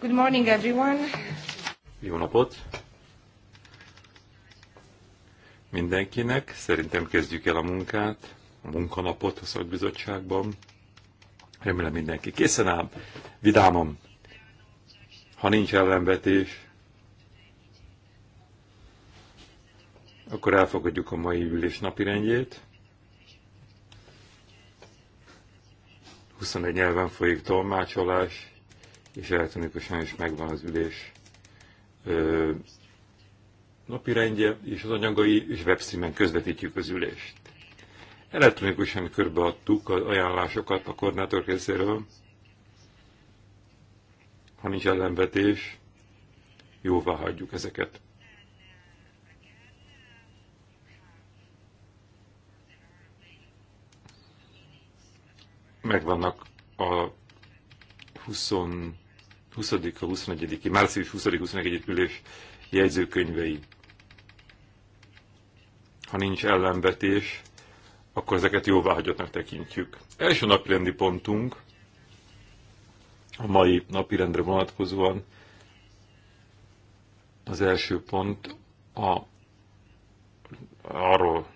Good morning, everyone. Jó napot! Mindenkinek. Szerintem kezdjük el a munkát, a munkanapot a szakbizottságban. Remélem mindenki készen áll, vidámom. Ha nincs ellenvetés, akkor elfogadjuk a mai ülés napirendjét. 21 nyelven folyik tolmácsolás, és elektronikusan is megvan az ülés ö, napirendje, és az anyagai és webstreamen közvetítjük az ülést. Elektronikusan körbeadtuk az ajánlásokat a koordinátor részéről. Ha nincs ellenvetés, jóvá hagyjuk ezeket. Megvannak a 20 20-a, 21 március 20-21 ülés jegyzőkönyvei. Ha nincs ellenvetés, akkor ezeket jóváhagyottnak tekintjük. Első napirendi pontunk a mai napirendre vonatkozóan az első pont a, arról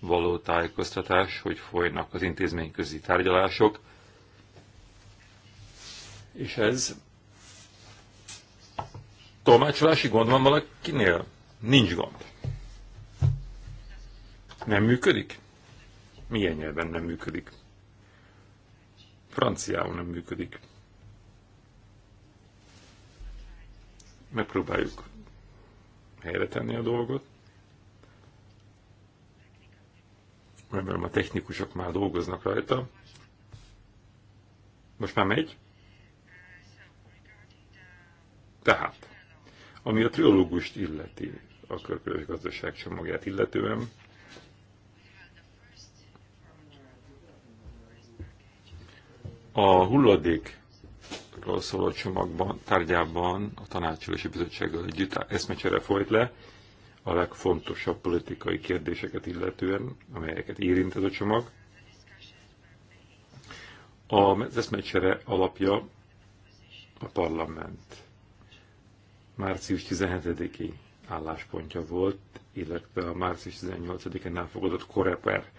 való tájékoztatás, hogy folynak az intézményközi tárgyalások, és ez Tolmácsolási gond van valakinél? Nincs gond. Nem működik? Milyen nyelven nem működik? Franciául nem működik. Megpróbáljuk helyre tenni a dolgot. Remélem a technikusok már dolgoznak rajta. Most már megy? Tehát. Ami a trilógust illeti, a körkörös gazdaság csomagját illetően, a hulladék szóló csomagban, tárgyában a tanácsolási bizottsággal együtt eszmecsere folyt le, a legfontosabb politikai kérdéseket illetően, amelyeket érint ez a csomag. Az eszmecsere alapja a parlament március 17-i álláspontja volt, illetve a március 18-án elfogadott Koreper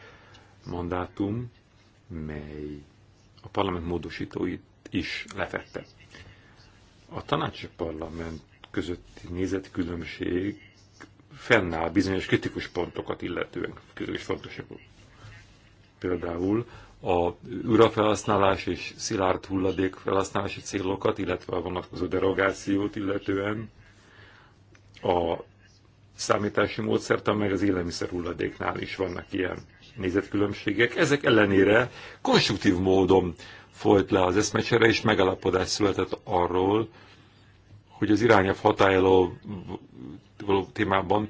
mandátum, mely a parlament módosítóit is letette. A tanács parlament közötti nézetkülönbség fennáll bizonyos kritikus pontokat illetően, kritikus fontosságú. Például a urafelhasználás és szilárd hulladék felhasználási célokat, illetve a vonatkozó derogációt illetően a számítási módszertan, meg az élelmiszer hulladéknál is vannak ilyen nézetkülönbségek. Ezek ellenére konstruktív módon folyt le az eszmecsere, és megalapodás született arról, hogy az irányelv hatályoló témában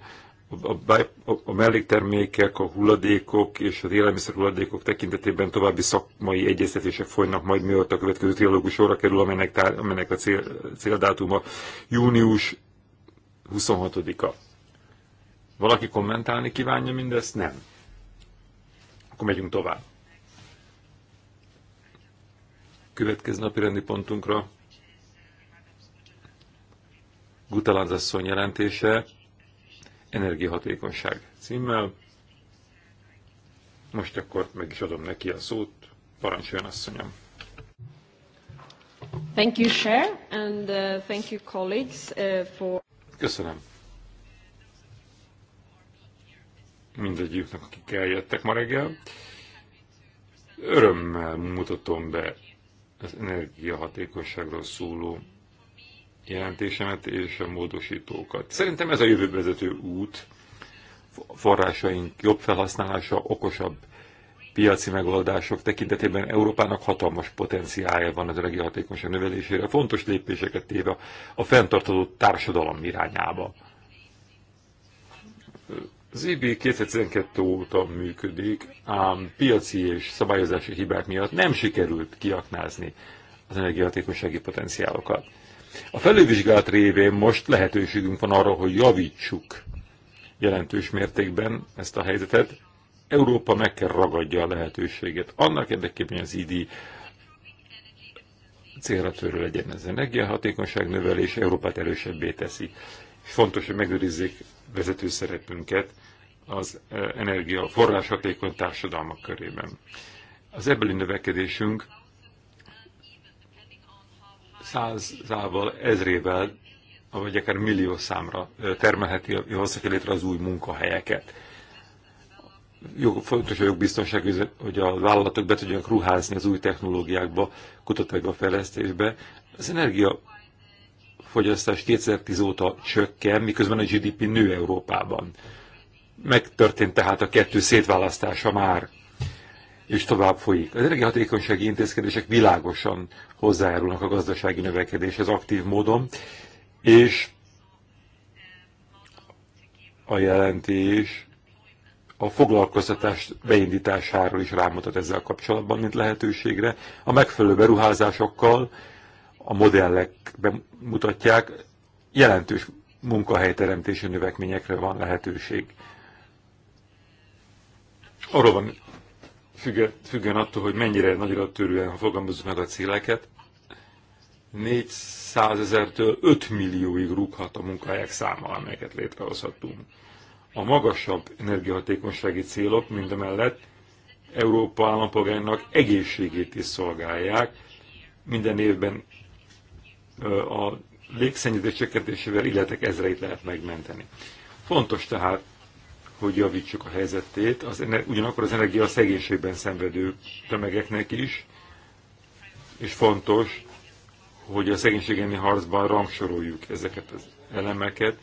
a, a, a melléktermékek, a hulladékok és az élelmiszer hulladékok tekintetében további szakmai egyeztetések folynak majd, mióta a következő trilógus sorra kerül, amelynek, tár, amelynek a cél, céldátuma június 26-a. Valaki kommentálni kívánja mindezt? Nem. Akkor megyünk tovább. Következő napi rendi pontunkra Gutalánz asszony jelentése, energiahatékonyság címmel. Most akkor meg is adom neki a szót. Parancsoljon, asszonyom! Thank you, Chair, and uh, thank you, colleagues, uh, for... Köszönöm. Mindegyiknek, akik eljöttek ma reggel. Örömmel mutatom be az energiahatékonyságról szóló jelentésemet és a módosítókat. Szerintem ez a jövővezető út, forrásaink jobb felhasználása, okosabb piaci megoldások tekintetében Európának hatalmas potenciálja van az hatékonyság növelésére, fontos lépéseket téve a fenntartható társadalom irányába. Az IB 2012 óta működik, ám piaci és szabályozási hibák miatt nem sikerült kiaknázni az energiahatékonysági potenciálokat. A felülvizsgálat révén most lehetőségünk van arra, hogy javítsuk jelentős mértékben ezt a helyzetet. Európa meg kell ragadja a lehetőséget. Annak érdekében, hogy az ID célra törő legyen ez energiahatékonyság növelés, Európát erősebbé teszi. És fontos, hogy megőrizzék vezető szerepünket az eh, energia forráshatékony társadalmak körében. Az ebbeli növekedésünk százával, ezrével, vagy akár millió számra termelheti, hozhatja létre az új munkahelyeket. Jog, fontos a jogbiztonság, hogy a vállalatok be tudjanak ruházni az új technológiákba, kutatásba, fejlesztésbe. Az energia fogyasztás 2010 óta csökken, miközben a GDP nő Európában. Megtörtént tehát a kettő szétválasztása már és tovább folyik. Az energiahatékonysági intézkedések világosan hozzájárulnak a gazdasági növekedéshez aktív módon, és a jelentés a foglalkoztatás beindításáról is rámutat ezzel kapcsolatban, mint lehetőségre. A megfelelő beruházásokkal a modellek bemutatják, jelentős munkahelyteremtési növekményekre van lehetőség. Arról van függően attól, hogy mennyire nagyra törően fogalmazzuk meg a céleket, 400 ezer-től 5 millióig rúghat a munkahelyek száma, amelyeket létrehozhatunk. A magasabb energiahatékonysági célok mindemellett Európa állampolgárnak egészségét is szolgálják. Minden évben a légszennyezés csökkentésével illetek ezreit lehet megmenteni. Fontos tehát hogy javítsuk a helyzetét, az, ugyanakkor az energia szegénységben szenvedő tömegeknek is, és fontos, hogy a szegénységeni harcban rangsoroljuk ezeket az elemeket.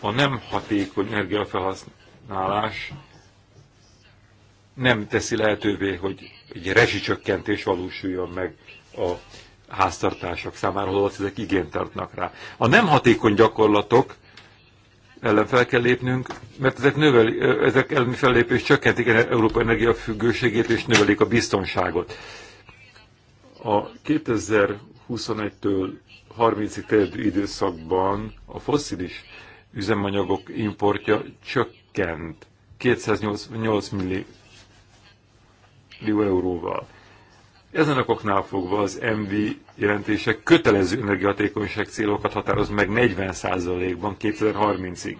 A nem hatékony energiafelhasználás nem teszi lehetővé, hogy egy rezsicsökkentés valósuljon meg a háztartások számára, holott ezek igényt tartnak rá. A nem hatékony gyakorlatok ellen fel kell lépnünk, mert ezek, növeli, ezek elleni fellépés csökkentik Európa energiafüggőségét és növelik a biztonságot. A 2021-től 30-ig időszakban a fosszilis üzemanyagok importja csökkent 288 millió euróval. Ezen okoknál fogva az MV jelentések kötelező energiahatékonyság célokat határoz meg 40%-ban 2030-ig.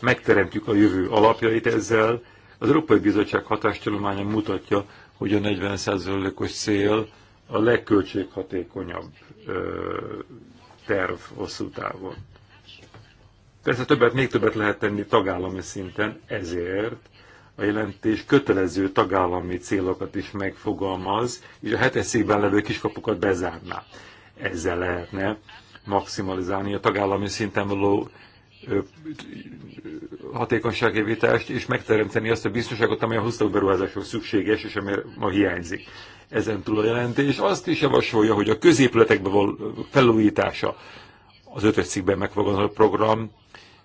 Megteremtjük a jövő alapjait ezzel. Az Európai Bizottság hatástudománya mutatja, hogy a 40%-os cél a legköltséghatékonyabb ö, terv hosszú távon. Persze többet, még többet lehet tenni tagállami szinten, ezért a jelentés kötelező tagállami célokat is megfogalmaz, és a hetes székben levő kiskapukat bezárná. Ezzel lehetne maximalizálni a tagállami szinten való hatékonyságjavítást, és megteremteni azt a biztonságot, amely a hosszú beruházáshoz szükséges, és amely ma hiányzik. Ezen túl a jelentés azt is javasolja, hogy a középületekbe való felújítása az ötös cikkben megfogalmazott program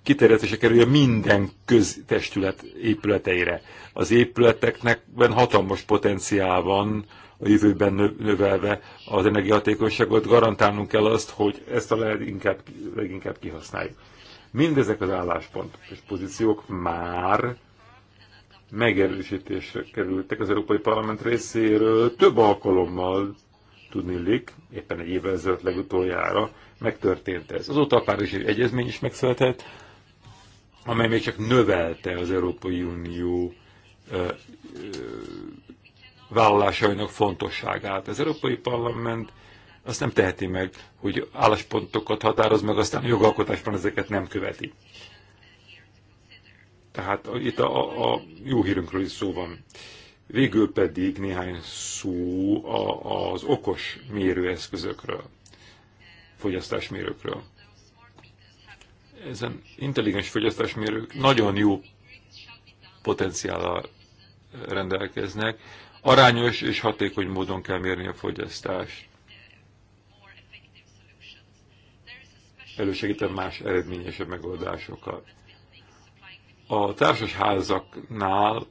kiterjesztése kerüljön minden köztestület épületeire. Az ben hatalmas potenciál van a jövőben növelve az energiahatékonyságot, garantálnunk kell azt, hogy ezt a lehet inkább, leginkább kihasználjuk. Mindezek az álláspontok és pozíciók már megerősítésre kerültek az Európai Parlament részéről több alkalommal, lik, éppen egy évvel ezelőtt legutoljára megtörtént ez. Azóta a Párizsi Egyezmény is megszületett, amely még csak növelte az Európai Unió vállalásainak fontosságát. Az Európai Parlament azt nem teheti meg, hogy álláspontokat határoz meg, aztán a jogalkotásban ezeket nem követi. Tehát itt a, a jó hírünkről is szó van. Végül pedig néhány szó a, az okos mérőeszközökről, fogyasztásmérőkről ezen intelligens fogyasztásmérők nagyon jó potenciállal eh, rendelkeznek. Arányos és hatékony módon kell mérni a fogyasztást. Elősegítem más eredményesebb megoldásokat. A társas házaknál,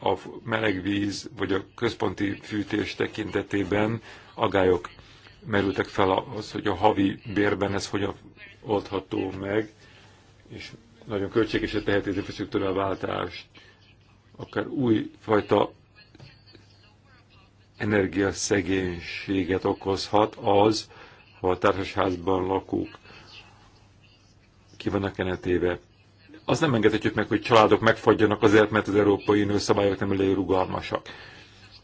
a melegvíz vagy a központi fűtés tekintetében agályok merültek fel az, hogy a havi bérben ez hogyan oldható meg és nagyon költséges teheti az infrastruktúra váltást, akár újfajta energiaszegénységet okozhat az, ha a társasházban lakók ki vannak enetéve. Azt nem engedhetjük meg, hogy családok megfagyjanak azért, mert az Európai nőszabályok szabályok nem elég rugalmasak.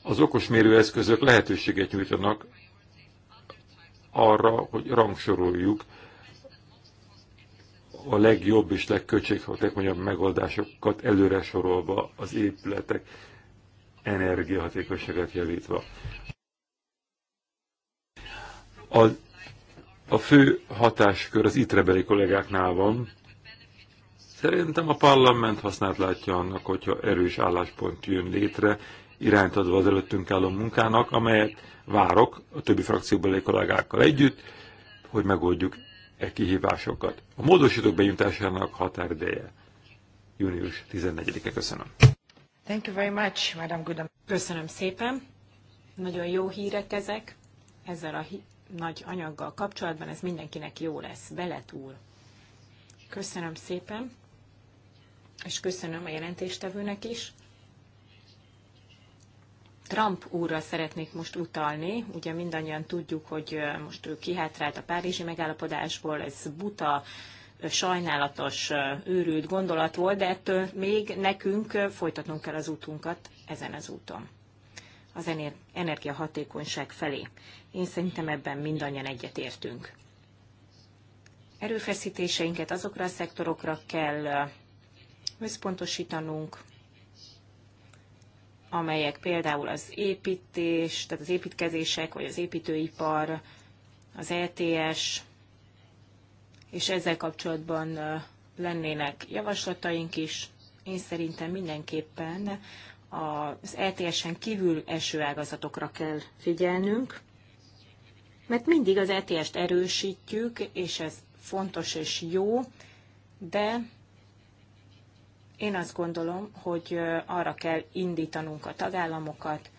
Az okos mérőeszközök lehetőséget nyújtanak arra, hogy rangsoroljuk a legjobb és legköltséghatékonyabb megoldásokat előre sorolva az épületek energiahatékosságát javítva. A, a fő hatáskör az itrebeli kollégáknál van. Szerintem a parlament hasznát látja annak, hogyha erős álláspont jön létre, irányt adva az előttünk álló munkának, amelyet várok a többi frakcióbeli kollégákkal együtt, hogy megoldjuk e kihívásokat. A módosítók bejutásának határideje június 14-e. Köszönöm. Thank you very much, Madam Goodham. Köszönöm szépen. Nagyon jó hírek ezek. Ezzel a nagy anyaggal kapcsolatban ez mindenkinek jó lesz. Beletúl. Köszönöm szépen, és köszönöm a jelentéstevőnek is. Trump úrra szeretnék most utalni. Ugye mindannyian tudjuk, hogy most ő kihátrált a párizsi megállapodásból, ez buta, sajnálatos, őrült gondolat volt, de ettől még nekünk folytatnunk kell az útunkat ezen az úton az energiahatékonyság felé. Én szerintem ebben mindannyian egyetértünk. Erőfeszítéseinket azokra a szektorokra kell összpontosítanunk, amelyek például az építés, tehát az építkezések, vagy az építőipar, az ETS, és ezzel kapcsolatban lennének javaslataink is. Én szerintem mindenképpen az ETS-en kívül eső ágazatokra kell figyelnünk, mert mindig az ETS-t erősítjük, és ez fontos és jó, de én azt gondolom, hogy arra kell indítanunk a tagállamokat,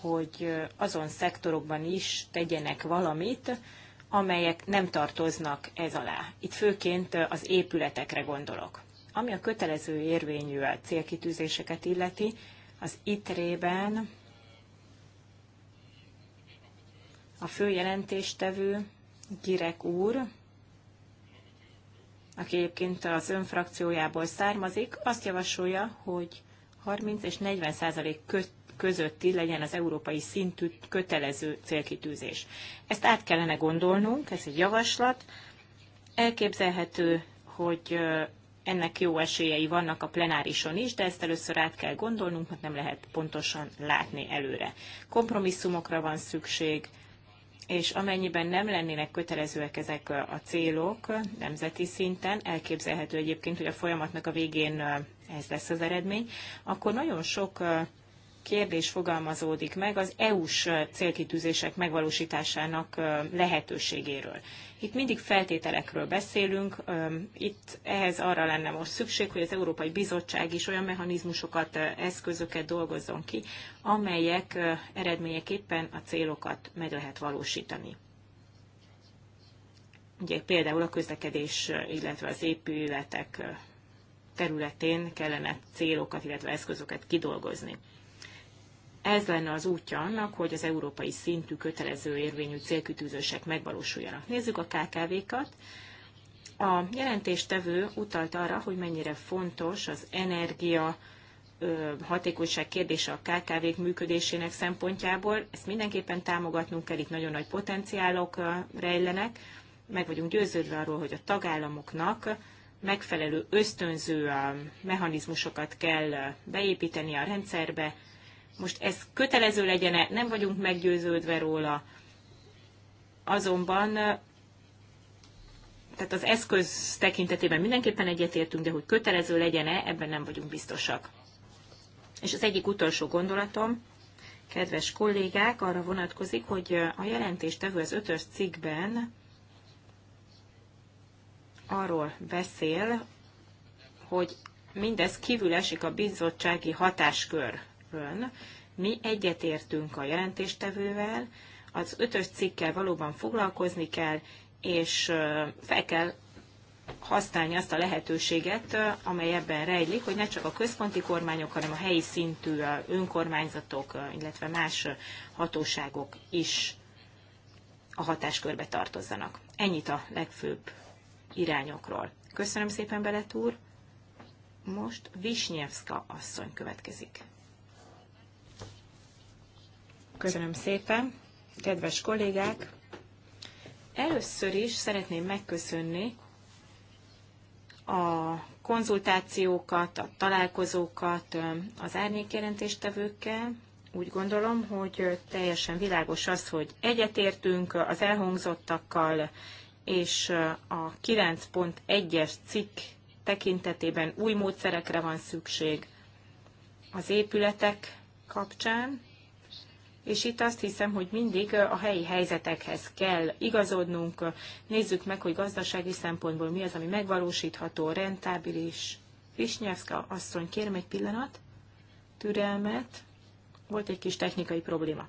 hogy azon szektorokban is tegyenek valamit, amelyek nem tartoznak ez alá. Itt főként az épületekre gondolok. Ami a kötelező érvényű a célkitűzéseket illeti, az ITRE-ben a főjelentéstevő Girek úr aki egyébként az önfrakciójából származik, azt javasolja, hogy 30 és 40 százalék közötti legyen az európai szintű kötelező célkitűzés. Ezt át kellene gondolnunk, ez egy javaslat. Elképzelhető, hogy ennek jó esélyei vannak a plenárison is, de ezt először át kell gondolnunk, mert nem lehet pontosan látni előre. Kompromisszumokra van szükség, és amennyiben nem lennének kötelezőek ezek a célok nemzeti szinten, elképzelhető egyébként, hogy a folyamatnak a végén ez lesz az eredmény, akkor nagyon sok kérdés fogalmazódik meg az EU-s célkitűzések megvalósításának lehetőségéről. Itt mindig feltételekről beszélünk, itt ehhez arra lenne most szükség, hogy az Európai Bizottság is olyan mechanizmusokat, eszközöket dolgozzon ki, amelyek eredményeképpen a célokat meg lehet valósítani. Ugye például a közlekedés, illetve az épületek területén kellene célokat, illetve eszközöket kidolgozni ez lenne az útja annak, hogy az európai szintű kötelező érvényű célkütőzések megvalósuljanak. Nézzük a KKV-kat. A jelentéstevő utalt arra, hogy mennyire fontos az energia hatékonyság kérdése a KKV-k működésének szempontjából. Ezt mindenképpen támogatnunk kell, itt nagyon nagy potenciálok rejlenek. Meg vagyunk győződve arról, hogy a tagállamoknak megfelelő ösztönző mechanizmusokat kell beépíteni a rendszerbe, most ez kötelező legyen -e? nem vagyunk meggyőződve róla. Azonban tehát az eszköz tekintetében mindenképpen egyetértünk, de hogy kötelező legyen-e, ebben nem vagyunk biztosak. És az egyik utolsó gondolatom, kedves kollégák, arra vonatkozik, hogy a jelentéstevő az ötös cikkben arról beszél, hogy mindez kívül esik a bizottsági hatáskör szerepön mi egyetértünk a jelentéstevővel, az ötös cikkkel valóban foglalkozni kell, és fel kell használni azt a lehetőséget, amely ebben rejlik, hogy ne csak a központi kormányok, hanem a helyi szintű önkormányzatok, illetve más hatóságok is a hatáskörbe tartozzanak. Ennyit a legfőbb irányokról. Köszönöm szépen, Belet úr! Most Visnyevska asszony következik. Köszönöm szépen, kedves kollégák! Először is szeretném megköszönni a konzultációkat, a találkozókat az árnyékjelentéstevőkkel. Úgy gondolom, hogy teljesen világos az, hogy egyetértünk az elhangzottakkal, és a 9.1-es cikk tekintetében új módszerekre van szükség az épületek kapcsán, és itt azt hiszem, hogy mindig a helyi helyzetekhez kell igazodnunk, nézzük meg, hogy gazdasági szempontból mi az, ami megvalósítható, rentábilis. Visnyevszka asszony, kérem egy pillanat, türelmet, volt egy kis technikai probléma.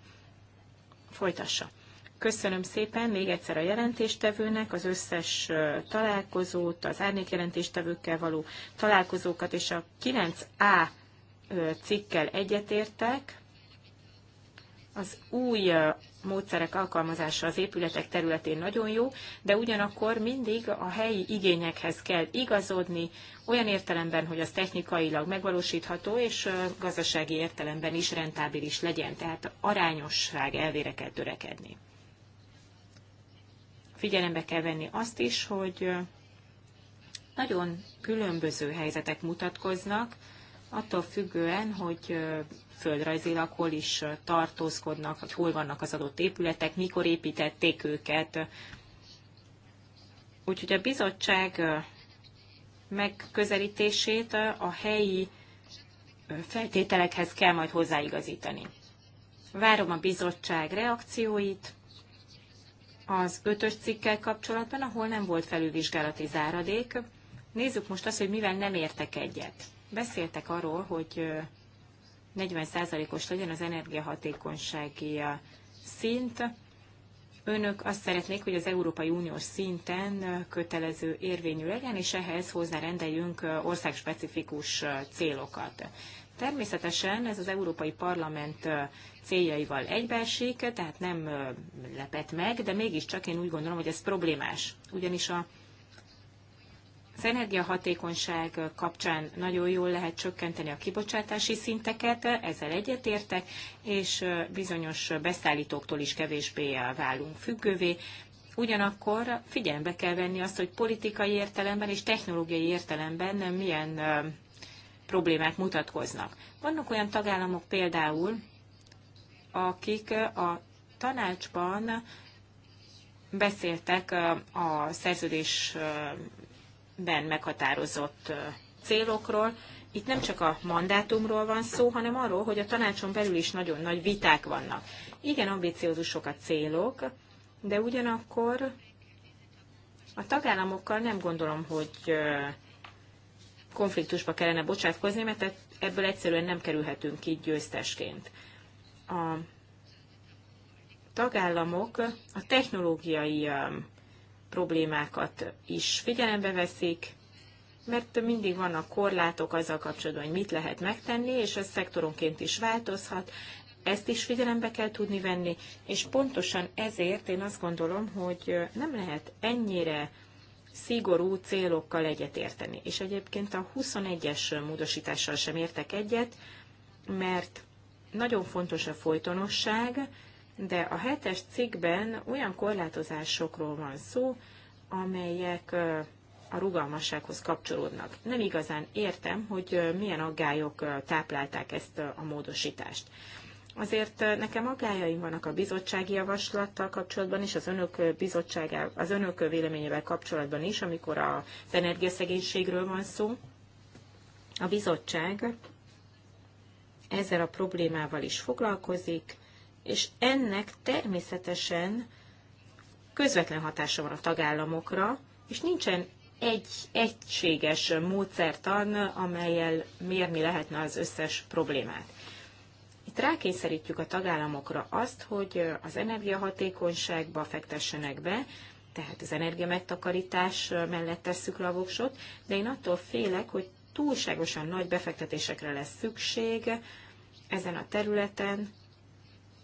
Folytassa. Köszönöm szépen még egyszer a jelentéstevőnek az összes találkozót, az árnyékjelentéstevőkkel való találkozókat, és a 9A cikkel egyetértek, az új módszerek alkalmazása az épületek területén nagyon jó, de ugyanakkor mindig a helyi igényekhez kell igazodni, olyan értelemben, hogy az technikailag megvalósítható, és gazdasági értelemben is rentábilis legyen, tehát arányosság elvére kell törekedni. Figyelembe kell venni azt is, hogy nagyon különböző helyzetek mutatkoznak, attól függően, hogy földrajzilag hol is tartózkodnak, hogy hol vannak az adott épületek, mikor építették őket. Úgyhogy a bizottság megközelítését a helyi feltételekhez kell majd hozzáigazítani. Várom a bizottság reakcióit az ötös cikkel kapcsolatban, ahol nem volt felülvizsgálati záradék. Nézzük most azt, hogy mivel nem értek egyet. Beszéltek arról, hogy 40%-os legyen az energiahatékonysági uh, szint. Önök azt szeretnék, hogy az Európai Uniós szinten uh, kötelező érvényű legyen, és ehhez hozzárendeljünk uh, országspecifikus célokat. Természetesen ez az Európai Parlament céljaival egybeesik, tehát nem lepett meg, de mégiscsak én úgy gondolom, hogy ez problémás. Ugyanis a az energiahatékonyság kapcsán nagyon jól lehet csökkenteni a kibocsátási szinteket, ezzel egyetértek, és bizonyos beszállítóktól is kevésbé válunk függővé, Ugyanakkor figyelembe kell venni azt, hogy politikai értelemben és technológiai értelemben milyen problémák mutatkoznak. Vannak olyan tagállamok például, akik a tanácsban beszéltek a szerződés ben meghatározott célokról. Itt nem csak a mandátumról van szó, hanem arról, hogy a tanácson belül is nagyon nagy viták vannak. Igen, ambiciózusok a célok, de ugyanakkor a tagállamokkal nem gondolom, hogy konfliktusba kellene bocsátkozni, mert e- ebből egyszerűen nem kerülhetünk ki győztesként. A tagállamok a technológiai problémákat is figyelembe veszik, mert mindig vannak korlátok azzal kapcsolatban, hogy mit lehet megtenni, és ez szektoronként is változhat. Ezt is figyelembe kell tudni venni, és pontosan ezért én azt gondolom, hogy nem lehet ennyire szigorú célokkal egyetérteni. És egyébként a 21-es módosítással sem értek egyet, mert nagyon fontos a folytonosság, de a hetes cikkben olyan korlátozásokról van szó, amelyek a rugalmassághoz kapcsolódnak. Nem igazán értem, hogy milyen aggályok táplálták ezt a módosítást. Azért nekem aggályaim vannak a bizottsági javaslattal kapcsolatban is, az önök, bizottsága, az önök véleményével kapcsolatban is, amikor az energiaszegénységről van szó. A bizottság ezzel a problémával is foglalkozik, és ennek természetesen közvetlen hatása van a tagállamokra, és nincsen egy egységes módszertan, amelyel mérni lehetne az összes problémát. Itt rákényszerítjük a tagállamokra azt, hogy az energiahatékonyságba fektessenek be, tehát az energiamegtakarítás mellett tesszük le a voksot, de én attól félek, hogy túlságosan nagy befektetésekre lesz szükség ezen a területen,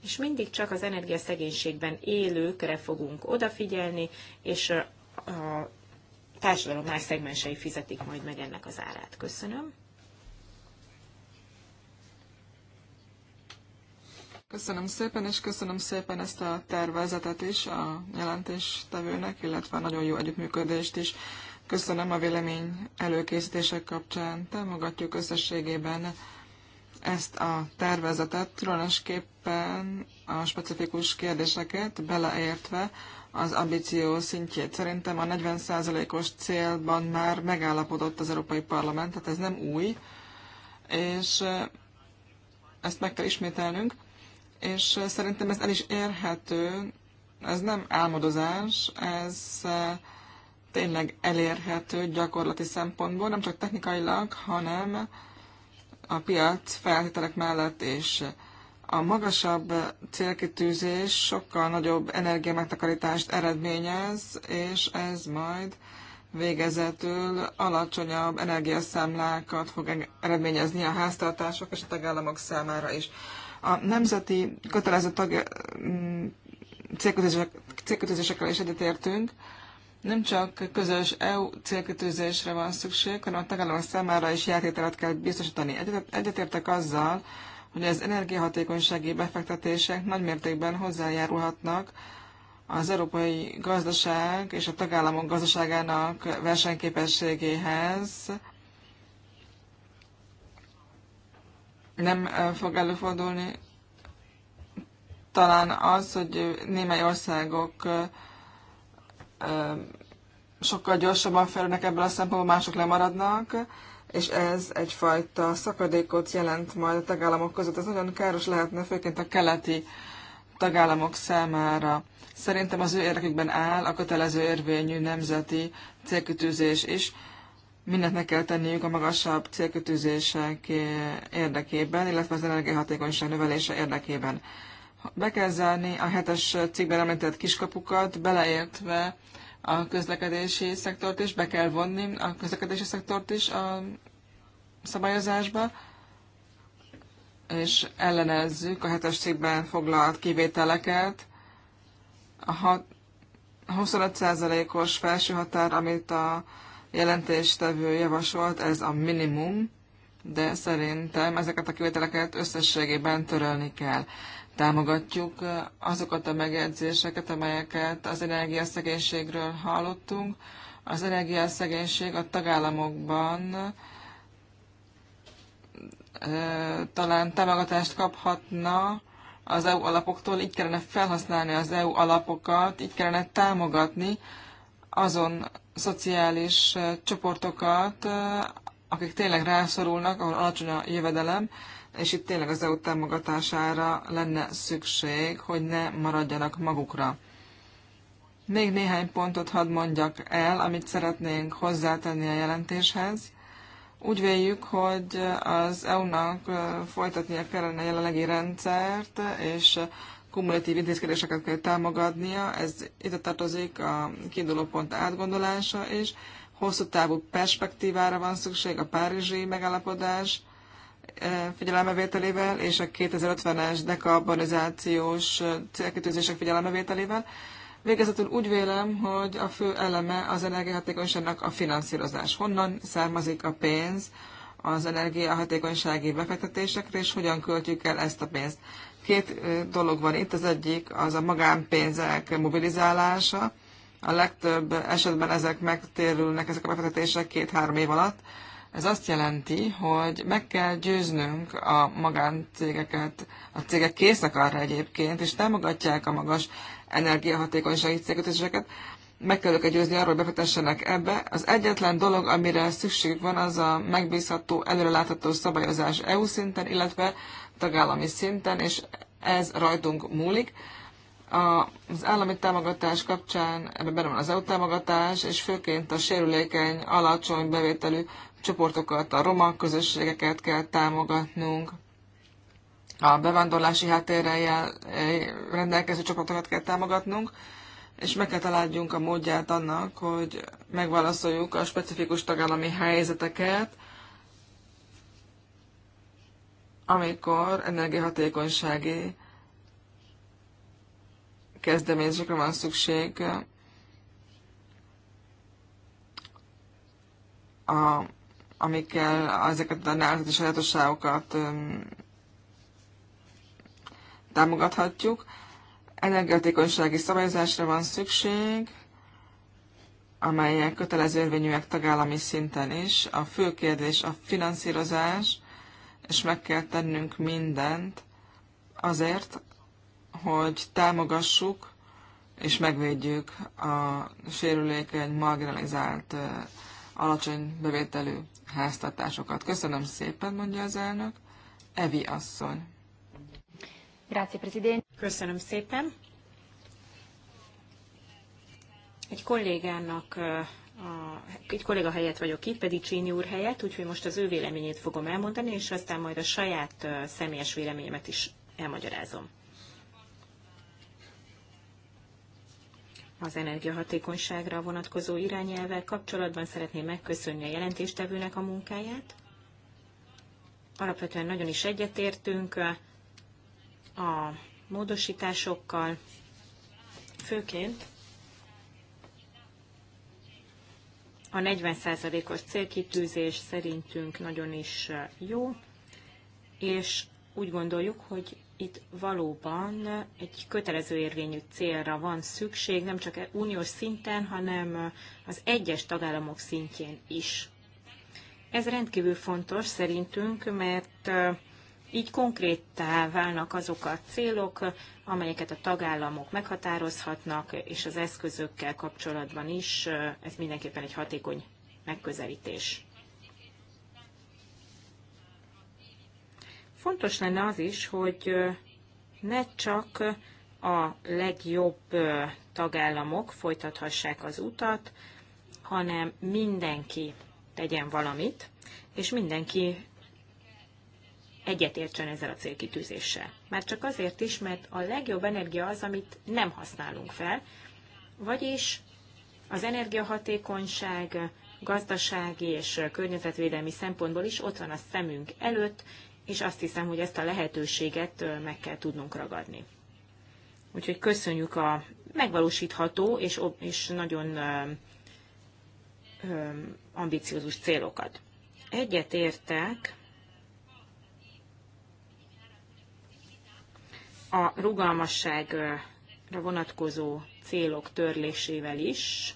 és mindig csak az energiaszegénységben élőkre fogunk odafigyelni, és a társadalom más szegmensei fizetik majd meg ennek az árát. Köszönöm. Köszönöm szépen, és köszönöm szépen ezt a tervezetet is a jelentéstevőnek, illetve a nagyon jó együttműködést is. Köszönöm a vélemény előkészítések kapcsán. Támogatjuk összességében ezt a tervezetet, különösképpen a specifikus kérdéseket beleértve az ambíció szintjét. Szerintem a 40%-os célban már megállapodott az Európai Parlament, tehát ez nem új, és ezt meg kell ismételnünk, és szerintem ez el is érhető, ez nem álmodozás, ez tényleg elérhető gyakorlati szempontból, nem csak technikailag, hanem a piac feltételek mellett, és a magasabb célkitűzés sokkal nagyobb energiamegtakarítást eredményez, és ez majd végezetül alacsonyabb energiaszámlákat fog eredményezni a háztartások és a tagállamok számára is. A nemzeti kötelező tag, mm, célkötözésekkel is egyetértünk, nem csak közös EU célkötőzésre van szükség, hanem a tagállamok számára is játételet kell biztosítani. Egyetértek azzal, hogy az energiahatékonysági befektetések nagymértékben hozzájárulhatnak az európai gazdaság és a tagállamok gazdaságának versenyképességéhez. Nem fog előfordulni talán az, hogy némely országok sokkal gyorsabban felülnek ebből a szempontból, mások lemaradnak, és ez egyfajta szakadékot jelent majd a tagállamok között. Ez nagyon káros lehetne, főként a keleti tagállamok számára. Szerintem az ő érdekükben áll a kötelező érvényű nemzeti célkütőzés is. Mindent meg kell tenniük a magasabb célkütőzések érdekében, illetve az energiahatékonyság növelése érdekében be kell zárni a hetes cikkben említett kiskapukat, beleértve a közlekedési szektort is, be kell vonni a közlekedési szektort is a szabályozásba, és ellenezzük a hetes cikkben foglalt kivételeket. A 25%-os felső határ, amit a jelentéstevő javasolt, ez a minimum, de szerintem ezeket a kivételeket összességében törölni kell támogatjuk azokat a megjegyzéseket, amelyeket az energiaszegénységről hallottunk. Az energiaszegénység a tagállamokban talán támogatást kaphatna az EU alapoktól, így kellene felhasználni az EU alapokat, így kellene támogatni azon szociális csoportokat, akik tényleg rászorulnak, ahol alacsony a jövedelem, és itt tényleg az EU támogatására lenne szükség, hogy ne maradjanak magukra. Még néhány pontot hadd mondjak el, amit szeretnénk hozzátenni a jelentéshez. Úgy véljük, hogy az EU-nak folytatnia kellene a jelenlegi rendszert, és kumulatív intézkedéseket kell támogatnia. Ez itt tartozik a kiinduló pont átgondolása, és hosszú távú perspektívára van szükség, a párizsi megállapodás E, figyelembevételével és a 2050-es dekarbonizációs e, célkitűzések figyelembevételével. Végezetül úgy vélem, hogy a fő eleme az energiahatékonyságnak a finanszírozás. Honnan származik a pénz az energiahatékonysági befektetésekre, és hogyan költjük el ezt a pénzt? Két e, dolog van itt, az egyik az a magánpénzek mobilizálása, a legtöbb esetben ezek megtérülnek, ezek a befektetések két-három év alatt, ez azt jelenti, hogy meg kell győznünk a magáncégeket, a cégek készek arra egyébként, és támogatják a magas energiahatékonysági cégkötéseket, meg kell őket győzni arról, hogy befektessenek ebbe. Az egyetlen dolog, amire szükség van, az a megbízható, előrelátható szabályozás EU szinten, illetve tagállami szinten, és ez rajtunk múlik. Az állami támogatás kapcsán ebben benne van az EU támogatás, és főként a sérülékeny, alacsony bevételű csoportokat, a roma közösségeket kell támogatnunk, a bevándorlási háttérrel rendelkező csoportokat kell támogatnunk, és meg kell találjunk a módját annak, hogy megválaszoljuk a specifikus tagállami helyzeteket, amikor energiahatékonysági kezdeményezésekre van szükség a amikkel ezeket a nálati sajátosságokat támogathatjuk. Energiatékonysági szabályozásra van szükség, amelyek kötelező érvényűek tagállami szinten is. A fő kérdés a finanszírozás, és meg kell tennünk mindent azért, hogy támogassuk és megvédjük a sérülékeny, marginalizált, alacsony bevételű háztartásokat. Köszönöm szépen, mondja az elnök. Evi asszony. Grazie, Presidente. Köszönöm szépen. Egy kollégának, a, egy kolléga helyett vagyok itt, pedig Csíni úr helyett, úgyhogy most az ő véleményét fogom elmondani, és aztán majd a saját személyes véleményemet is elmagyarázom. az energiahatékonyságra vonatkozó irányelvvel kapcsolatban szeretném megköszönni a jelentéstevőnek a munkáját. Alapvetően nagyon is egyetértünk a módosításokkal, főként a 40%-os célkitűzés szerintünk nagyon is jó, és úgy gondoljuk, hogy itt valóban egy kötelező érvényű célra van szükség, nem csak uniós szinten, hanem az egyes tagállamok szintjén is. Ez rendkívül fontos szerintünk, mert így konkréttá válnak azok a célok, amelyeket a tagállamok meghatározhatnak, és az eszközökkel kapcsolatban is ez mindenképpen egy hatékony megközelítés. fontos lenne az is, hogy ne csak a legjobb tagállamok folytathassák az utat, hanem mindenki tegyen valamit, és mindenki egyetértsen ezzel a célkitűzéssel. Már csak azért is, mert a legjobb energia az, amit nem használunk fel, vagyis az energiahatékonyság gazdasági és környezetvédelmi szempontból is ott van a szemünk előtt, és azt hiszem, hogy ezt a lehetőséget meg kell tudnunk ragadni. Úgyhogy köszönjük a megvalósítható és, és nagyon ambiciózus célokat. Egyet értek a rugalmasságra vonatkozó célok törlésével is,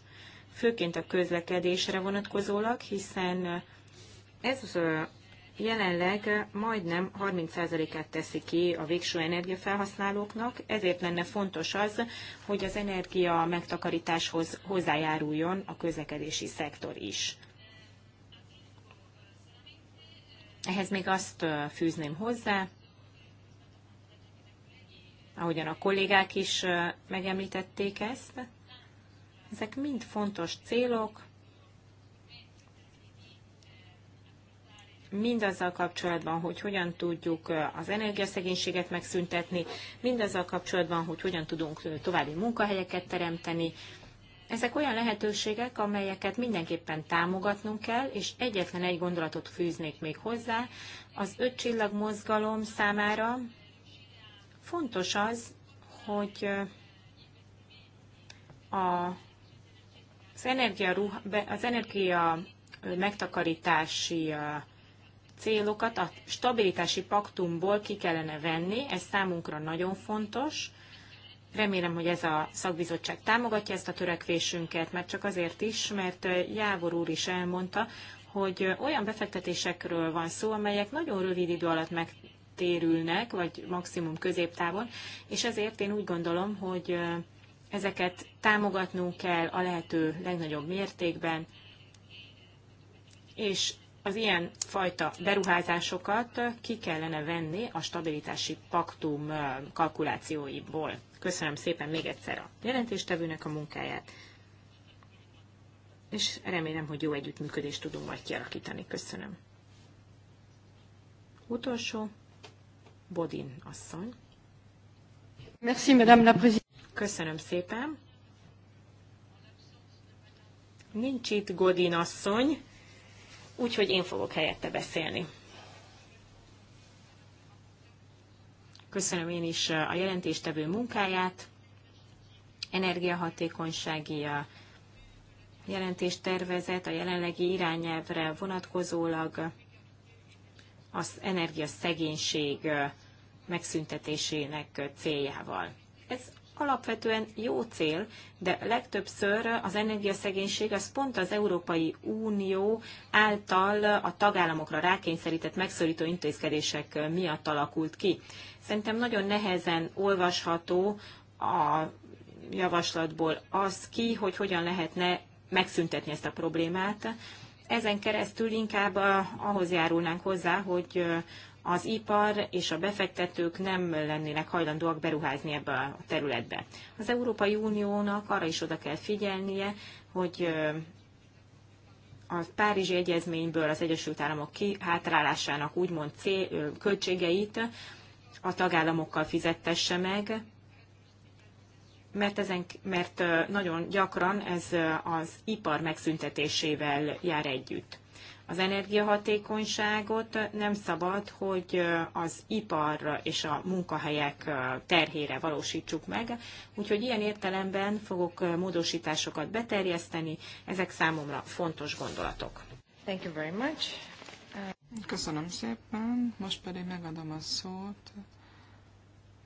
főként a közlekedésre vonatkozólag, hiszen ez az jelenleg majdnem 30%-át teszi ki a végső energiafelhasználóknak, ezért lenne fontos az, hogy az energia megtakarításhoz hozzájáruljon a közlekedési szektor is. Ehhez még azt fűzném hozzá, ahogyan a kollégák is megemlítették ezt, ezek mind fontos célok, mindazzal kapcsolatban, hogy hogyan tudjuk az energiaszegénységet megszüntetni, mindazzal kapcsolatban, hogy hogyan tudunk további munkahelyeket teremteni. Ezek olyan lehetőségek, amelyeket mindenképpen támogatnunk kell, és egyetlen egy gondolatot fűznék még hozzá. Az öt csillag mozgalom számára fontos az, hogy a, az, energia, az energia megtakarítási célokat a stabilitási paktumból ki kellene venni, ez számunkra nagyon fontos. Remélem, hogy ez a szakbizottság támogatja ezt a törekvésünket, mert csak azért is, mert Jávor úr is elmondta, hogy olyan befektetésekről van szó, amelyek nagyon rövid idő alatt megtérülnek, vagy maximum középtávon, és ezért én úgy gondolom, hogy ezeket támogatnunk kell a lehető legnagyobb mértékben, és az ilyen fajta beruházásokat ki kellene venni a stabilitási paktum kalkulációiból. Köszönöm szépen még egyszer a jelentéstevőnek a munkáját, és remélem, hogy jó együttműködést tudunk majd kialakítani. Köszönöm. Utolsó, Bodin asszony. Merci, Madame la Köszönöm szépen. Nincs itt Godin asszony, úgyhogy én fogok helyette beszélni. Köszönöm én is a jelentéstevő munkáját, energiahatékonysági a jelentéstervezet a jelenlegi irányelvre vonatkozólag az energiaszegénység megszüntetésének céljával. Ez alapvetően jó cél, de legtöbbször az energiaszegénység az pont az Európai Unió által a tagállamokra rákényszerített megszorító intézkedések miatt alakult ki. Szerintem nagyon nehezen olvasható a javaslatból az ki, hogy hogyan lehetne megszüntetni ezt a problémát. Ezen keresztül inkább eh, ahhoz járulnánk hozzá, hogy eh, az ipar és a befektetők nem lennének hajlandóak beruházni ebbe a területbe. Az Európai Uniónak arra is oda kell figyelnie, hogy a Párizsi Egyezményből az Egyesült Államok kihátrálásának úgymond cél, költségeit a tagállamokkal fizettesse meg, mert, ezen, mert nagyon gyakran ez az ipar megszüntetésével jár együtt. Az energiahatékonyságot nem szabad, hogy az ipar és a munkahelyek terhére valósítsuk meg, úgyhogy ilyen értelemben fogok módosításokat beterjeszteni, ezek számomra fontos gondolatok. Thank you very much. Köszönöm szépen, most pedig megadom a szót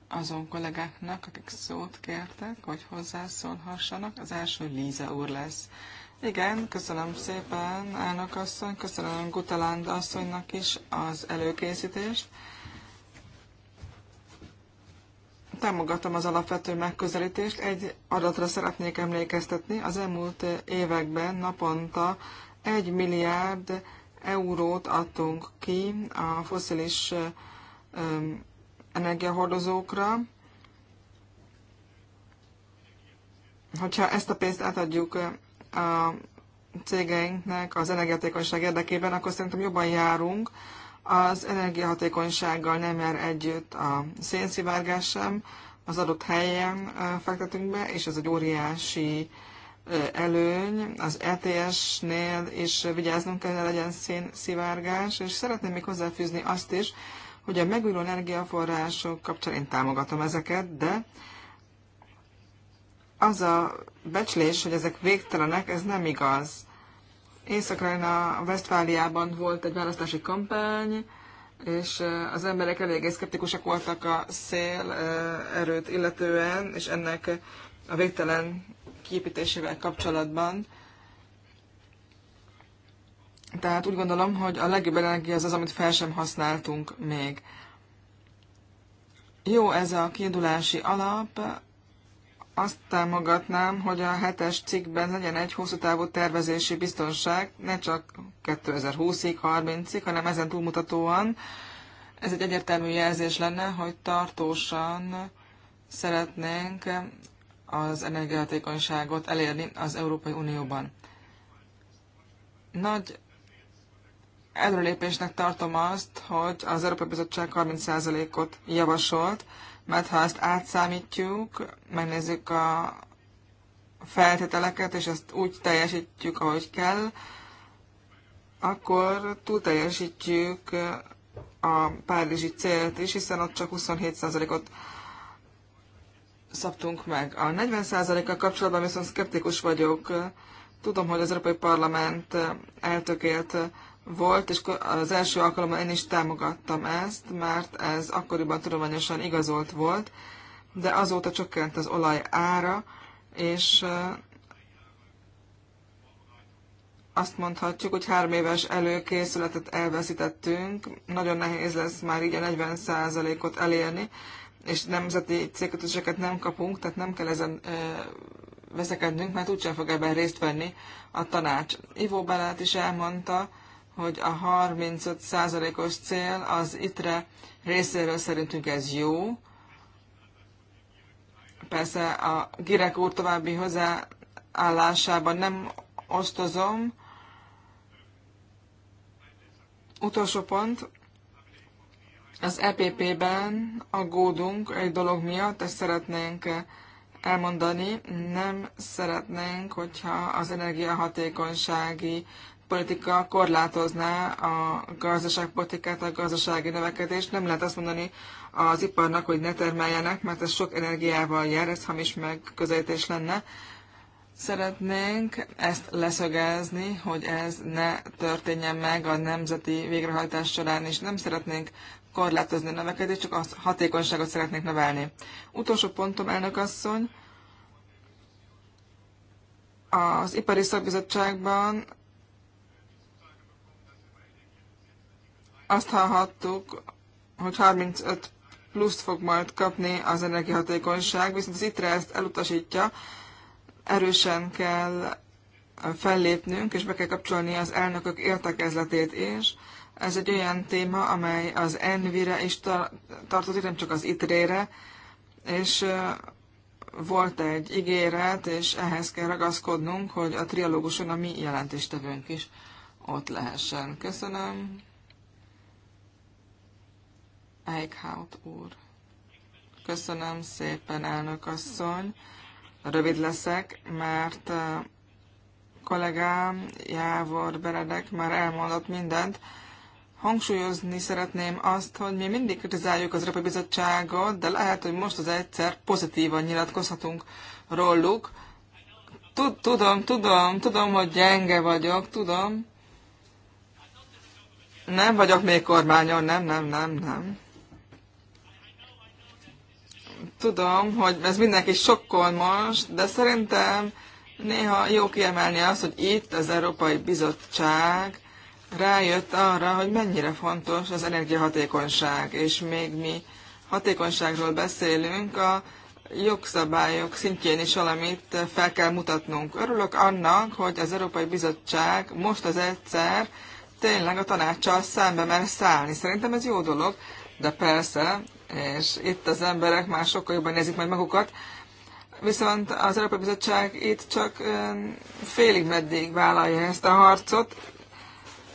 azon kollégáknak, akik szót kértek, hogy hozzászólhassanak. Az első Líza úr lesz. Igen, köszönöm szépen, elnök asszony, köszönöm Gutaland asszonynak is az előkészítést. Támogatom az alapvető megközelítést. Egy adatra szeretnék emlékeztetni. Az elmúlt években naponta 1 milliárd eurót adtunk ki a foszilis energiahordozókra. Hogyha ezt a pénzt átadjuk a cégeinknek az energiahatékonyság érdekében, akkor szerintem jobban járunk. Az energiahatékonysággal nem jár együtt a szénszivárgás sem, az adott helyen fektetünk be, és ez egy óriási előny. Az ETS-nél is vigyáznunk kell, legyen szénszivárgás, és szeretném még hozzáfűzni azt is, hogy a megújuló energiaforrások kapcsán én támogatom ezeket, de az a becslés, hogy ezek végtelenek, ez nem igaz. észak a Westfáliában volt egy választási kampány, és az emberek eléggé szkeptikusak voltak a szél erőt illetően, és ennek a végtelen kiépítésével kapcsolatban. Tehát úgy gondolom, hogy a legjobb energia az az, amit fel sem használtunk még. Jó ez a kiindulási alap, azt támogatnám, hogy a hetes cikkben legyen egy hosszú távú tervezési biztonság, ne csak 2020-ig, 30-ig, hanem ezen túlmutatóan. Ez egy egyértelmű jelzés lenne, hogy tartósan szeretnénk az energiahatékonyságot elérni az Európai Unióban. Nagy előlépésnek tartom azt, hogy az Európai Bizottság 30%-ot javasolt, mert ha ezt átszámítjuk, megnézzük a feltételeket, és ezt úgy teljesítjük, ahogy kell, akkor túl teljesítjük a párizsi célt is, hiszen ott csak 27%-ot szabtunk meg. A 40%-kal kapcsolatban viszont szkeptikus vagyok. Tudom, hogy az Európai Parlament eltökélt volt, és az első alkalommal én is támogattam ezt, mert ez akkoriban tudományosan igazolt volt, de azóta csökkent az olaj ára, és azt mondhatjuk, hogy három éves előkészületet elveszítettünk, nagyon nehéz lesz már így a 40%-ot elérni, és nemzeti cégkötéseket nem kapunk, tehát nem kell ezen ö, veszekednünk, mert úgysem fog ebben részt venni a tanács. Ivó Belát is elmondta, hogy a 35%-os cél az ITRE részéről szerintünk ez jó. Persze a Girek úr további hozzáállásában nem osztozom. Utolsó pont. Az EPP-ben aggódunk egy dolog miatt, ezt szeretnénk elmondani. Nem szeretnénk, hogyha az energiahatékonysági politika korlátozná a gazdaságpolitikát, a gazdasági növekedést. Nem lehet azt mondani az iparnak, hogy ne termeljenek, mert ez sok energiával jár, ez hamis megközelítés lenne. Szeretnénk ezt leszögezni, hogy ez ne történjen meg a nemzeti végrehajtás során, és nem szeretnénk korlátozni a növekedést, csak a hatékonyságot szeretnénk növelni. Utolsó pontom, elnök asszony, az Ipari Szakbizottságban Azt hallhattuk, hogy 35 pluszt fog majd kapni az energiahatékonyság, viszont az ITRE ezt elutasítja, erősen kell fellépnünk, és be kell kapcsolni az elnökök értekezletét is. Ez egy olyan téma, amely az Envire is tar- tartozik, nem csak az ITRE-re, és volt egy ígéret, és ehhez kell ragaszkodnunk, hogy a trialóguson a mi jelentéstevőnk is ott lehessen. Köszönöm. Eichhout úr. Köszönöm szépen, elnök asszony. Rövid leszek, mert kollégám Jávor Beredek már elmondott mindent. Hangsúlyozni szeretném azt, hogy mi mindig kritizáljuk az Európai Bizottságot, de lehet, hogy most az egyszer pozitívan nyilatkozhatunk róluk. tudom, tudom, tudom, hogy gyenge vagyok, tudom. Nem vagyok még kormányon, nem, nem, nem, nem tudom, hogy ez mindenki sokkol most, de szerintem néha jó kiemelni azt, hogy itt az Európai Bizottság rájött arra, hogy mennyire fontos az energiahatékonyság, és még mi hatékonyságról beszélünk, a jogszabályok szintjén is valamit fel kell mutatnunk. Örülök annak, hogy az Európai Bizottság most az egyszer tényleg a tanácssal szembe mer szállni. Szerintem ez jó dolog, de persze és itt az emberek már sokkal jobban nézik majd magukat. Viszont az Európai Bizottság itt csak félig meddig vállalja ezt a harcot.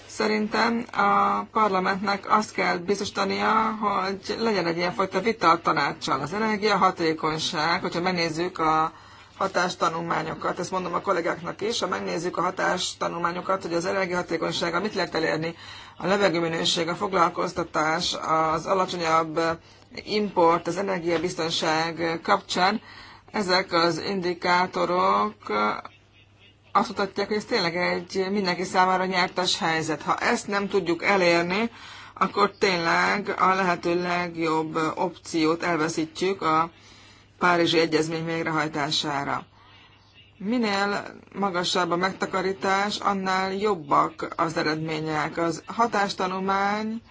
Szerintem a parlamentnek azt kell biztosítania, hogy legyen egy ilyenfajta vita a tanácssal. Az energiahatékonyság, hogyha megnézzük a hatástanulmányokat, ezt mondom a kollégáknak is, ha megnézzük a hatástanulmányokat, hogy az energiahatékonysága mit lehet elérni a levegőminőség, a foglalkoztatás, az alacsonyabb import, az energiabiztonság kapcsán, ezek az indikátorok azt mutatják, hogy ez tényleg egy mindenki számára nyertes helyzet. Ha ezt nem tudjuk elérni, akkor tényleg a lehető legjobb opciót elveszítjük a Párizsi Egyezmény végrehajtására. Minél magasabb a megtakarítás, annál jobbak az eredmények. Az hatástanulmány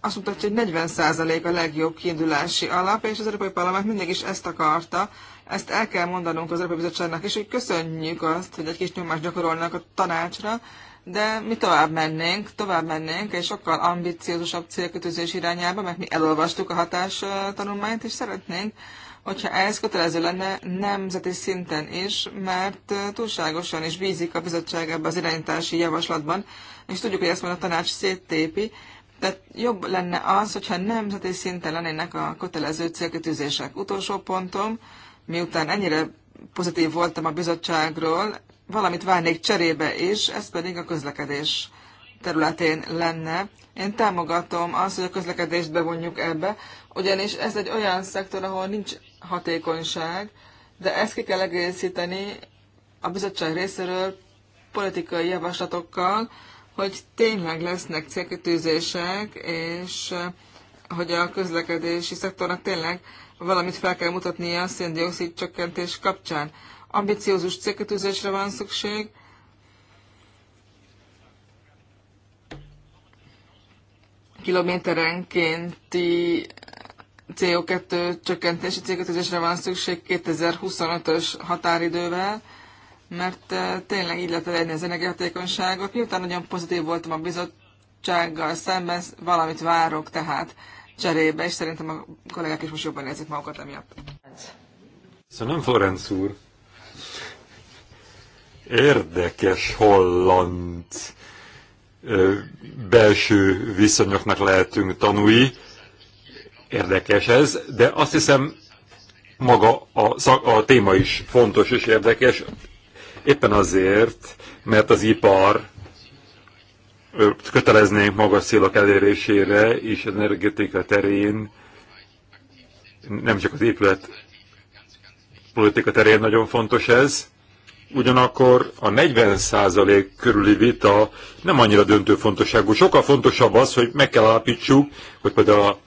azt mutatja, hogy 40% a legjobb kiindulási alap, és az Európai Parlament mindig is ezt akarta. Ezt el kell mondanunk az Európai Bizottságnak is, hogy köszönjük azt, hogy egy kis nyomást gyakorolnak a tanácsra, de mi tovább mennénk, tovább mennénk egy sokkal ambiciózusabb célkötőzés irányába, mert mi elolvastuk a hatástanulmányt, és szeretnénk, hogyha ez kötelező lenne nemzeti szinten is, mert túlságosan is bízik a bizottság ebbe az irányítási javaslatban, és tudjuk, hogy ezt majd a tanács széttépi, tehát jobb lenne az, hogyha nemzeti szinten lennének a kötelező célkötőzések. Utolsó pontom, miután ennyire pozitív voltam a bizottságról, valamit várnék cserébe is, ez pedig a közlekedés területén lenne. Én támogatom azt, hogy a közlekedést bevonjuk ebbe, ugyanis ez egy olyan szektor, ahol nincs hatékonyság, de ezt ki kell egészíteni a bizottság részéről politikai javaslatokkal, hogy tényleg lesznek célkitűzések, és eh, hogy a közlekedési szektornak tényleg valamit fel kell mutatnia a széndiokszid csökkentés kapcsán. Ambiciózus célkitűzésre van szükség, kilométerenkénti CO2 csökkentési célkötözésre van szükség 2025-ös határidővel, mert eh, tényleg így lehet elérni az energiahatékonyságot. Miután nagyon pozitív voltam a bizottsággal szemben, valamit várok tehát cserébe, és szerintem a kollégák is most jobban érzik magukat emiatt. Köszönöm, Florenc úr. Érdekes holland eh, belső viszonyoknak lehetünk tanúi. Érdekes ez, de azt hiszem maga a, szak, a téma is fontos és érdekes, éppen azért, mert az ipar köteleznénk magas célok elérésére és energetika terén, nem csak az épület politika terén nagyon fontos ez, ugyanakkor a 40% körüli vita nem annyira döntő fontosságú. Sokkal fontosabb az, hogy meg kell állapítsuk, hogy például a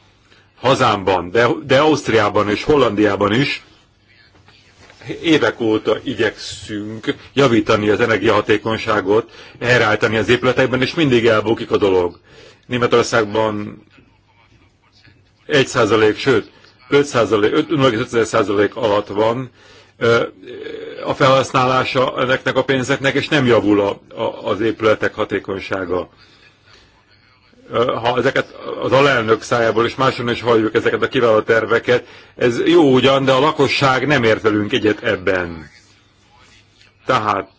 hazámban, de, de Ausztriában és Hollandiában is évek óta igyekszünk javítani az energiahatékonyságot, helyreállítani az épületekben, és mindig elbukik a dolog. Németországban 1 százalék, sőt, 5 százalék, 5,5 alatt van a felhasználása ennek a pénzeknek, és nem javul a, a, az épületek hatékonysága ha ezeket az alelnök szájából és máson is halljuk ezeket a kiváló terveket, ez jó ugyan, de a lakosság nem ért velünk egyet ebben. Tehát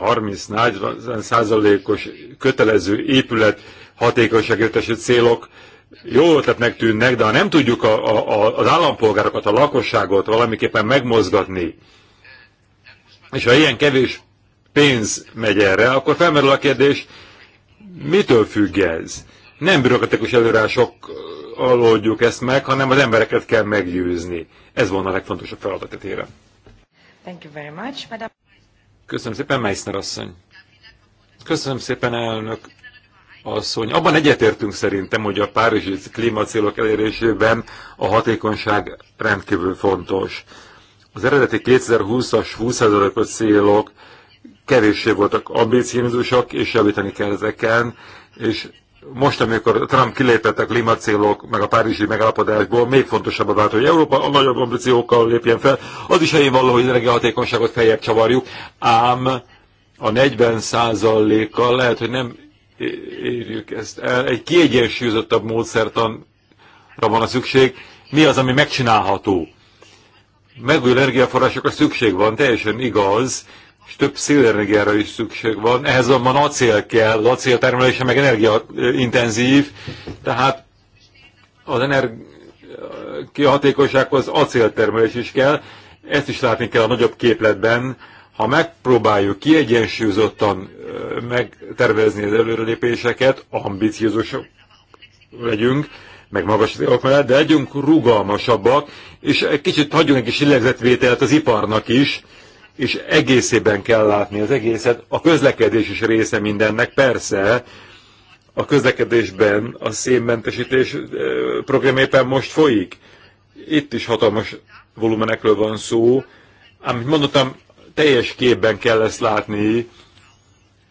30-40 százalékos kötelező épület hatékonyságértesi célok jó ötletnek tűnnek, de ha nem tudjuk a, a, az állampolgárokat, a lakosságot valamiképpen megmozgatni, és ha ilyen kevés pénz megy erre, akkor felmerül a kérdés, Mitől függ ez? Nem bürokratikus előrások oldjuk ezt meg, hanem az embereket kell meggyőzni. Ez volna a legfontosabb feladat téren. Thank you very much, madam. Köszönöm szépen, Meissner asszony. Köszönöm szépen, elnök asszony. Abban egyetértünk szerintem, hogy a párizsi klímacélok elérésében a hatékonyság rendkívül fontos. Az eredeti 2020-as 20%-os célok kevéssé voltak ambíciózusok, és javítani kell ezeken, és most, amikor Trump kilépett a klímacélok, meg a párizsi megállapodásból, még fontosabb vált, hogy Európa a nagyobb ambíciókkal lépjen fel. Az is helyén való, hogy energiahatékonyságot feljebb csavarjuk, ám a 40 kal lehet, hogy nem érjük ezt el. Egy kiegyensúlyozottabb módszertanra van a szükség. Mi az, ami megcsinálható? Megújuló energiaforrásokra szükség van, teljesen igaz, és több szélenergiára is szükség van. Ehhez azonban acél kell, acél termelése meg energiaintenzív, tehát az energiahatékonysághoz acéltermelés is kell. Ezt is látni kell a nagyobb képletben. Ha megpróbáljuk kiegyensúlyozottan megtervezni az előrelépéseket, ambiciózusok legyünk, meg magas célok mellett, de legyünk rugalmasabbak, és egy kicsit hagyjunk egy kis illegzetvételt az iparnak is, és egészében kell látni az egészet. A közlekedés is része mindennek, persze, a közlekedésben a szénmentesítés program éppen most folyik. Itt is hatalmas volumenekről van szó, ám, mint mondottam, teljes képben kell ezt látni,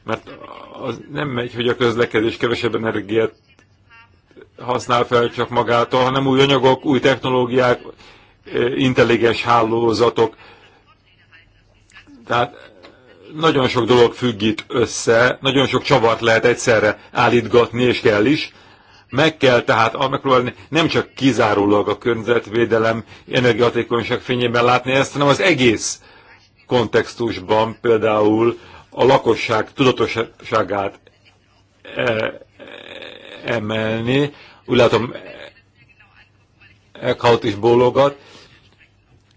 mert az nem megy, hogy a közlekedés kevesebb energiát használ fel csak magától, hanem új anyagok, új technológiák, intelligens hálózatok tehát nagyon sok dolog függ itt össze, nagyon sok csavart lehet egyszerre állítgatni, és kell is. Meg kell tehát megpróbálni nem csak kizárólag a környezetvédelem, energiahatékonyság fényében látni ezt, hanem az egész kontextusban például a lakosság tudatosságát e, e emelni. Úgy látom, Eckhout is bólogat.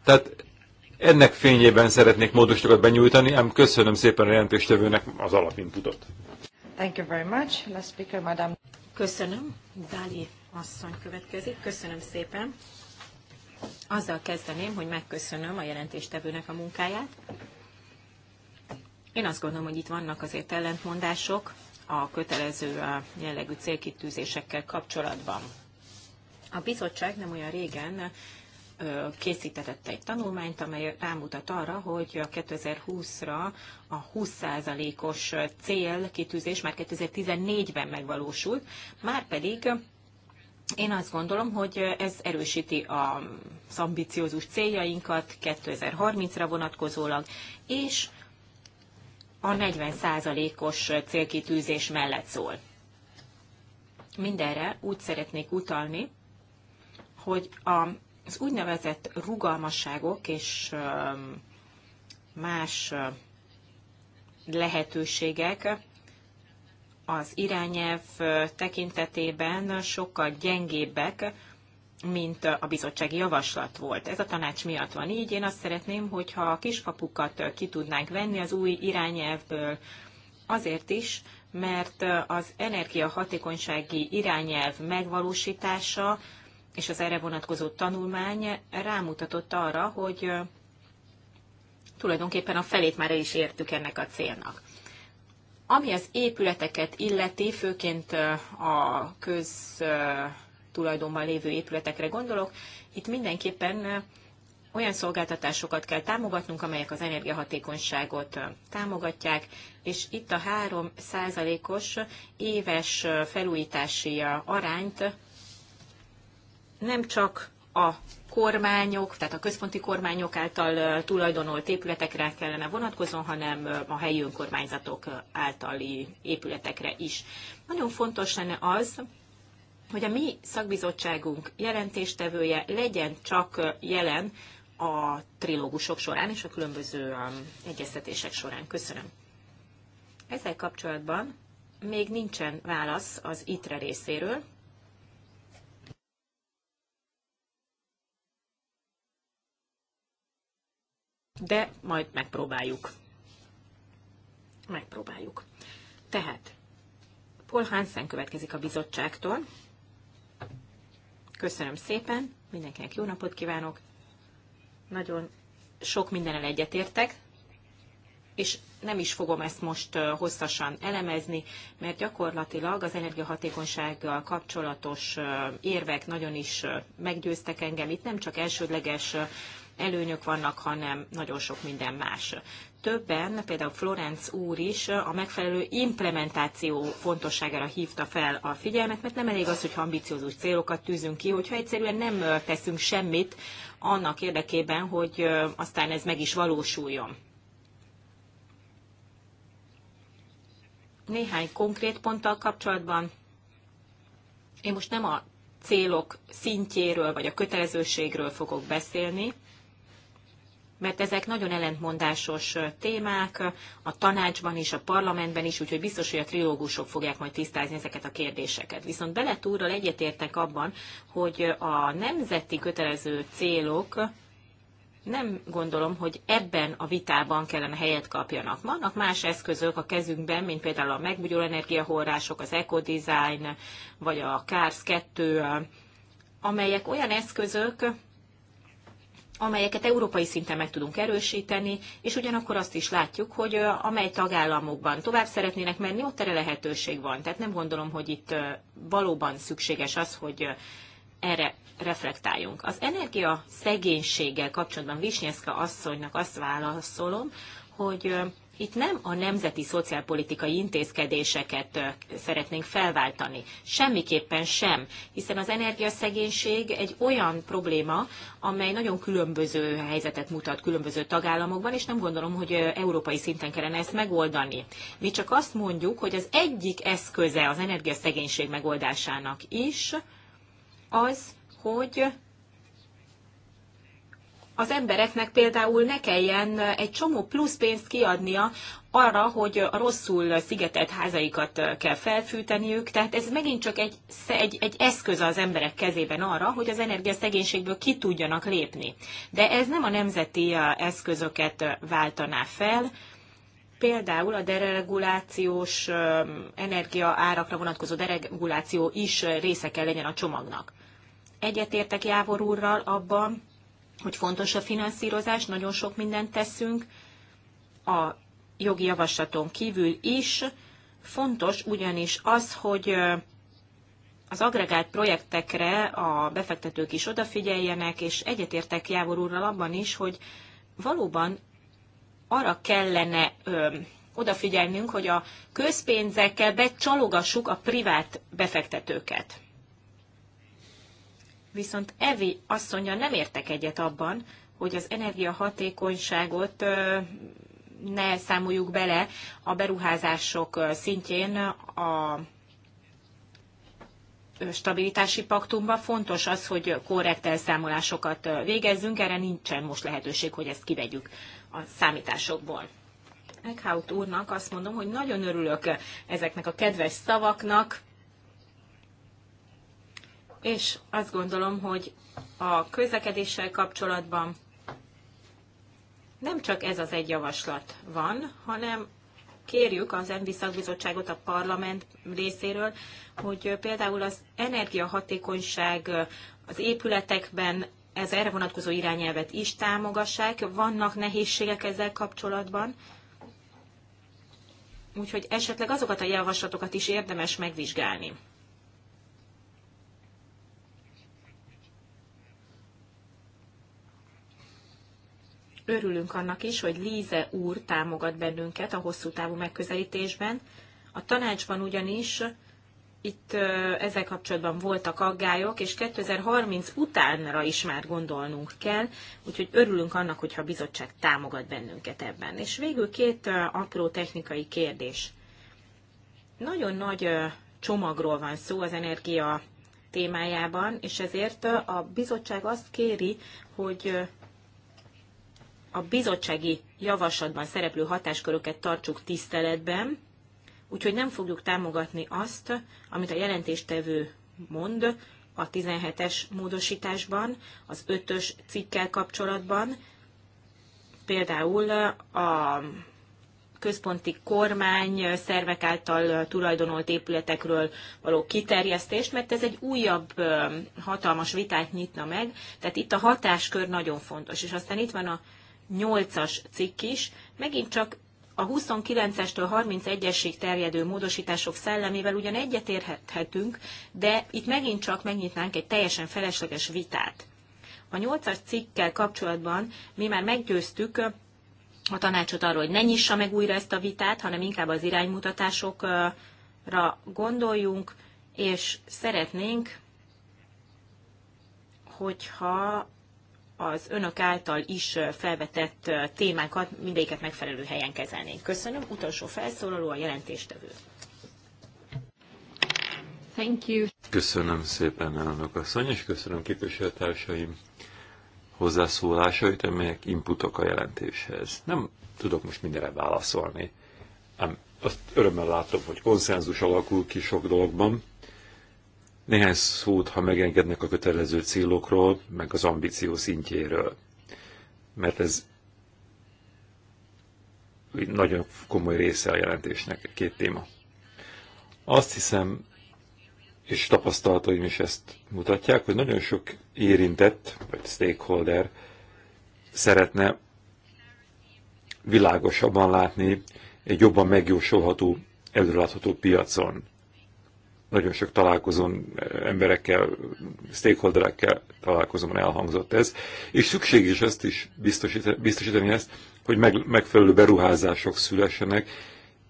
Tehát ennek fényében szeretnék módosítókat benyújtani, ám köszönöm szépen a jelentéstevőnek az alapinputot. Thank you very much. Last speaker, madam. Köszönöm. Dali asszony következik. Köszönöm szépen. Azzal kezdeném, hogy megköszönöm a jelentéstevőnek a munkáját. Én azt gondolom, hogy itt vannak azért ellentmondások a kötelező jellegű célkitűzésekkel kapcsolatban. A bizottság nem olyan régen készítetett egy tanulmányt, amely rámutat arra, hogy a 2020-ra a 20%-os cél kitűzés már 2014-ben megvalósult, már pedig én azt gondolom, hogy ez erősíti az ambiciózus céljainkat 2030-ra vonatkozólag, és a 40%-os célkitűzés mellett szól. Mindenre úgy szeretnék utalni, hogy a az úgynevezett rugalmasságok és más lehetőségek az irányelv tekintetében sokkal gyengébbek, mint a bizottsági javaslat volt. Ez a tanács miatt van így. Én azt szeretném, hogyha a kiskapukat ki tudnánk venni az új irányelvből, azért is, mert az energiahatékonysági irányelv megvalósítása és az erre vonatkozó tanulmány rámutatott arra, hogy tulajdonképpen a felét már el is értük ennek a célnak. Ami az épületeket illeti, főként a köztulajdonban lévő épületekre gondolok, itt mindenképpen olyan szolgáltatásokat kell támogatnunk, amelyek az energiahatékonyságot támogatják, és itt a 3 os éves felújítási arányt nem csak a kormányok, tehát a központi kormányok által tulajdonolt épületekre kellene vonatkozon, hanem a helyi önkormányzatok általi épületekre is. Nagyon fontos lenne az, hogy a mi szakbizottságunk jelentéstevője legyen csak jelen a trilógusok során és a különböző egyeztetések során. Köszönöm. Ezzel kapcsolatban még nincsen válasz az ITRE részéről, de majd megpróbáljuk. Megpróbáljuk. Tehát, Paul Hansen következik a bizottságtól. Köszönöm szépen, mindenkinek jó napot kívánok. Nagyon sok mindennel egyetértek, és nem is fogom ezt most hosszasan elemezni, mert gyakorlatilag az energiahatékonysággal kapcsolatos érvek nagyon is meggyőztek engem. Itt nem csak elsődleges előnyök vannak, hanem nagyon sok minden más. Többen, például Florenc úr is a megfelelő implementáció fontosságára hívta fel a figyelmet, mert nem elég az, hogy ambiciózus célokat tűzünk ki, hogyha egyszerűen nem teszünk semmit annak érdekében, hogy aztán ez meg is valósuljon. Néhány konkrét ponttal kapcsolatban én most nem a célok szintjéről vagy a kötelezőségről fogok beszélni, mert ezek nagyon ellentmondásos témák a tanácsban és a parlamentben is, úgyhogy biztos, hogy a trilógusok fogják majd tisztázni ezeket a kérdéseket. Viszont Beletúrral egyetértek abban, hogy a nemzeti kötelező célok nem gondolom, hogy ebben a vitában kellene helyet kapjanak. Vannak más eszközök a kezünkben, mint például a megújuló energiahorrások, az ecodesign, vagy a CARS 2, amelyek olyan eszközök, amelyeket európai szinten meg tudunk erősíteni, és ugyanakkor azt is látjuk, hogy amely tagállamokban tovább szeretnének menni, ott erre lehetőség van. Tehát nem gondolom, hogy itt valóban szükséges az, hogy erre reflektáljunk. Az energia szegénységgel kapcsolatban Visnyeszka asszonynak azt válaszolom, hogy itt nem a nemzeti szociálpolitikai intézkedéseket szeretnénk felváltani. Semmiképpen sem, hiszen az energiaszegénység egy olyan probléma, amely nagyon különböző helyzetet mutat különböző tagállamokban, és nem gondolom, hogy európai szinten kellene ezt megoldani. Mi csak azt mondjuk, hogy az egyik eszköze az energiaszegénység megoldásának is az, hogy az embereknek például ne kelljen egy csomó plusz pénzt kiadnia arra, hogy a rosszul szigetelt házaikat kell felfűteniük, tehát ez megint csak egy, egy, egy eszköz az emberek kezében arra, hogy az energiaszegénységből ki tudjanak lépni. De ez nem a nemzeti uh, eszközöket uh, váltaná fel, Például a deregulációs um, energiaárakra vonatkozó dereguláció is uh, része kell legyen a csomagnak. Egyetértek Jávor úrral abban, hogy fontos a finanszírozás, nagyon sok mindent teszünk a jogi javaslaton kívül is. Fontos ugyanis az, hogy az agregált projektekre a befektetők is odafigyeljenek, és egyetértek Jávor úrral abban is, hogy valóban arra kellene ö, odafigyelnünk, hogy a közpénzekkel becsalogassuk a privát befektetőket. Viszont Evi asszonya nem értek egyet abban, hogy az energiahatékonyságot ne számoljuk bele a beruházások szintjén a stabilitási paktumban. Fontos az, hogy korrekt elszámolásokat végezzünk, erre nincsen most lehetőség, hogy ezt kivegyük a számításokból. Eckhout úrnak azt mondom, hogy nagyon örülök ezeknek a kedves szavaknak, és azt gondolom, hogy a közlekedéssel kapcsolatban nem csak ez az egy javaslat van, hanem kérjük az ENVI szakbizottságot a parlament részéről, hogy például az energiahatékonyság az épületekben ez erre vonatkozó irányelvet is támogassák. Vannak nehézségek ezzel kapcsolatban, úgyhogy esetleg azokat a javaslatokat is érdemes megvizsgálni. örülünk annak is, hogy Líze úr támogat bennünket a hosszú távú megközelítésben. A tanácsban ugyanis itt ezzel kapcsolatban voltak aggályok, és 2030 utánra is már gondolnunk kell, úgyhogy örülünk annak, hogyha a bizottság támogat bennünket ebben. És végül két apró technikai kérdés. Nagyon nagy csomagról van szó az energia témájában, és ezért a bizottság azt kéri, hogy a bizottsági javaslatban szereplő hatásköröket tartsuk tiszteletben, úgyhogy nem fogjuk támogatni azt, amit a jelentéstevő mond a 17-es módosításban, az 5-ös cikkel kapcsolatban, például a központi kormány szervek által tulajdonolt épületekről való kiterjesztést, mert ez egy újabb hatalmas vitát nyitna meg, tehát itt a hatáskör nagyon fontos. És aztán itt van a 8-as cikk is megint csak a 29-estől 31-esig terjedő módosítások szellemével ugyan egyetérhethetünk, de itt megint csak megnyitnánk egy teljesen felesleges vitát. A 8-as cikkkel kapcsolatban mi már meggyőztük a tanácsot arról, hogy ne nyissa meg újra ezt a vitát, hanem inkább az iránymutatásokra gondoljunk, és szeretnénk, hogyha az önök által is felvetett témákat mindegyiket megfelelő helyen kezelnénk. Köszönöm. Utolsó felszólaló a jelentéstevő. Thank you. Köszönöm szépen, elnök asszony, és köszönöm képviselőtársaim hozzászólásait, amelyek inputok a jelentéshez. Nem tudok most mindenre válaszolni, ám azt örömmel látom, hogy konszenzus alakul ki sok dologban, néhány szót, ha megengednek a kötelező célokról, meg az ambíció szintjéről. Mert ez nagyon komoly része a jelentésnek, két téma. Azt hiszem, és tapasztalataim is ezt mutatják, hogy nagyon sok érintett, vagy stakeholder szeretne világosabban látni egy jobban megjósolható, előrelátható piacon nagyon sok találkozón eh, emberekkel, stakeholderekkel találkozom, elhangzott ez, és szükség is ezt is biztosítani, biztosítani ezt, hogy meg, megfelelő beruházások szülessenek,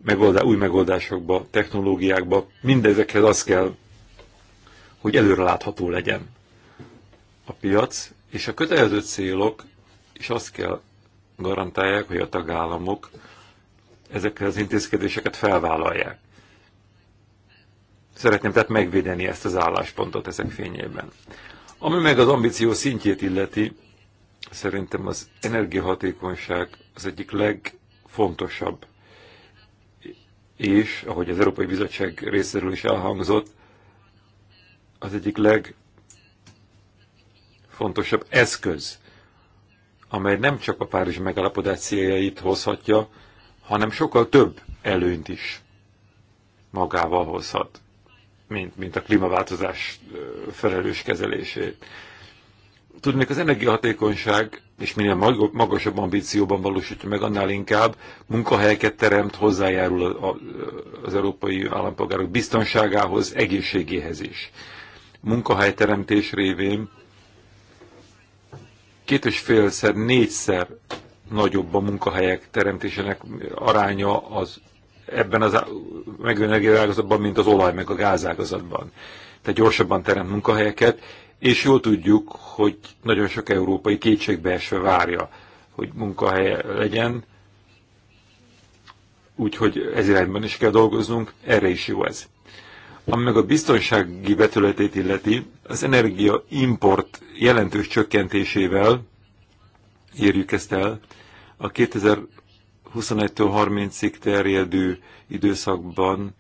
megoldá, új megoldásokba, technológiákba, mindezekhez az kell, hogy előrelátható legyen a piac, és a kötelező célok is azt kell garantálják, hogy a tagállamok ezekkel az intézkedéseket felvállalják. Szeretném tehát megvédeni ezt az álláspontot ezek fényében. Ami meg az ambíció szintjét illeti, szerintem az energiahatékonyság az egyik legfontosabb, és, ahogy az Európai Bizottság részéről is elhangzott, az egyik legfontosabb eszköz, amely nem csak a Párizsi megállapodás céljait hozhatja, hanem sokkal több előnyt is magával hozhat mint, mint a klímaváltozás felelős kezelését. Tudnék, az energiahatékonyság, és minél magasabb ambícióban valósítja meg, annál inkább munkahelyeket teremt, hozzájárul a, a, az európai állampolgárok biztonságához, egészségéhez is. Munkahelyteremtés révén két és félszer, négyszer nagyobb a munkahelyek teremtésének aránya az ebben az megőenergiaágazatban, mint az olaj meg a gázágazatban. Tehát gyorsabban teremt munkahelyeket, és jól tudjuk, hogy nagyon sok európai kétségbeesve várja, hogy munkahelye legyen, úgyhogy ez irányban is kell dolgoznunk, erre is jó ez. Ami meg a biztonsági betületét illeti, az energia import jelentős csökkentésével érjük ezt el. A 2000 21-től 30-ig terjedő időszakban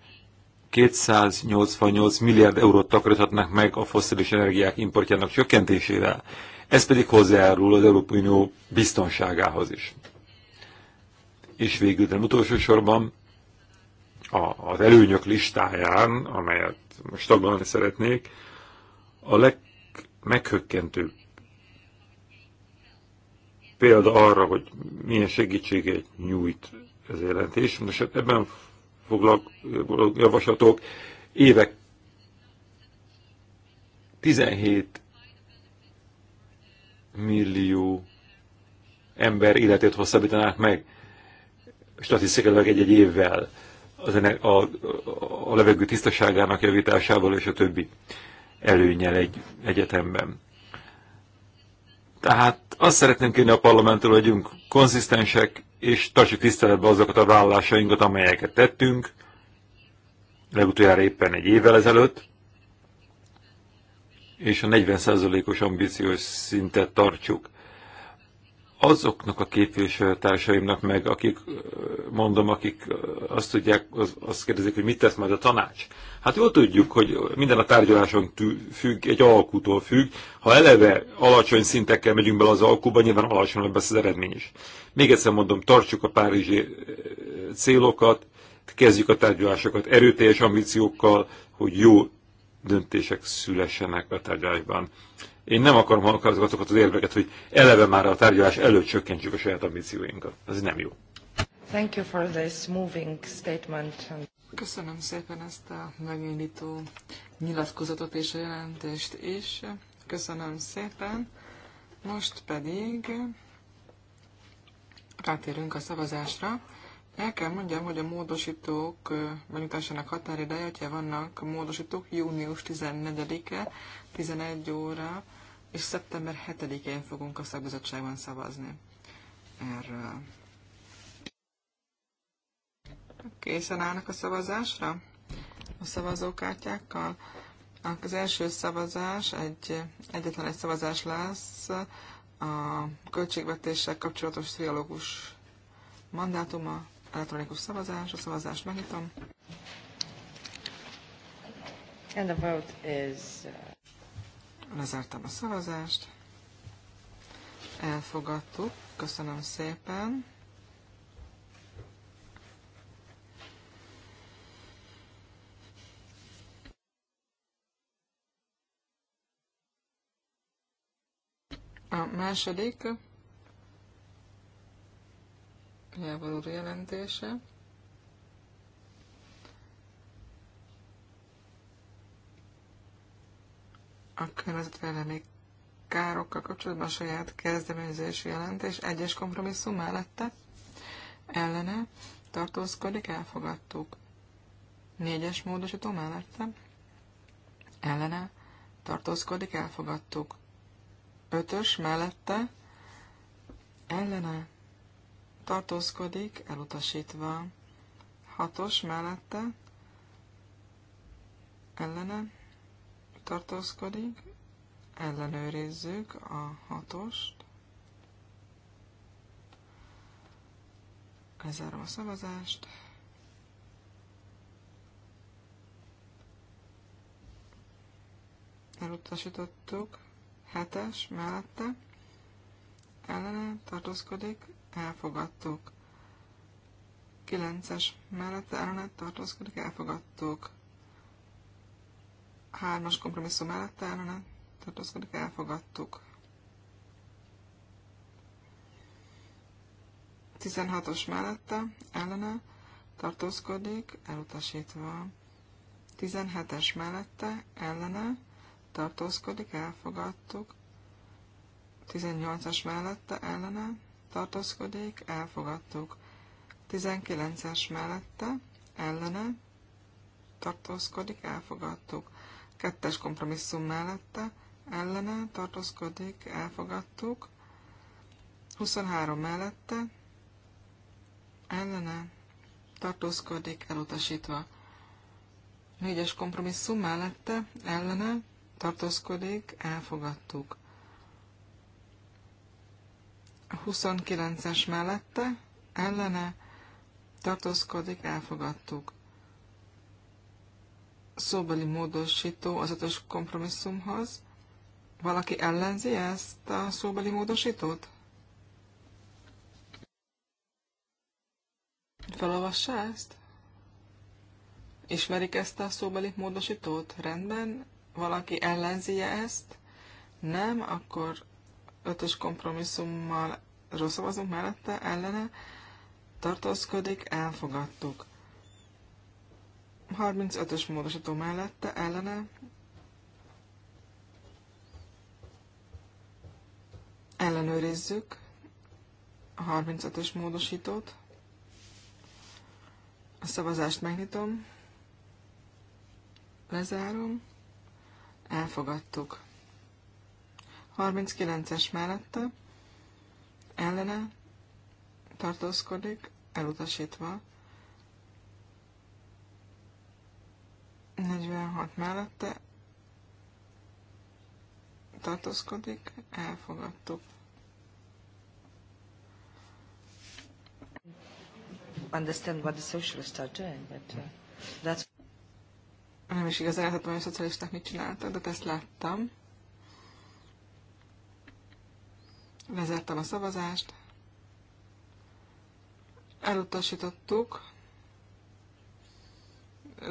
288 milliárd eurót takaríthatnak meg a foszilis energiák importjának csökkentésére. Ez pedig hozzájárul az Európai Unió biztonságához is. És végül, de utolsó sorban a, az előnyök listáján, amelyet most taglalni szeretnék, a legmeghökkentőbb példa arra, hogy milyen segítséget nyújt ez jelentés. Most hát ebben foglalk, javaslatok évek 17 millió ember életét hosszabbítanák meg statisztikailag egy-egy évvel az ennek a, a, a levegő tisztaságának javításával és a többi előnyel egy egyetemben. Tehát azt szeretném kérni a parlamenttől, hogy legyünk konzisztensek, és tartsuk tiszteletbe azokat a vállalásainkat, amelyeket tettünk, legutoljára éppen egy évvel ezelőtt, és a 40%-os ambíciós szintet tartsuk azoknak a képviselőtársaimnak meg, akik, mondom, akik azt tudják, az, azt kérdezik, hogy mit tesz majd a tanács. Hát jól tudjuk, hogy minden a tárgyaláson függ, egy alkútól függ. Ha eleve alacsony szintekkel megyünk bele az alkúba, nyilván alacsonyabb lesz az eredmény is. Még egyszer mondom, tartsuk a párizsi célokat, kezdjük a tárgyalásokat erőteljes ambíciókkal, hogy jó döntések szülessenek a tárgyalásban. Én nem akarom hallgatni azokat az érveket, hogy eleve már a tárgyalás előtt csökkentsük a saját ambícióinkat. Ez nem jó. Thank you for this moving statement. Köszönöm szépen ezt a megindító nyilatkozatot és a jelentést is. Köszönöm szépen. Most pedig rátérünk a szavazásra. El kell mondjam, hogy a módosítók megnyitásának határideje, hogyha vannak módosítók, június 14-e, 11 óra, és szeptember 7-én fogunk a szakbizottságban szavazni erről. Készen állnak a szavazásra? A szavazókártyákkal? Az első szavazás, egy, egyetlen egy szavazás lesz a költségvetéssel kapcsolatos triológus mandátuma Elektronikus szavazás, a szavazást megnyitom. And the vote is... Uh, Lezártam a szavazást. Elfogadtuk. Köszönöm szépen. A második Jávor jelentése. A környezetvédelmi károkkal kapcsolatban a saját kezdeményezésű jelentés egyes kompromisszum mellette ellene tartózkodik, elfogadtuk. Négyes módosító mellette ellene tartózkodik, elfogadtuk. Ötös mellette ellene tartózkodik, elutasítva. Hatos mellette, ellene, tartózkodik, ellenőrizzük a hatost. Lezárom a szavazást. Elutasítottuk. Hetes mellette. Ellene tartózkodik elfogadtuk. 9-es mellette ellenet tartózkodik, elfogadtuk. 3-as kompromisszum mellette ellenet tartózkodik, elfogadtuk. 16-os mellette ellene tartózkodik, elutasítva. 17-es mellette ellene tartózkodik, elfogadtuk. 18-as mellette ellene tartózkodik, elfogadtuk. 19-es mellette, ellene, tartózkodik, elfogadtuk. Kettes kompromisszum mellette, ellene, tartózkodik, elfogadtuk. 23 mellette, ellene, tartózkodik, elutasítva. 4-es kompromisszum mellette, ellene, tartózkodik, elfogadtuk. 29-es mellette ellene tartózkodik, elfogadtuk. Szóbeli módosító az ötös kompromisszumhoz. Valaki ellenzi ezt a szóbeli módosítót? Felolvassa ezt? Ismerik ezt a szóbeli módosítót? Rendben. Valaki ellenzi -e ezt? Nem, akkor ötös kompromisszummal rosszavazunk mellette, ellene tartózkodik, elfogadtuk. 35-ös módosító mellette, ellene ellenőrizzük a 35-ös módosítót. A szavazást megnyitom, lezárom, elfogadtuk. 39-es mellette ellene tartózkodik, elutasítva. 46 mellette tartózkodik, elfogadtuk. Understand what the socialists are doing, but uh, that's... Nem is igazán értettem, hogy a szocialisták mit csináltak, de ezt láttam. Vezettem a szavazást. Elutasítottuk,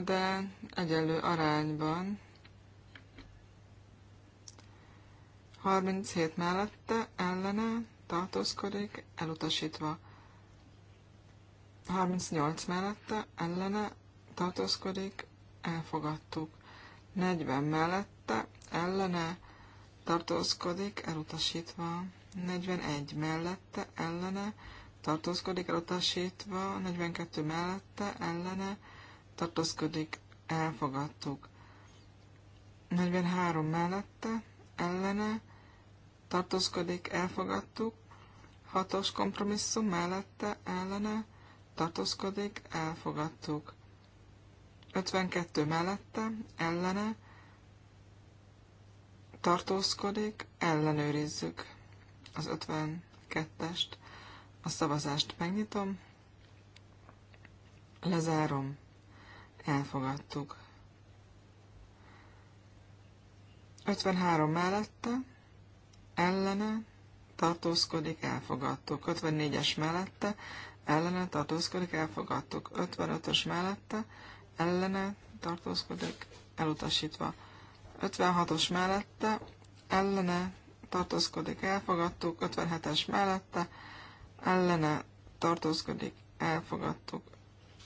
de egyenlő arányban. 37 mellette, ellene, tartózkodik, elutasítva. 38 mellette, ellene, tartózkodik, elfogadtuk. 40 mellette, ellene, tartózkodik, elutasítva. 41 mellette, ellene, tartózkodik elutasítva, 42 mellette, ellene, tartózkodik, elfogadtuk. 43 mellette, ellene, tartózkodik, elfogadtuk. 6-os kompromisszum mellette, ellene, tartózkodik, elfogadtuk. 52 mellette, ellene, tartózkodik, ellenőrizzük az 52-est, a szavazást megnyitom, lezárom, elfogadtuk. 53 mellette, ellene, tartózkodik, elfogadtuk. 54-es mellette, ellene, tartózkodik, elfogadtuk. 55-ös mellette, ellene, tartózkodik, elutasítva. 56-os mellette, ellene, tartózkodik, elfogadtuk, 57-es mellette, ellene tartózkodik, elfogadtuk,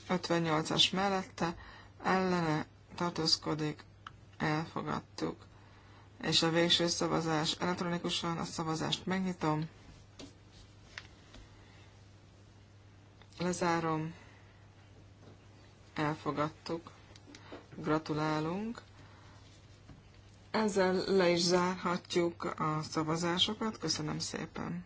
58-as mellette, ellene tartózkodik, elfogadtuk. És a végső szavazás elektronikusan, a szavazást megnyitom, lezárom, elfogadtuk, gratulálunk. Ezzel le is zárhatjuk a szavazásokat. Köszönöm szépen!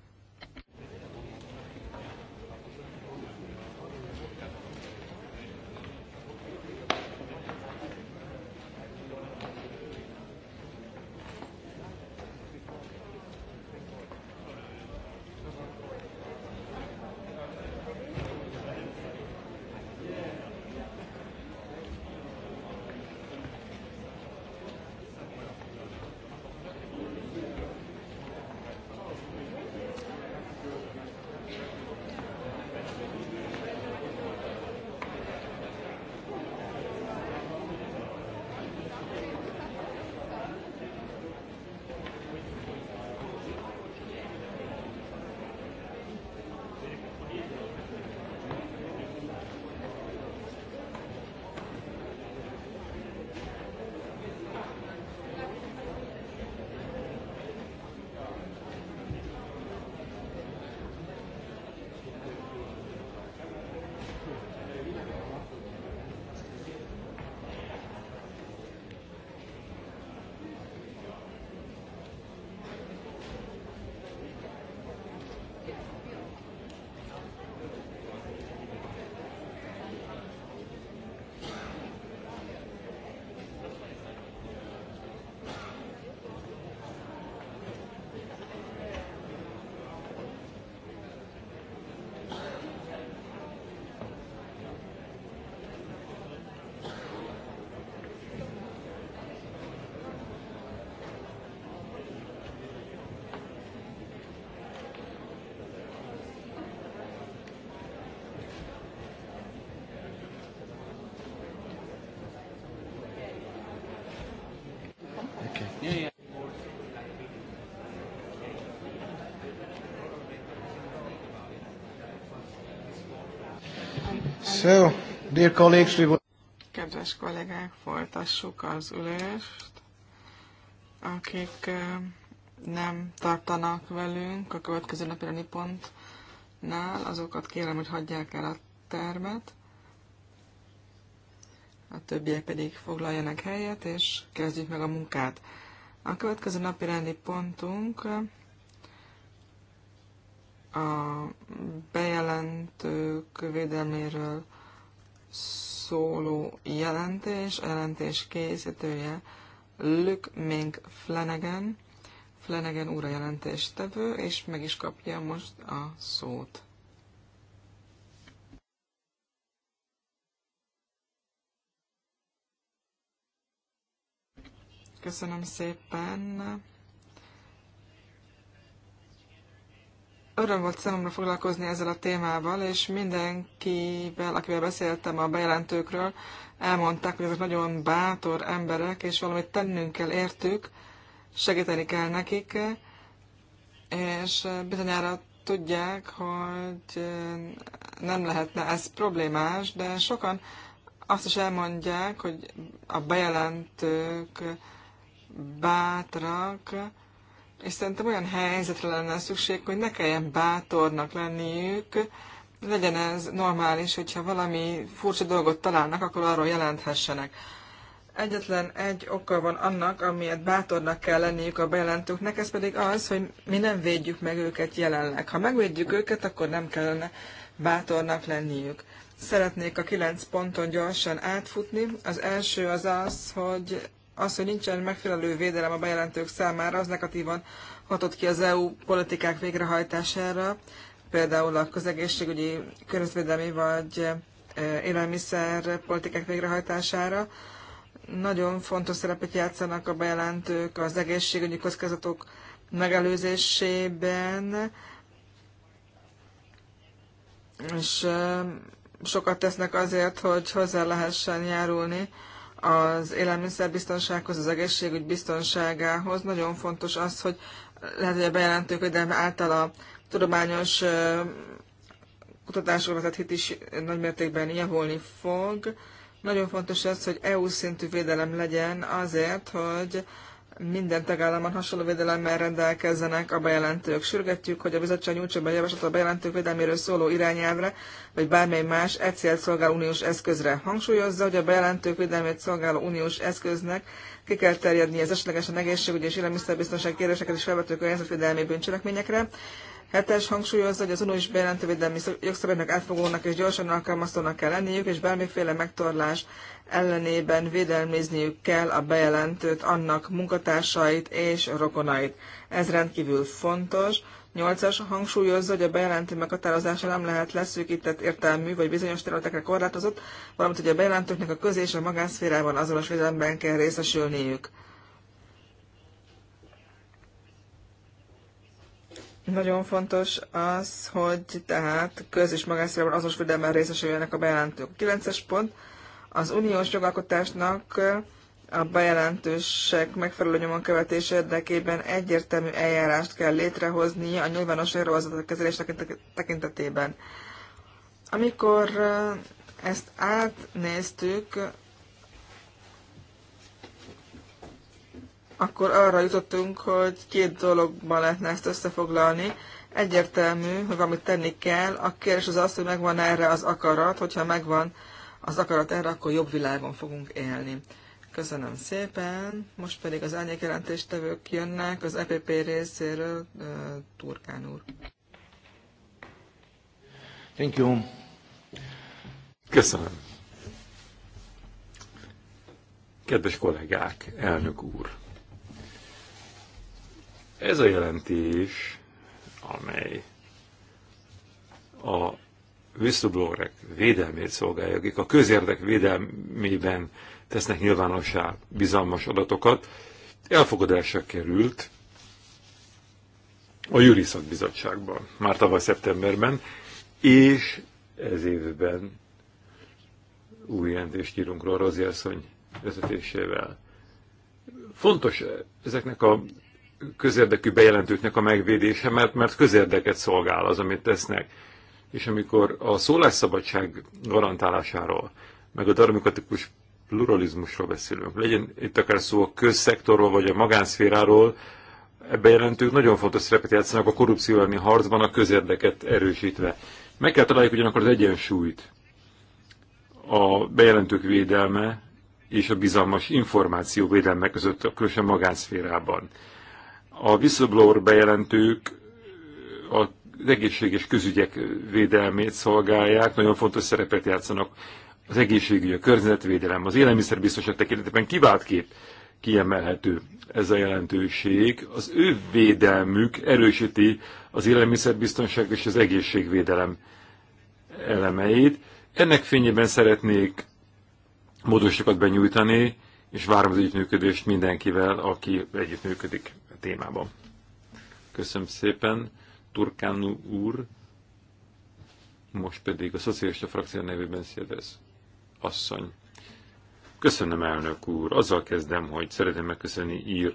So, dear colleagues, we will... Kedves kollégák, folytassuk az ülést. Akik nem tartanak velünk a következő napi pontnál, azokat kérem, hogy hagyják el a termet. A többiek pedig foglaljanak helyet, és kezdjük meg a munkát. A következő napi rendi pontunk a bejelentők védelméről szóló jelentés, jelentés készítője Luke Mink Flanagan, Flanagan úr a jelentéstevő, és meg is kapja most a szót. Köszönöm szépen! öröm volt számomra foglalkozni ezzel a témával, és mindenkivel, akivel beszéltem a bejelentőkről, elmondták, hogy ezek nagyon bátor emberek, és valamit tennünk kell értük, segíteni kell nekik, és bizonyára tudják, hogy nem lehetne ez problémás, de sokan azt is elmondják, hogy a bejelentők bátrak, és szerintem olyan helyzetre lenne szükség, hogy ne kelljen bátornak lenniük, legyen ez normális, hogyha valami furcsa dolgot találnak, akkor arról jelenthessenek. Egyetlen egy oka van annak, amiért bátornak kell lenniük a bejelentőknek, ez pedig az, hogy mi nem védjük meg őket jelenleg. Ha megvédjük őket, akkor nem kellene bátornak lenniük. Szeretnék a kilenc ponton gyorsan átfutni. Az első az az, hogy az, hogy nincsen megfelelő védelem a bejelentők számára, az negatívan hatott ki az EU politikák végrehajtására, például a közegészségügyi, környezetvédelmi vagy e, élelmiszer politikák végrehajtására. Nagyon fontos szerepet játszanak a bejelentők az egészségügyi kockázatok megelőzésében, és e, sokat tesznek azért, hogy hozzá lehessen járulni az élelmiszerbiztonsághoz, az egészségügy biztonságához. Nagyon fontos az, hogy lehet, hogy a bejelentők által a tudományos kutatásokra vetett hit is nagymértékben javulni fog. Nagyon fontos az, hogy EU szintű védelem legyen azért, hogy minden tagállamban hasonló védelemmel rendelkezzenek a bejelentők. Sürgetjük, hogy a bizottság nyújtson be javaslatot a bejelentők védelméről szóló irányelvre, vagy bármely más e szolgáló uniós eszközre. Hangsúlyozza, hogy a bejelentők védelmét szolgáló uniós eszköznek ki kell terjedni az esetlegesen egészségügyi és élelmiszerbiztonság kérdéseket is felvető környezetvédelmi bűncselekményekre, hetes hangsúlyozza, hogy az uniós bejelentővédelmi jogszabálynak átfogónak és gyorsan alkalmaztónak kell lenniük, és bármiféle megtorlás ellenében védelmézniük kell a bejelentőt, annak munkatársait és rokonait. Ez rendkívül fontos. Nyolcas hangsúlyozza, hogy a bejelentő meghatározása nem lehet leszűkített értelmű vagy bizonyos területekre korlátozott, valamint hogy a bejelentőknek a közé és a magánszférában azonos védelemben kell részesülniük. Nagyon fontos az, hogy tehát köz- és magánszférában azonos védelmen részesüljenek a bejelentők. 9 pont. Az uniós jogalkotásnak a bejelentősek megfelelő nyomon követése érdekében egyértelmű eljárást kell létrehozni a nyilvános érvezetek kezelés tekintetében. Amikor ezt átnéztük, akkor arra jutottunk, hogy két dologban lehetne ezt összefoglalni. Egyértelmű, hogy valamit tenni kell. A kérdés az az, hogy megvan erre az akarat. Hogyha megvan az akarat erre, akkor jobb világon fogunk élni. Köszönöm szépen. Most pedig az árnyékjelentéstevők jönnek az EPP részéről, uh, Turkán úr. Thank you. Köszönöm. Kedves kollégák, elnök úr! Ez a jelentés, amely a whistleblowerek védelmét szolgálja, akik a közérdek védelmében tesznek nyilvánossá bizalmas adatokat, elfogadásra került a Jüri Szakbizottságban, már tavaly szeptemberben, és ez évben új jelentést írunk Rozi asszony vezetésével. Fontos ezeknek a közérdekű bejelentőknek a megvédése, mert, mert közérdeket szolgál az, amit tesznek. És amikor a szólásszabadság garantálásáról, meg a darmikatikus pluralizmusról beszélünk, legyen itt akár szó a közszektorról, vagy a magánszféráról, ebben jelentők nagyon fontos szerepet játszanak a korrupció elleni harcban, a közérdeket erősítve. Meg kell találjuk ugyanakkor az egyensúlyt. A bejelentők védelme és a bizalmas információ védelme között, különösen magánszférában. A whistleblower bejelentők az egészséges közügyek védelmét szolgálják, nagyon fontos szerepet játszanak az egészségügy, a környezetvédelem, az élelmiszerbiztonság tekintetében kiváltképp kiemelhető ez a jelentőség. Az ő védelmük erősíti az élelmiszerbiztonság és az egészségvédelem elemeit. Ennek fényében szeretnék módosokat benyújtani, és várom az együttműködést mindenkivel, aki együttműködik témában. Köszönöm szépen, Turkánu úr, most pedig a szocialista frakció nevében szédez. Asszony. Köszönöm, elnök úr. Azzal kezdem, hogy szeretném megköszönni ír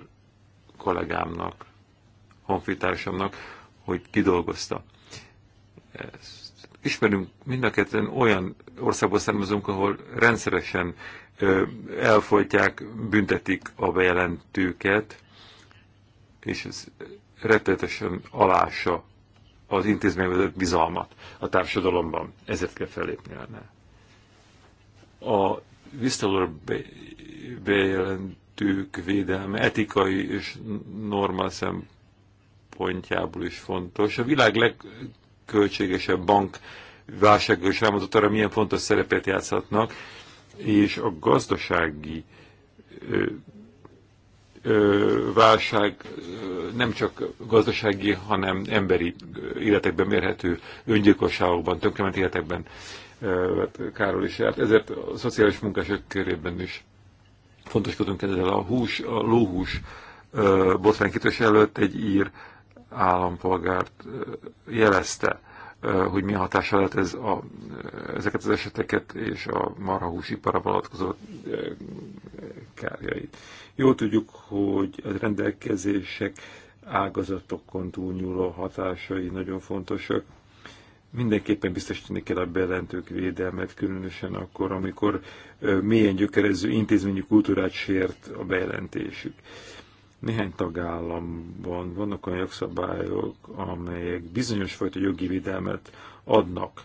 kollégámnak, honfitársamnak, hogy kidolgozta. Ezt ismerünk mind a ketten olyan országból származunk, ahol rendszeresen elfolytják, büntetik a bejelentőket, és ez rettenetesen alása az intézményvezetők bizalmat a társadalomban. Ezért kell fellépni lenne. A whistleblower bejelentők védelme etikai és norma szempontjából is fontos. A világ legköltségesebb bank válsága is elmondott arra, milyen fontos szerepet játszhatnak, és a gazdasági válság nem csak gazdasági, hanem emberi életekben mérhető öngyilkosságokban, tönkrement életekben hát Károly is járt. Ezért a szociális munkások körében is fontoskodunk ezzel a hús, a lóhús botránykítős előtt egy ír állampolgárt jelezte, hogy milyen hatása lehet ez a, ezeket az eseteket és a marhahúsipara vonatkozó kárjait. Jól tudjuk, hogy a rendelkezések ágazatokon túlnyúló hatásai nagyon fontosak. Mindenképpen biztosítani kell a bejelentők védelmet, különösen akkor, amikor mélyen gyökerező intézményi kultúrát sért a bejelentésük. Néhány tagállamban vannak olyan jogszabályok, amelyek bizonyos fajta jogi védelmet adnak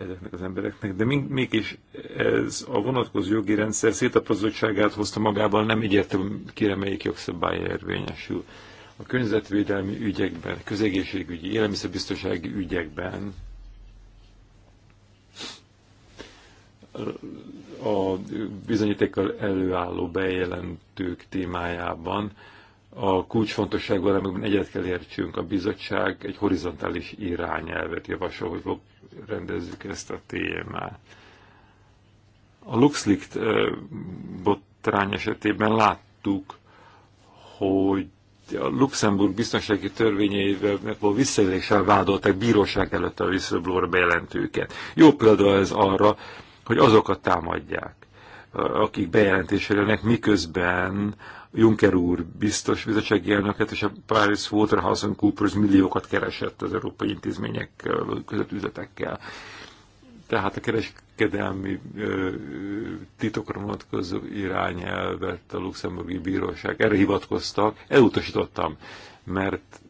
ezeknek az embereknek, de mégis ez a vonatkozó jogi rendszer szétapazottságát hozta magával, nem egyértelmű kire melyik jogszabály érvényesül. A környezetvédelmi ügyekben, közegészségügyi, élelmiszerbiztonsági ügyekben a bizonyítékkal előálló bejelentők témájában a kulcsfontosságban, amiben egyet kell értsünk. A bizottság egy horizontális irányelvet javasol, hogy rendezzük ezt a témát. A LuxLeaks botrány esetében láttuk, hogy a Luxemburg biztonsági törvényeivel visszaéléssel vádolták bíróság előtt a whistleblower bejelentőket. Jó példa ez arra, hogy azokat támadják, akik bejelentésre jönnek, miközben Juncker úr biztos bizottsági elnöket és a Paris Waterhouse Coopers milliókat keresett az európai intézményekkel, között üzletekkel. Tehát a kereskedelmi ö, titokra vonatkozó irányelvet a luxemburgi bíróság, erre hivatkoztak, elutasítottam, mert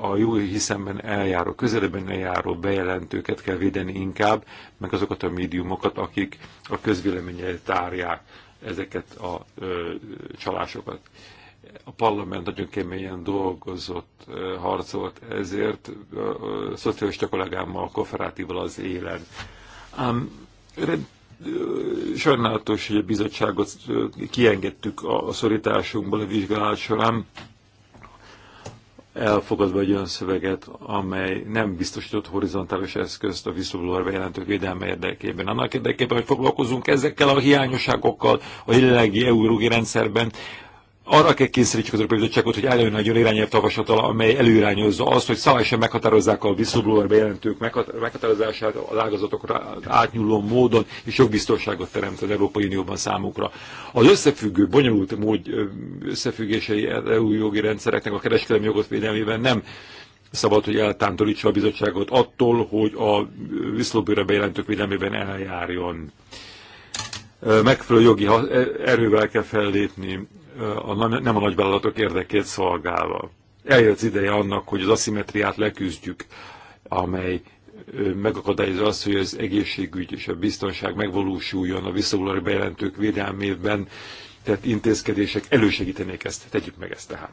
a jó hiszemben eljáró, közelebben eljáró bejelentőket kell védeni inkább, meg azokat a médiumokat, akik a közvéleményet tárják ezeket a ö, csalásokat. A parlament nagyon keményen dolgozott, ö, harcolt ezért, ö, ö, szocialista kollégámmal, kooperatívval az élen. Ám red, sajnálatos, hogy a bizottságot kiengedtük a, a szorításunkból a vizsgálás során, elfogadva egy olyan szöveget, amely nem biztosított horizontális eszközt a visszavulóra bejelentők védelme érdekében. Annak érdekében, hogy foglalkozunk ezekkel a hiányosságokkal a jelenlegi eurógi rendszerben, arra kell kényszerítjük az Európai Bizottságot, hogy olyan irányelv javaslattal, amely előirányozza azt, hogy szabályosan meghatározzák a whistleblower bejelentők meghatározását az ágazatokra átnyúló módon, és jogbiztonságot teremt az Európai Unióban számukra. Az összefüggő, bonyolult mód összefüggései e- e- EU jogi rendszereknek a kereskedelmi jogot védelmében nem szabad, hogy eltántorítsa a bizottságot attól, hogy a whistleblower bejelentők védelmében eljárjon megfelelő jogi e- erővel kell fellépni a, nem a nagyvállalatok érdekét szolgálva. Eljött az ideje annak, hogy az aszimetriát leküzdjük, amely megakadályozza azt, hogy az egészségügy és a biztonság megvalósuljon a visszavulari bejelentők védelmében, tehát intézkedések elősegítenék ezt. Tegyük meg ezt tehát.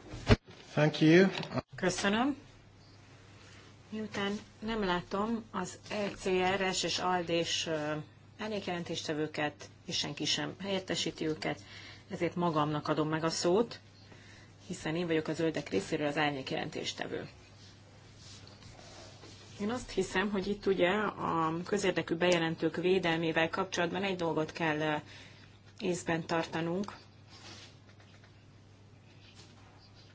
Thank you. Köszönöm. Miután nem látom az ECRS és ALDÉS árnyékjelentéstevőket, és senki sem helyettesíti őket, ezért magamnak adom meg a szót, hiszen én vagyok a zöldek részéről az árnyék jelentéstevő. Én azt hiszem, hogy itt ugye a közérdekű bejelentők védelmével kapcsolatban egy dolgot kell eh, észben tartanunk.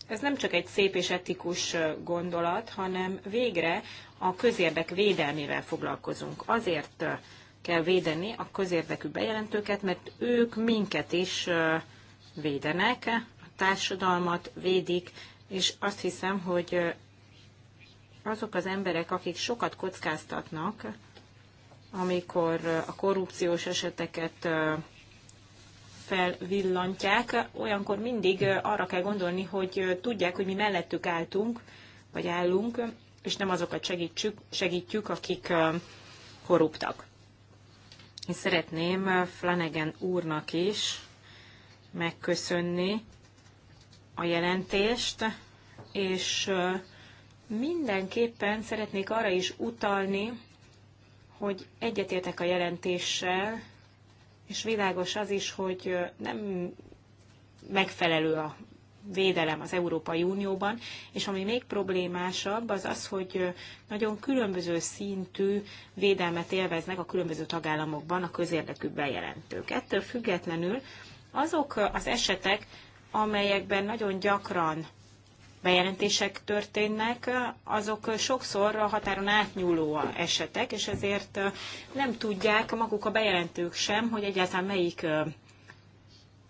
Ez nem csak egy szép és etikus eh, gondolat, hanem végre a közérdek védelmével foglalkozunk. Azért eh, kell védeni a közérdekű bejelentőket, mert ők minket is védenek, a társadalmat védik, és azt hiszem, hogy azok az emberek, akik sokat kockáztatnak, amikor a korrupciós eseteket felvillantják, olyankor mindig arra kell gondolni, hogy tudják, hogy mi mellettük álltunk, vagy állunk, és nem azokat segítsük, segítjük, akik korruptak. Én szeretném eh, Flanagan úrnak is megköszönni a jelentést, és eh, mindenképpen szeretnék arra is utalni, hogy egyetértek a jelentéssel, és világos az is, hogy eh, nem megfelelő a védelem az Európai Unióban, és ami még problémásabb, az az, hogy nagyon különböző szintű védelmet élveznek a különböző tagállamokban a közérdekű bejelentők. Ettől függetlenül azok az esetek, amelyekben nagyon gyakran bejelentések történnek, azok sokszor a határon átnyúló esetek, és ezért nem tudják maguk a bejelentők sem, hogy egyáltalán melyik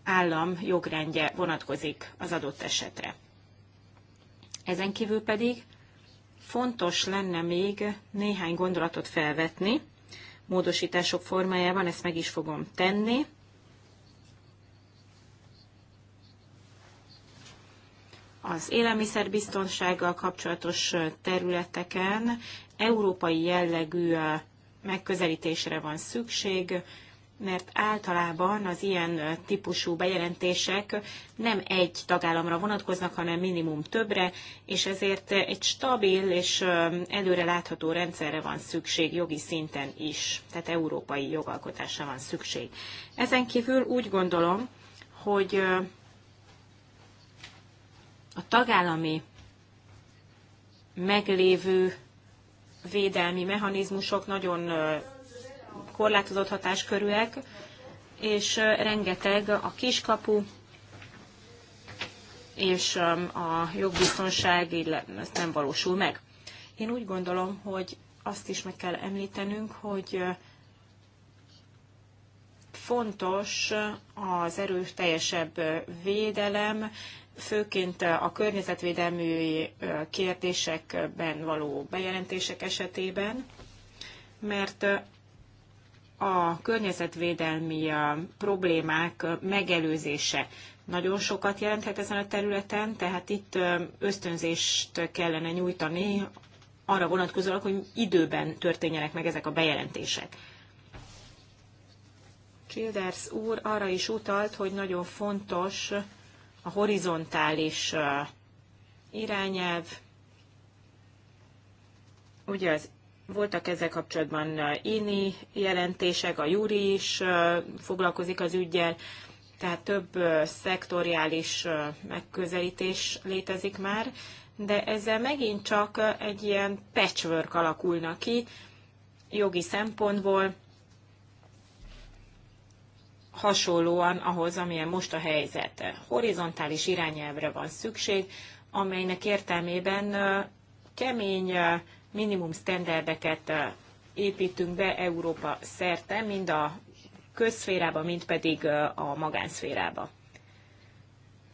állam jogrendje vonatkozik az adott esetre. Ezen kívül pedig fontos lenne még néhány gondolatot felvetni, módosítások formájában, ezt meg is fogom tenni. Az élelmiszerbiztonsággal kapcsolatos területeken európai jellegű megközelítésre van szükség, mert általában az ilyen típusú bejelentések nem egy tagállamra vonatkoznak, hanem minimum többre, és ezért egy stabil és előre látható rendszerre van szükség jogi szinten is, tehát európai jogalkotásra van szükség. Ezen kívül úgy gondolom, hogy a tagállami meglévő védelmi mechanizmusok nagyon korlátozott hatáskörűek, és rengeteg a kiskapu, és a jogbiztonság így ez nem valósul meg. Én úgy gondolom, hogy azt is meg kell említenünk, hogy fontos az erős teljesebb védelem, főként a környezetvédelmi kérdésekben való bejelentések esetében, mert a környezetvédelmi problémák megelőzése nagyon sokat jelenthet ezen a területen, tehát itt ösztönzést kellene nyújtani arra vonatkozólag, hogy időben történjenek meg ezek a bejelentések. Childers úr arra is utalt, hogy nagyon fontos a horizontális irányelv, ugye az voltak ezzel kapcsolatban uh, INI jelentések, a Júri is uh, foglalkozik az ügyel, tehát több uh, szektoriális megközelítés létezik már, de ezzel megint csak egy ilyen patchwork alakulna ki jogi szempontból, hasonlóan ahhoz, amilyen most a helyzet. Horizontális irányelvre van szükség, amelynek értelmében kemény minimum sztenderdeket építünk be Európa szerte, mind a közszférába, mind pedig a magánszférába.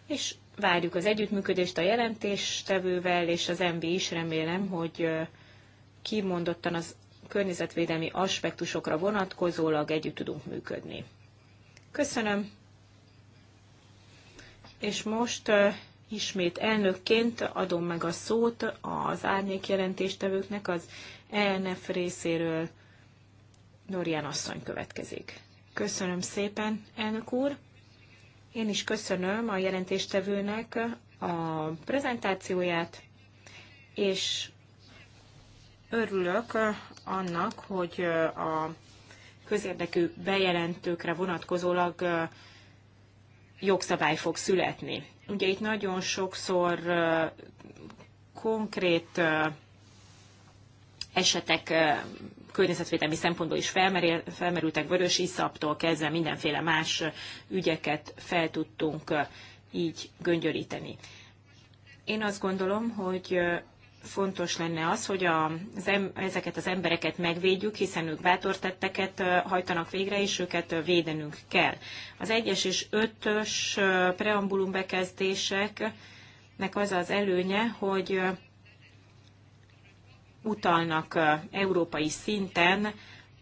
És várjuk az együttműködést a jelentéstevővel, és az MB is remélem, hogy kimondottan az környezetvédelmi aspektusokra vonatkozólag együtt tudunk működni. Köszönöm! És most ismét elnökként adom meg a szót az árnyék jelentéstevőknek az ENF részéről. Dorian asszony következik. Köszönöm szépen, elnök úr. Én is köszönöm a jelentéstevőnek a prezentációját, és örülök annak, hogy a közérdekű bejelentőkre vonatkozólag jogszabály fog születni. Ugye itt nagyon sokszor konkrét esetek környezetvédelmi szempontból is felmerültek, vörös iszaptól kezdve mindenféle más ügyeket fel tudtunk így göngyölíteni. Én azt gondolom, hogy fontos lenne az, hogy a, az em, ezeket az embereket megvédjük, hiszen ők bátortetteket hajtanak végre, és őket védenünk kell. Az egyes és ötös preambulum bekezdéseknek az az előnye, hogy utalnak európai szinten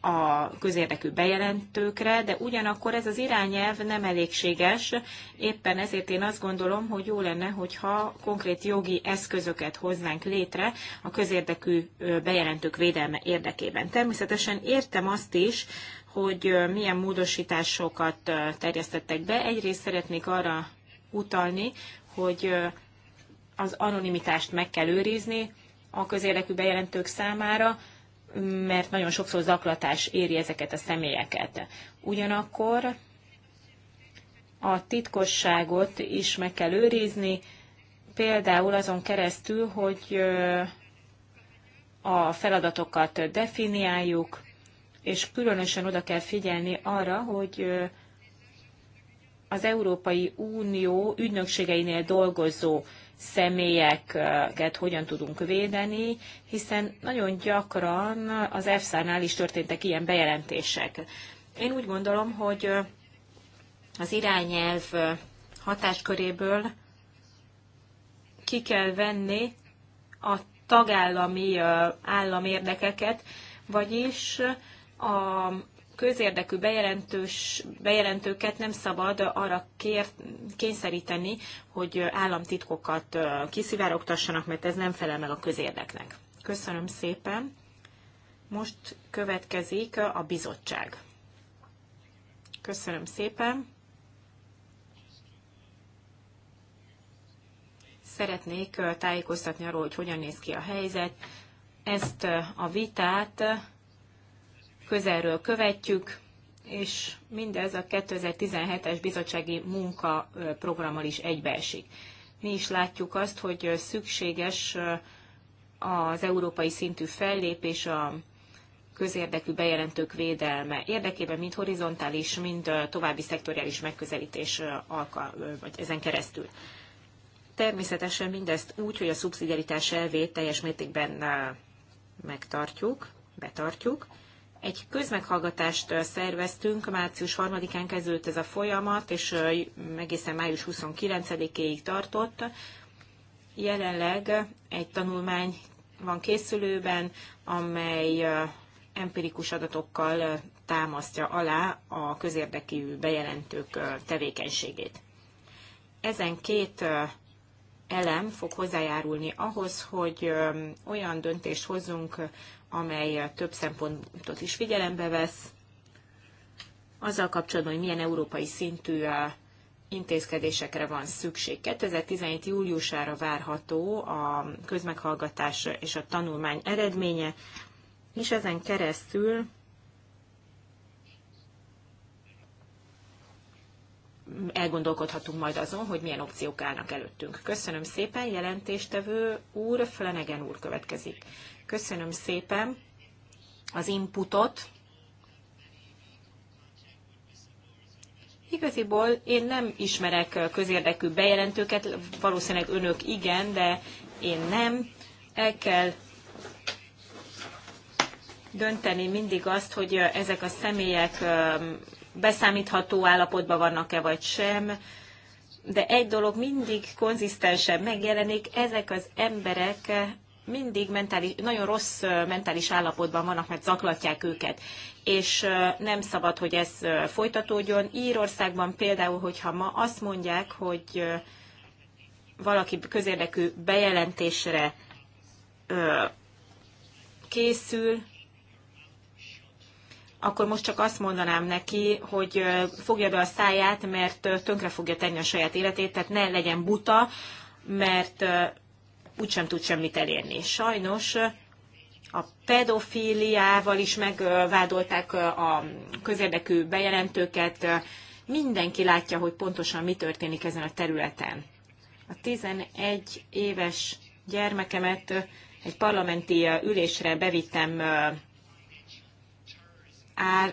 a közérdekű bejelentőkre, de ugyanakkor ez az irányelv nem elégséges, éppen ezért én azt gondolom, hogy jó lenne, hogyha konkrét jogi eszközöket hoznánk létre a közérdekű bejelentők védelme érdekében. Természetesen értem azt is, hogy milyen módosításokat terjesztettek be. Egyrészt szeretnék arra utalni, hogy az anonimitást meg kell őrizni a közérdekű bejelentők számára, mert nagyon sokszor zaklatás éri ezeket a személyeket. Ugyanakkor a titkosságot is meg kell őrizni, például azon keresztül, hogy a feladatokat definiáljuk, és különösen oda kell figyelni arra, hogy az Európai Unió ügynökségeinél dolgozó személyeket hogyan tudunk védeni, hiszen nagyon gyakran az EFSA-nál is történtek ilyen bejelentések. Én úgy gondolom, hogy az irányelv hatásköréből ki kell venni a tagállami államérdekeket, vagyis a közérdekű bejelentős, bejelentőket nem szabad arra kér, kényszeríteni, hogy államtitkokat kiszivárogtassanak, mert ez nem felel meg a közérdeknek. Köszönöm szépen. Most következik a bizottság. Köszönöm szépen. Szeretnék tájékoztatni arról, hogy hogyan néz ki a helyzet. Ezt a vitát közelről követjük, és mindez a 2017-es bizottsági munkaprogrammal is egybeesik. Mi is látjuk azt, hogy szükséges az európai szintű fellépés a közérdekű bejelentők védelme érdekében, mind horizontális, mind további szektoriális megközelítés alkal, vagy ezen keresztül. Természetesen mindezt úgy, hogy a szubszidiaritás elvét teljes mértékben megtartjuk, betartjuk, egy közmeghallgatást szerveztünk, március 3-án kezdődött ez a folyamat, és egészen május 29-éig tartott. Jelenleg egy tanulmány van készülőben, amely empirikus adatokkal támasztja alá a közérdekű bejelentők tevékenységét. Ezen két elem fog hozzájárulni ahhoz, hogy olyan döntést hozzunk, amely több szempontot is figyelembe vesz, azzal kapcsolatban, hogy milyen európai szintű uh, intézkedésekre van szükség. 2017. júliusára várható a közmeghallgatás és a tanulmány eredménye, és ezen keresztül elgondolkodhatunk majd azon, hogy milyen opciók állnak előttünk. Köszönöm szépen, jelentéstevő úr, Flanagan úr következik. Köszönöm szépen az inputot. Igaziból én nem ismerek közérdekű bejelentőket, valószínűleg önök igen, de én nem. El kell dönteni mindig azt, hogy ezek a személyek beszámítható állapotban vannak-e vagy sem, de egy dolog mindig konzisztensen megjelenik, ezek az emberek mindig mentális, nagyon rossz mentális állapotban vannak, mert zaklatják őket. És nem szabad, hogy ez folytatódjon. Írországban például, hogyha ma azt mondják, hogy valaki közérdekű bejelentésre készül, akkor most csak azt mondanám neki, hogy fogja be a száját, mert tönkre fogja tenni a saját életét, tehát ne legyen buta, mert úgysem tud semmit elérni. Sajnos a pedofíliával is megvádolták a közérdekű bejelentőket. Mindenki látja, hogy pontosan mi történik ezen a területen. A 11 éves gyermekemet egy parlamenti ülésre bevittem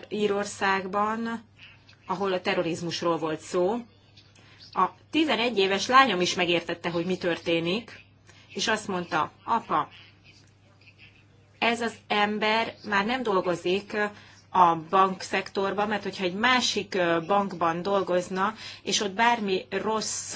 Írországban, ahol a terrorizmusról volt szó. A 11 éves lányom is megértette, hogy mi történik, és azt mondta, apa, ez az ember már nem dolgozik a bankszektorban, mert hogyha egy másik bankban dolgozna, és ott bármi rossz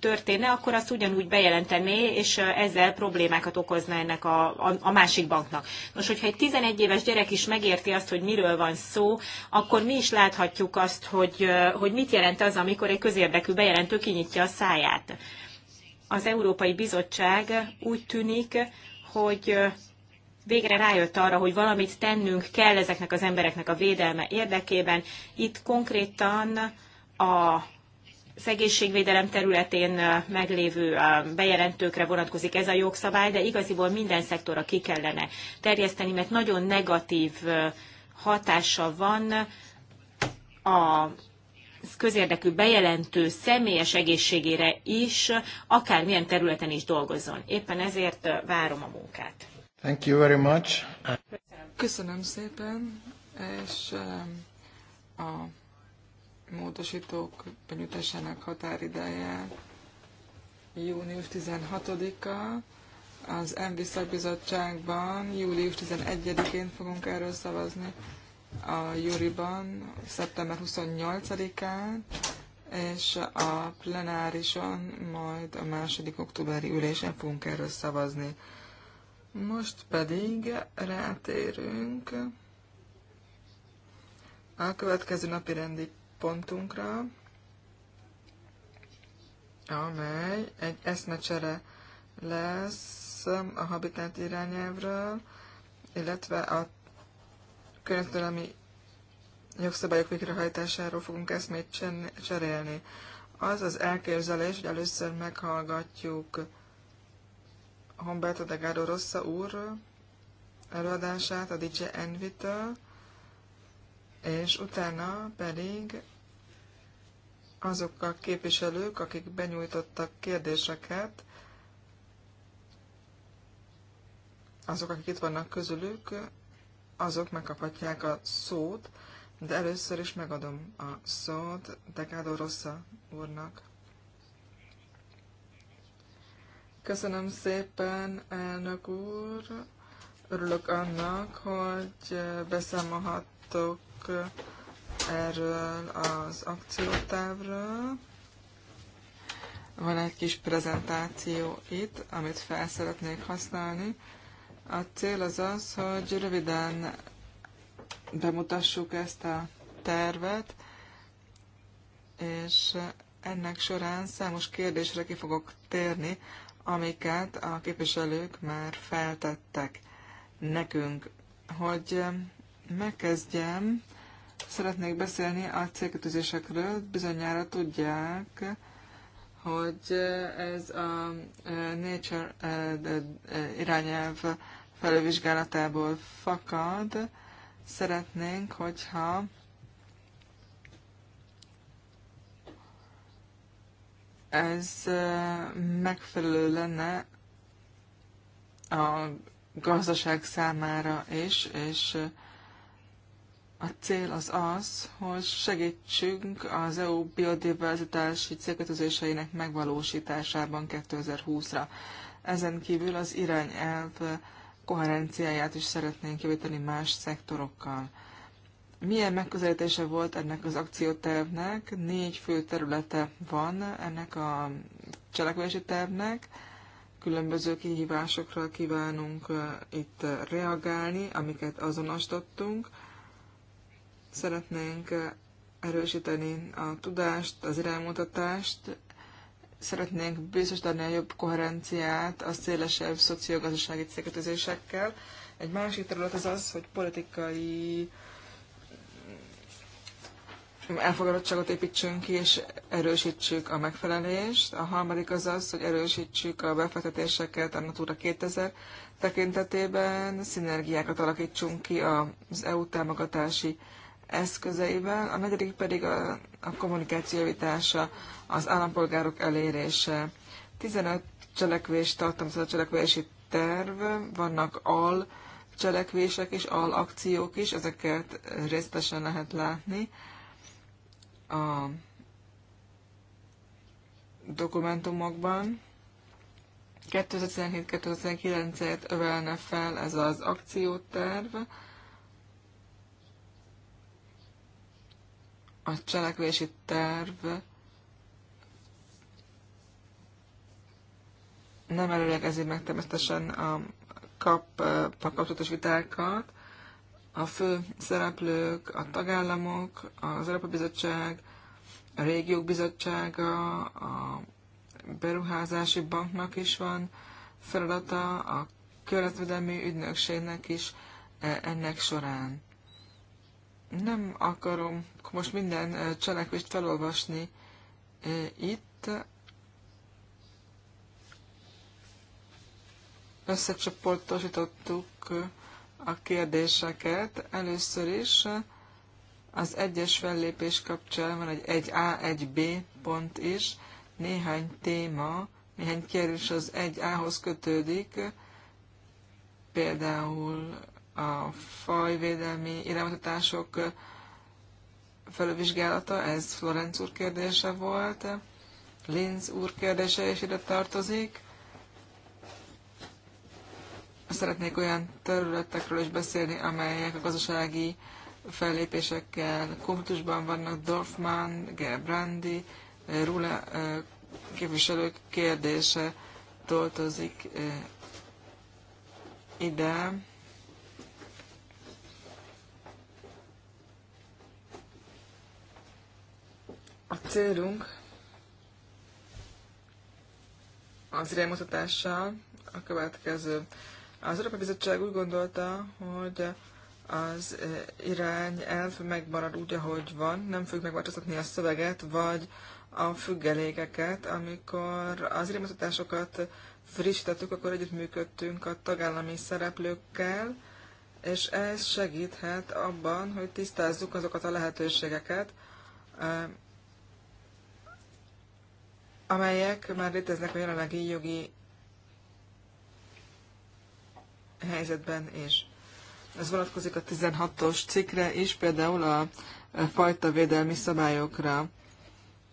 történne, akkor azt ugyanúgy bejelentené, és ezzel problémákat okozna ennek a, a, a másik banknak. Nos, hogyha egy 11 éves gyerek is megérti azt, hogy miről van szó, akkor mi is láthatjuk azt, hogy, hogy mit jelent az, amikor egy közérdekű bejelentő kinyitja a száját az Európai Bizottság úgy tűnik, hogy végre rájött arra, hogy valamit tennünk kell ezeknek az embereknek a védelme érdekében. Itt konkrétan a az egészségvédelem területén meglévő bejelentőkre vonatkozik ez a jogszabály, de igaziból minden szektorra ki kellene terjeszteni, mert nagyon negatív hatása van a közérdekű bejelentő személyes egészségére is, akármilyen területen is dolgozzon. Éppen ezért várom a munkát. Thank you very much. Köszönöm szépen, és a módosítók benyújtásának határideje június 16-a. Az MV szakbizottságban július 11-én fogunk erről szavazni a Juriban szeptember 28-án, és a plenárison majd a második októberi ülésen fogunk erről szavazni. Most pedig rátérünk a következő napi rendi pontunkra, amely egy eszmecsere lesz a habitat irányelvről, illetve a környezetvédelmi jogszabályok végrehajtásáról fogunk eszmét cserélni. Az az elképzelés, hogy először meghallgatjuk Humberto de Garo Rossa úr előadását a DJ envy és utána pedig azok a képviselők, akik benyújtottak kérdéseket, azok, akik itt vannak közülük, azok megkaphatják a szót, de először is megadom a szót Dekádó Rossza úrnak. Köszönöm szépen, elnök úr! Örülök annak, hogy beszámolhattok erről az akciótávról. Van egy kis prezentáció itt, amit fel szeretnék használni. A cél az az, hogy röviden bemutassuk ezt a tervet, és ennek során számos kérdésre ki fogok térni, amiket a képviselők már feltettek nekünk. Hogy megkezdjem, szeretnék beszélni a célkötözésekről. Bizonyára tudják, hogy ez a Nature eh, eh, irányelv felülvizsgálatából fakad. Szeretnénk, hogyha ez megfelelő lenne a gazdaság számára is, és a cél az az, hogy segítsünk az EU biodiverzitási célkötözéseinek megvalósításában 2020-ra. Ezen kívül az irányelv koherenciáját is szeretnénk javítani más szektorokkal. Milyen megközelítése volt ennek az akciótervnek? Négy fő területe van ennek a cselekvési tervnek. Különböző kihívásokra kívánunk itt reagálni, amiket azonosítottunk. Szeretnénk erősíteni a tudást, az iránymutatást, szeretnénk biztosítani a jobb koherenciát a szélesebb szociogazdasági cégkötözésekkel. Egy másik terület az az, hogy politikai elfogadottságot építsünk ki, és erősítsük a megfelelést. A harmadik az az, hogy erősítsük a befektetéseket a Natura 2000 tekintetében, szinergiákat alakítsunk ki az EU támogatási eszközeivel, a negyedik pedig a, a kommunikáció javítása, az állampolgárok elérése. 15 cselekvés tartom, a cselekvési terv, vannak al cselekvések is, al akciók is, ezeket részletesen lehet látni a dokumentumokban. 2017-2019-et övelne fel ez az akcióterv, a cselekvési terv nem előlegezi meg természetesen a kap, a kapcsolatos vitákat. A fő szereplők, a tagállamok, az Európai Bizottság, a Régiók Bizottsága, a Beruházási Banknak is van feladata, a Környezetvédelmi Ügynökségnek is e, ennek során. Nem akarom most minden cselekvést felolvasni itt. Összecsoportosítottuk a kérdéseket. Először is az egyes fellépés kapcsán van egy 1A, 1B pont is. Néhány téma, néhány kérdés az 1A-hoz kötődik, például a fajvédelmi irányítások felülvizsgálata, ez Florenc úr kérdése volt, Linz úr kérdése is ide tartozik. Szeretnék olyan területekről is beszélni, amelyek a gazdasági fellépésekkel konfliktusban vannak. Dorfman, Gerbrandi, Rula képviselők kérdése toltozik ide. A célunk az iránymutatással a következő. Az Európai Bizottság úgy gondolta, hogy az eh, irány elv megmarad úgy, ahogy van, nem fog megváltoztatni a szöveget, vagy a függelékeket. Amikor az iránymutatásokat frissítettük, akkor együttműködtünk a tagállami szereplőkkel, és ez segíthet abban, hogy tisztázzuk azokat a lehetőségeket, eh, amelyek már léteznek a jelenlegi jogi helyzetben is. Ez vonatkozik a 16-os cikkre is, például a fajta védelmi szabályokra.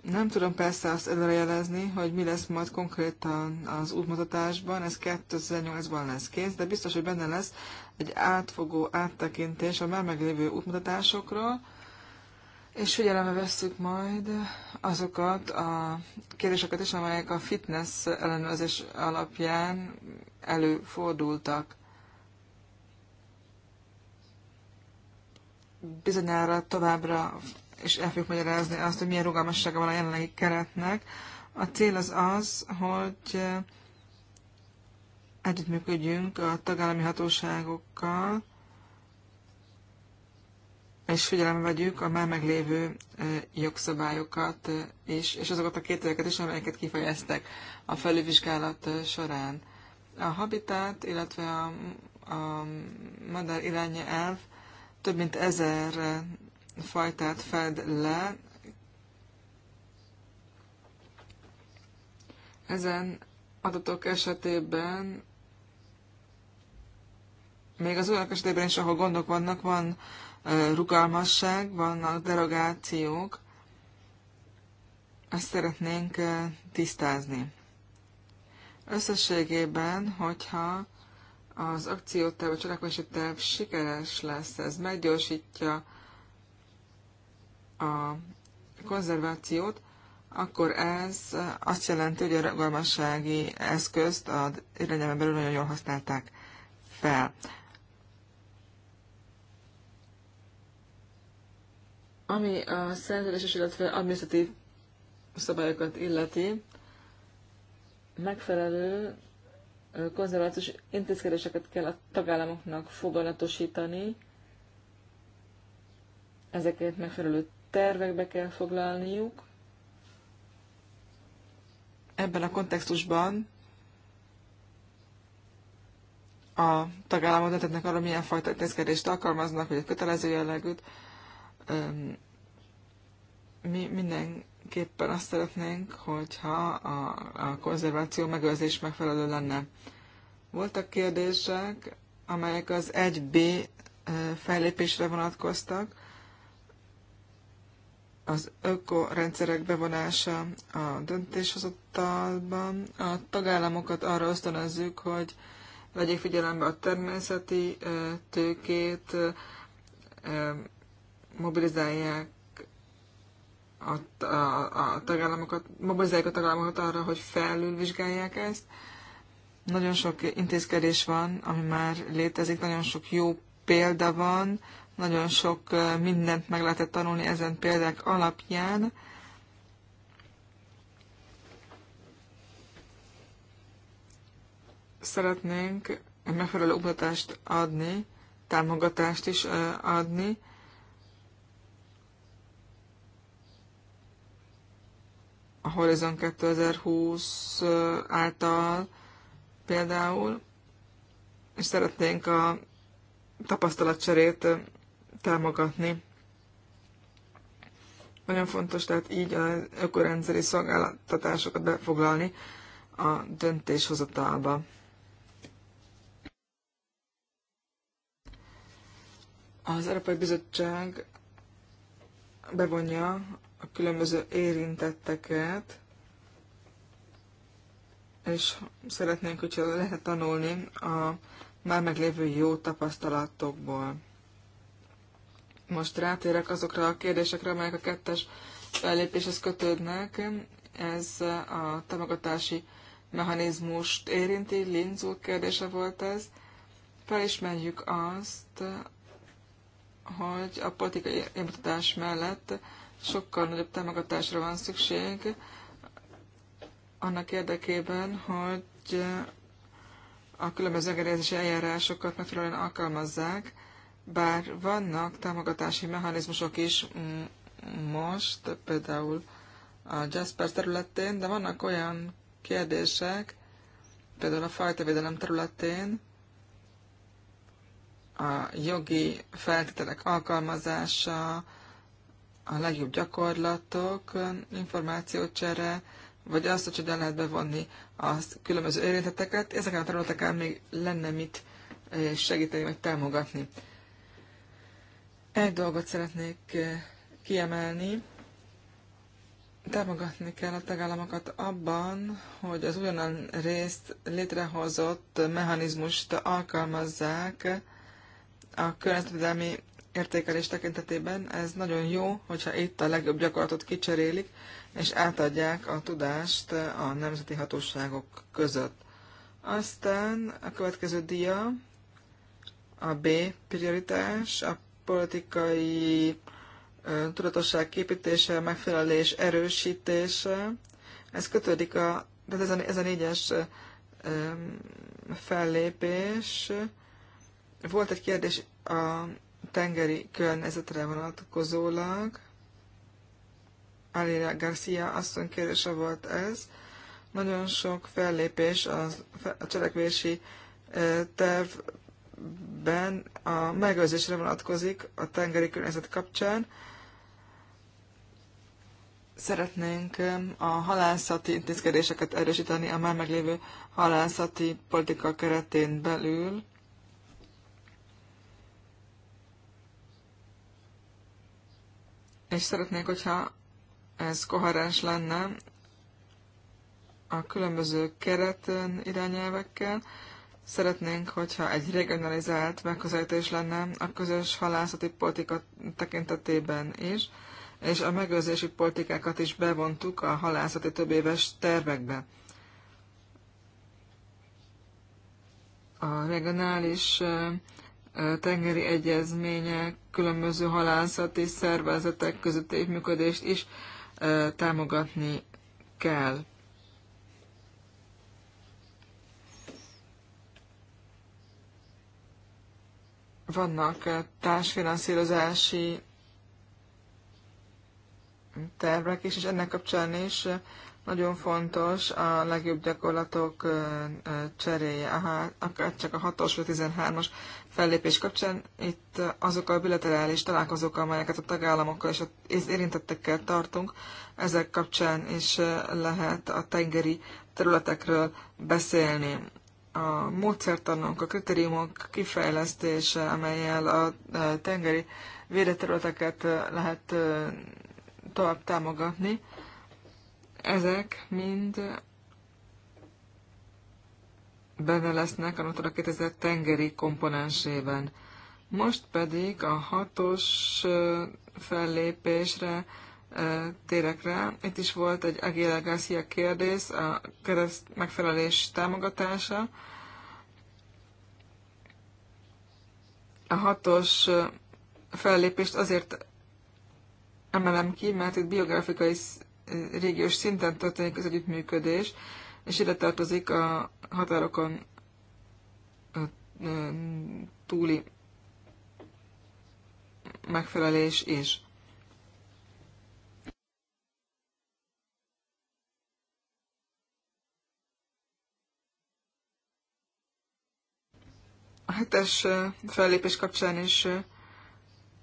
Nem tudom persze azt előrejelezni, hogy mi lesz majd konkrétan az útmutatásban, ez 2008-ban lesz kész, de biztos, hogy benne lesz egy átfogó áttekintés a már meglévő útmutatásokról, és figyelembe vesszük majd azokat a kérdéseket is, amelyek a fitness ellenőrzés alapján előfordultak. Bizonyára továbbra és el fogjuk magyarázni azt, hogy milyen rugalmassága van a jelenlegi keretnek. A cél az az, hogy együttműködjünk a tagállami hatóságokkal, és figyelembe vegyük a már meglévő jogszabályokat és és azokat a kételyeket is, amelyeket kifejeztek a felülvizsgálat során. A habitat, illetve a, a madár elv több mint ezer fajtát fed le. Ezen adatok esetében még az olyan esetében is, ahol gondok vannak, van rugalmasság, vannak derogációk, ezt szeretnénk tisztázni. Összességében, hogyha az akcióterv, a cselekvési terv sikeres lesz, ez meggyorsítja a konzervációt, akkor ez azt jelenti, hogy a rugalmassági eszközt a irányában belül nagyon jól használták fel. Ami a szerződéses, illetve administratív szabályokat illeti, megfelelő konzervációs intézkedéseket kell a tagállamoknak foglalatosítani. ezeket megfelelő tervekbe kell foglalniuk. Ebben a kontextusban a tagállamok döntetnek arra, milyen fajta intézkedést alkalmaznak, vagy a kötelező jellegűt, mi mindenképpen azt szeretnénk, hogyha a, a konzerváció megőrzés megfelelő lenne. Voltak kérdések, amelyek az 1B fellépésre vonatkoztak, az ökorendszerek bevonása a döntéshozatalban, a tagállamokat arra ösztönözzük, hogy vegyék figyelembe a természeti tőkét, mobilizálják a, a, a tagállamokat, mobilizálják a tagállamokat arra, hogy felülvizsgálják ezt. Nagyon sok intézkedés van, ami már létezik, nagyon sok jó példa van, nagyon sok mindent meg lehetett tanulni ezen példák alapján. Szeretnénk megfelelő oktatást adni, támogatást is adni, a Horizon 2020 által például, és szeretnénk a tapasztalatcserét támogatni. Nagyon fontos tehát így az ökorendszeri szolgáltatásokat befoglalni a döntéshozatalba. Az Európai Bizottság bevonja a különböző érintetteket, és szeretnénk, hogyha lehet tanulni a már meglévő jó tapasztalatokból. Most rátérek azokra a kérdésekre, amelyek a kettes fellépéshez kötődnek. Ez a támogatási mechanizmust érinti, Linz kérdése volt ez. Felismerjük azt, hogy a politikai iránymutatás mellett sokkal nagyobb támogatásra van szükség annak érdekében, hogy a különböző engedélyezési eljárásokat megfelelően alkalmazzák, bár vannak támogatási mechanizmusok is most, például a Jasper területén, de vannak olyan kérdések, például a fajtavédelem területén, a jogi feltételek alkalmazása, a legjobb gyakorlatok, információcsere, vagy azt, hogy hogyan lehet bevonni a különböző érintetteket, ezeken a területeken még lenne mit eh, segíteni, vagy támogatni. Egy dolgot szeretnék eh, kiemelni. Támogatni kell a tagállamokat abban, hogy az ugyanan részt létrehozott mechanizmust alkalmazzák, a környezetvédelmi értékelés tekintetében ez nagyon jó, hogyha itt a legjobb gyakorlatot kicserélik, és átadják a tudást a nemzeti hatóságok között. Aztán a következő dia, a B prioritás, a politikai tudatosság képítése, megfelelés erősítése. Ez kötődik a, tehát ez a, ez a négyes fellépés, volt egy kérdés a tengeri környezetre vonatkozólag. Alira Garcia asszony kérdése volt ez. Nagyon sok fellépés az, a cselekvési tervben a megőrzésre vonatkozik a tengeri környezet kapcsán. Szeretnénk a halászati intézkedéseket erősíteni a már meglévő halászati politika keretén belül és szeretnék, hogyha ez koherens lenne a különböző keret irányelvekkel. Szeretnénk, hogyha egy regionalizált megközelítés lenne a közös halászati politika tekintetében is, és a megőrzési politikákat is bevontuk a halászati többéves tervekbe. A regionális tengeri egyezmények különböző halászati szervezetek között működést is támogatni kell. Vannak társfinanszírozási tervek is, és ennek kapcsán is nagyon fontos a legjobb gyakorlatok cseréje, akár csak a 6-os vagy 13-as fellépés kapcsán. Itt azok a bilaterális találkozók, amelyeket a tagállamokkal és az érintettekkel tartunk, ezek kapcsán is eh, lehet a tengeri területekről beszélni. A módszertanunk, a kritériumok kifejlesztése, amelyel a eh, tengeri védeterületeket eh, lehet tovább támogatni, ezek mind benne lesznek a Natura 2000 tengeri komponensében. Most pedig a hatos fellépésre térek rá. Itt is volt egy Agile Garcia kérdés, a kereszt megfelelés támogatása. A hatos fellépést azért emelem ki, mert itt biografikai régiós szinten történik az együttműködés, és ide tartozik a határokon túli megfelelés is. A hetes fellépés kapcsán is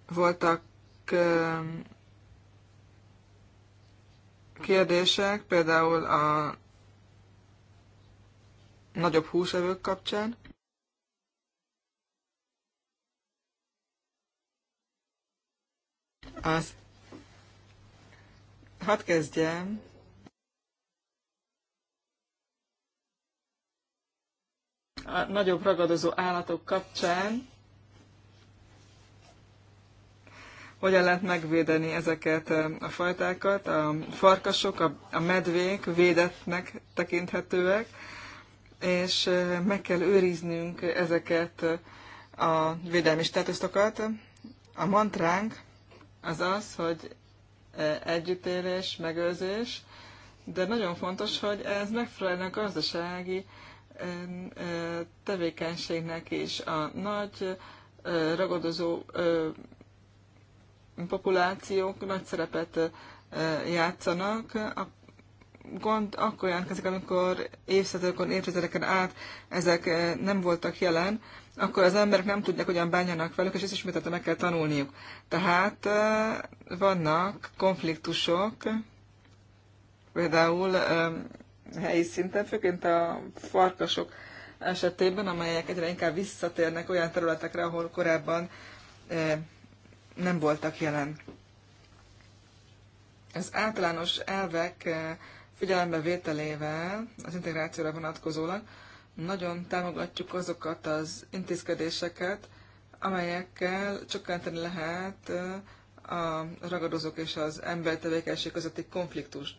voltak kérdések, például a nagyobb húsevők kapcsán. Az hadd kezdjem. A nagyobb ragadozó állatok kapcsán hogyan lehet megvédeni ezeket a fajtákat. A farkasok, a medvék védetnek tekinthetőek, és meg kell őriznünk ezeket a védelmi státuszokat. A mantránk az az, hogy együttélés, megőrzés, de nagyon fontos, hogy ez megfelelne a gazdasági tevékenységnek is. A nagy ragadozó populációk nagy szerepet játszanak, a gond akkor jelentkezik, amikor évszázadokon, évtizedeken át ezek eh, nem voltak jelen, akkor az emberek nem tudják, hogyan bánjanak velük, és ezt ismételte meg kell tanulniuk. Tehát eh, vannak konfliktusok, például eh, helyi szinten, főként a farkasok esetében, amelyek egyre inkább visszatérnek olyan területekre, ahol korábban nem voltak jelen. Az általános elvek figyelembe vételével az integrációra vonatkozólag nagyon támogatjuk azokat az intézkedéseket, amelyekkel csökkenteni lehet a ragadozók és az tevékenység közötti konfliktus.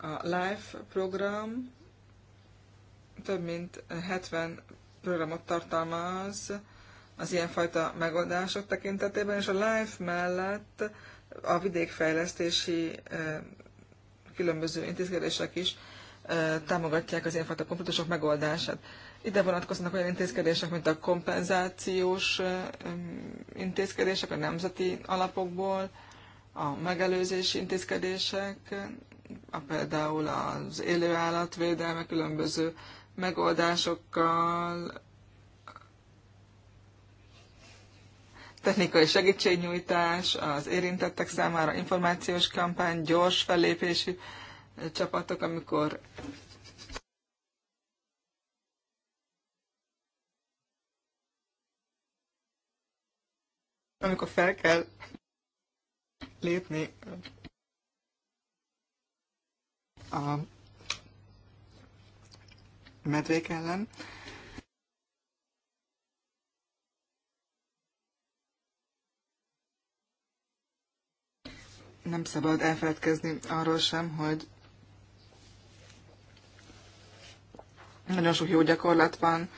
A LIFE program több mint 70 programot tartalmaz az ilyenfajta megoldások tekintetében, és a LIFE mellett a vidékfejlesztési különböző intézkedések is támogatják az ilyenfajta konfliktusok megoldását. Ide vonatkoznak olyan intézkedések, mint a kompenzációs intézkedések a nemzeti alapokból, a megelőzési intézkedések, a például az élőállatvédelme különböző megoldásokkal, technikai segítségnyújtás az érintettek számára, információs kampány, gyors fellépésű csapatok, amikor amikor fel kell lépni a medvék ellen. nem szabad elfeledkezni arról sem, hogy nagyon sok jó gyakorlat van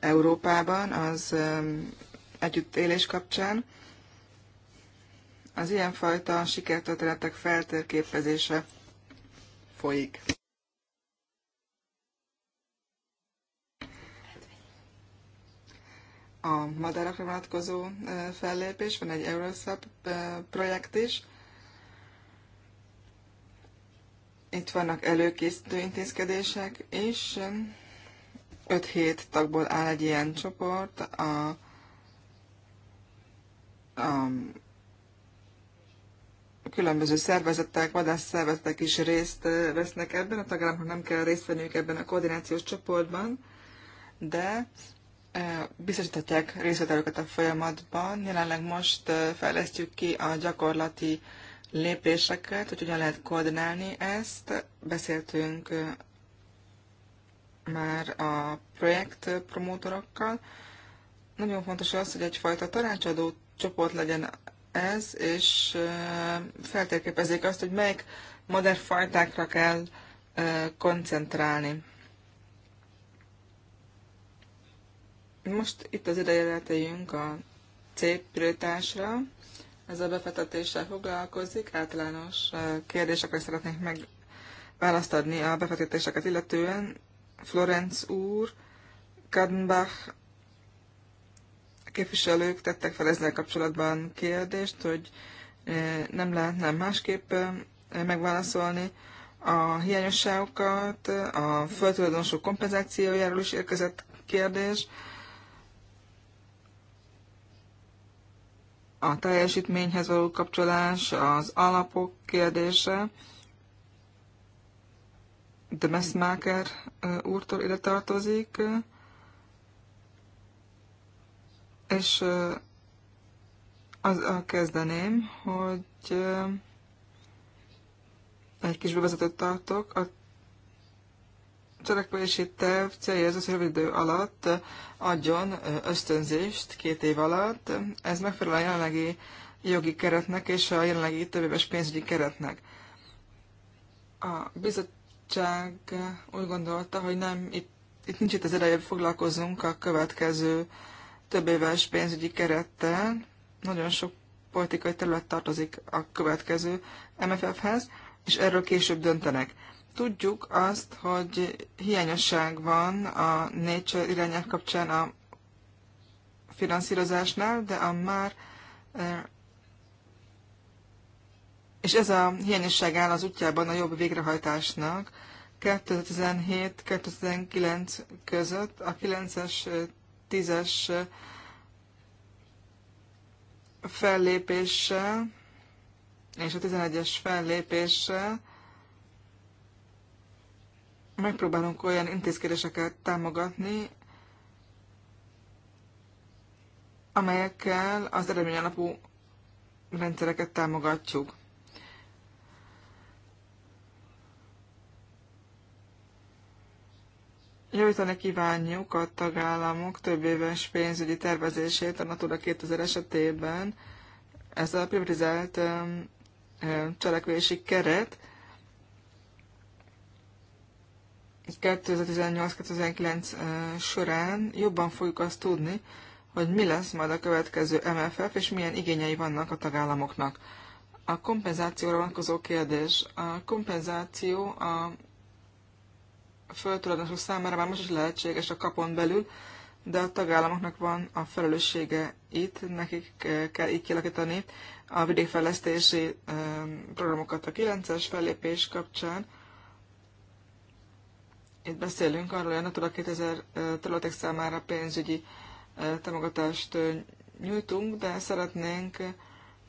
Európában az együttélés kapcsán. Az ilyenfajta sikertörténetek feltérképezése folyik. A madarakra vonatkozó eh, fellépés, van egy Eurosub eh, projekt is, Itt vannak előkészítő intézkedések, és 5-7 um, tagból áll egy ilyen csoport. A, a különböző szervezetek, vadászszervezetek is részt uh, vesznek ebben, a tagállamok nem kell részt venniük ebben a koordinációs csoportban, de uh, biztosíthatják részvételüket a folyamatban. Jelenleg most uh, fejlesztjük ki a gyakorlati lépéseket, hogy hogyan lehet koordinálni ezt. Beszéltünk már a projekt promotorokkal. Nagyon fontos az, hogy egyfajta tanácsadó csoport legyen ez, és feltérképezzék azt, hogy melyik fajtákra kell koncentrálni. Most itt az ideje a C prioritásra ez a befektetéssel foglalkozik. Általános eh, kérdésekre szeretnék megválaszt adni a befektetéseket illetően. Florenc úr, Kadenbach képviselők tettek fel ezzel kapcsolatban kérdést, hogy eh, nem lehetne másképp eh, megválaszolni a hiányosságokat, a földtulajdonosok kompenzációjáról is érkezett kérdés, a teljesítményhez való kapcsolás, az alapok kérdése, de Messmaker úrtól ide tartozik, és az a kezdeném, hogy egy kis bevezetőt tartok. A cselekvési terv célja az, összes idő alatt adjon ösztönzést két év alatt. Ez megfelel a jelenlegi jogi keretnek és a jelenlegi többéves pénzügyi keretnek. A bizottság úgy gondolta, hogy nem itt, itt nincs itt az ideje, hogy foglalkozunk a következő többéves pénzügyi kerettel. Nagyon sok politikai terület tartozik a következő MFF-hez, és erről később döntenek. Tudjuk azt, hogy hiányosság van a Nature irányelv kapcsán a finanszírozásnál, de a már eh, és ez a hiányosság áll az útjában a jobb végrehajtásnak. 2017-2019 között a 9-es, 10-es eh, eh, fellépéssel és a 11-es fellépéssel megpróbálunk olyan intézkedéseket támogatni, amelyekkel az eredmény alapú rendszereket támogatjuk. Javítani kívánjuk a tagállamok több éves pénzügyi tervezését a Natura 2000 esetében. Ez a privatizált cselekvési keret 2018-2019 során jobban fogjuk azt tudni, hogy mi lesz majd a következő MFF, és milyen igényei vannak a tagállamoknak. A kompenzációra vonatkozó kérdés. A kompenzáció a föltulajdonosok számára már most is lehetséges a kapon belül, de a tagállamoknak van a felelőssége itt, nekik kell így kialakítani a vidékfejlesztési programokat a 9-es fellépés kapcsán itt beszélünk arról, hogy a Natura 2000 területek számára pénzügyi támogatást nyújtunk, de szeretnénk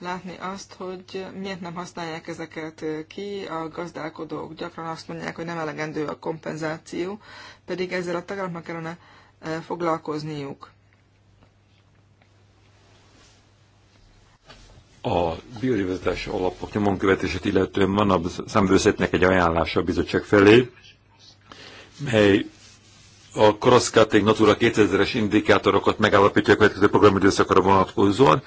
látni azt, hogy miért nem használják ezeket ki. A gazdálkodók gyakran azt mondják, hogy nem elegendő a kompenzáció, pedig ezzel a tagállamnak kellene foglalkozniuk. A biodiverzitás alapok nyomonkövetését illetően van a szemvőszetnek egy ajánlása a bizottság felé, mely a cross-cutting Natura 2000-es indikátorokat megállapítja a következő programidőszakra vonatkozóan,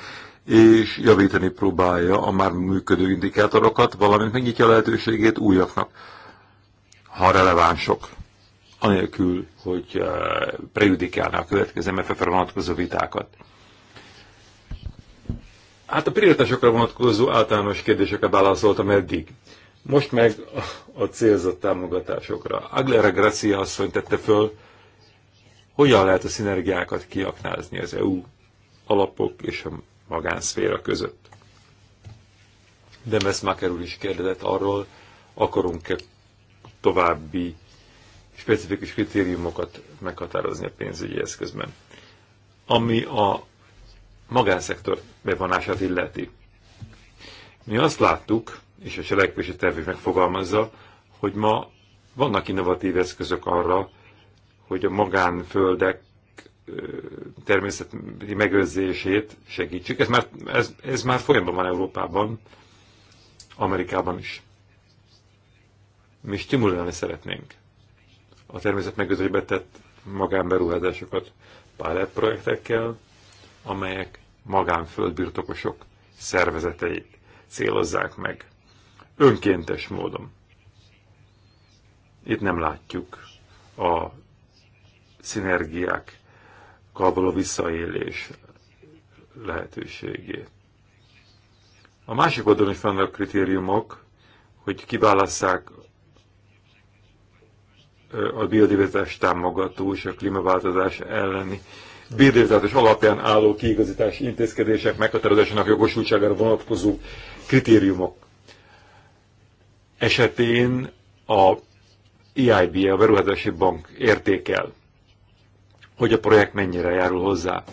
és javítani próbálja a már működő indikátorokat, valamint megnyitja a lehetőségét újaknak, ha relevánsok, anélkül, hogy eh, prejudikálná a következő MFF-re vonatkozó vitákat. Hát a prioritásokra vonatkozó általános kérdéseket válaszoltam eddig. Most meg a célzott támogatásokra. Aglera Gracia asszony tette föl, hogyan lehet a szinergiákat kiaknázni az EU alapok és a magánszféra között. De Meszmaker úr is kérdezett arról, akarunk-e további specifikus kritériumokat meghatározni a pénzügyi eszközben. Ami a magánszektor bevonását illeti. Mi azt láttuk, és a cselekvési terv megfogalmazza, hogy ma vannak innovatív eszközök arra, hogy a magánföldek természeti megőrzését segítsük. Ez már, ez, ez már folyamban van Európában, Amerikában is. Mi stimulálni szeretnénk a természet megőrzésbe tett magánberuházásokat pilot projektekkel, amelyek magánföldbirtokosok szervezeteit célozzák meg önkéntes módon. Itt nem látjuk a szinergiák való visszaélés lehetőségét. A másik oldalon is vannak kritériumok, hogy kiválasszák a biodiverzitás támogató és a klímaváltozás elleni biodiverzitás alapján álló kiigazítási intézkedések meghatározásának jogosultságára vonatkozó kritériumok esetén a EIB, a Beruházási Bank értékel, hogy a projekt mennyire járul hozzá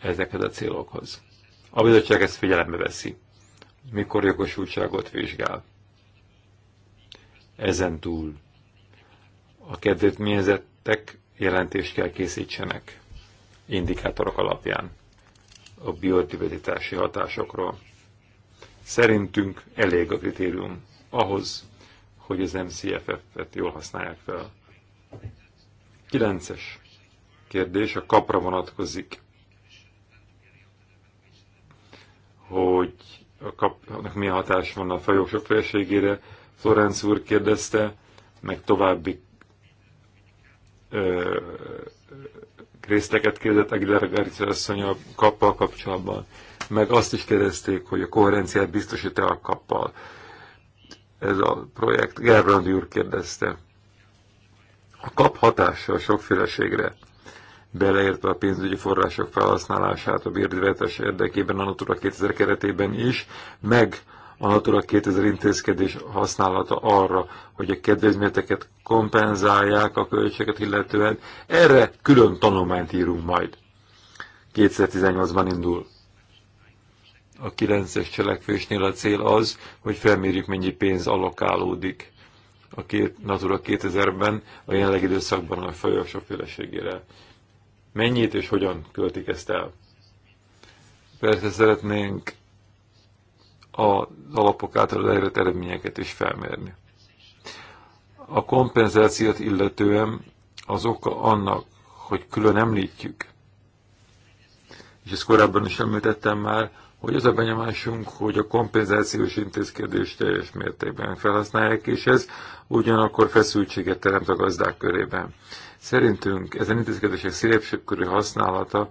ezekhez a célokhoz. A bizottság ezt figyelembe veszi, mikor jogosultságot vizsgál. Ezen túl a kedvezményezettek jelentést kell készítsenek indikátorok alapján a biodiverzitási hatásokról. Szerintünk elég a kritérium ahhoz, hogy az MCFF-et jól használják fel. Kilences kérdés a kapra vonatkozik, hogy a kapnak milyen hatás van a fajok felségére. Florenc úr kérdezte, meg további ö, részleket kérdett Aguilar Garcia asszony a kappal kapcsolatban, meg azt is kérdezték, hogy a koherenciát biztosít-e a kappal ez a projekt. Gerbrandi úr kérdezte. A kap hatása a sokféleségre, beleértve a pénzügyi források felhasználását a bérdivetes érdekében a Natura 2000 keretében is, meg a Natura 2000 intézkedés használata arra, hogy a kedvezményeket kompenzálják a költségeket illetően. Erre külön tanulmányt írunk majd. 2018-ban indul a kilences cselekvésnél a cél az, hogy felmérjük, mennyi pénz alokálódik a két, Natura 2000-ben a jelenlegi időszakban a fajok féleségére. Mennyit és hogyan költik ezt el? Persze szeretnénk az alapok által elérett eredményeket is felmérni. A kompenzációt illetően az oka annak, hogy külön említjük, és ezt korábban is említettem már, hogy az a benyomásunk, hogy a kompenzációs intézkedést teljes mértékben felhasználják, és ez ugyanakkor feszültséget teremt a gazdák körében. Szerintünk ezen intézkedések szélesebb körű használata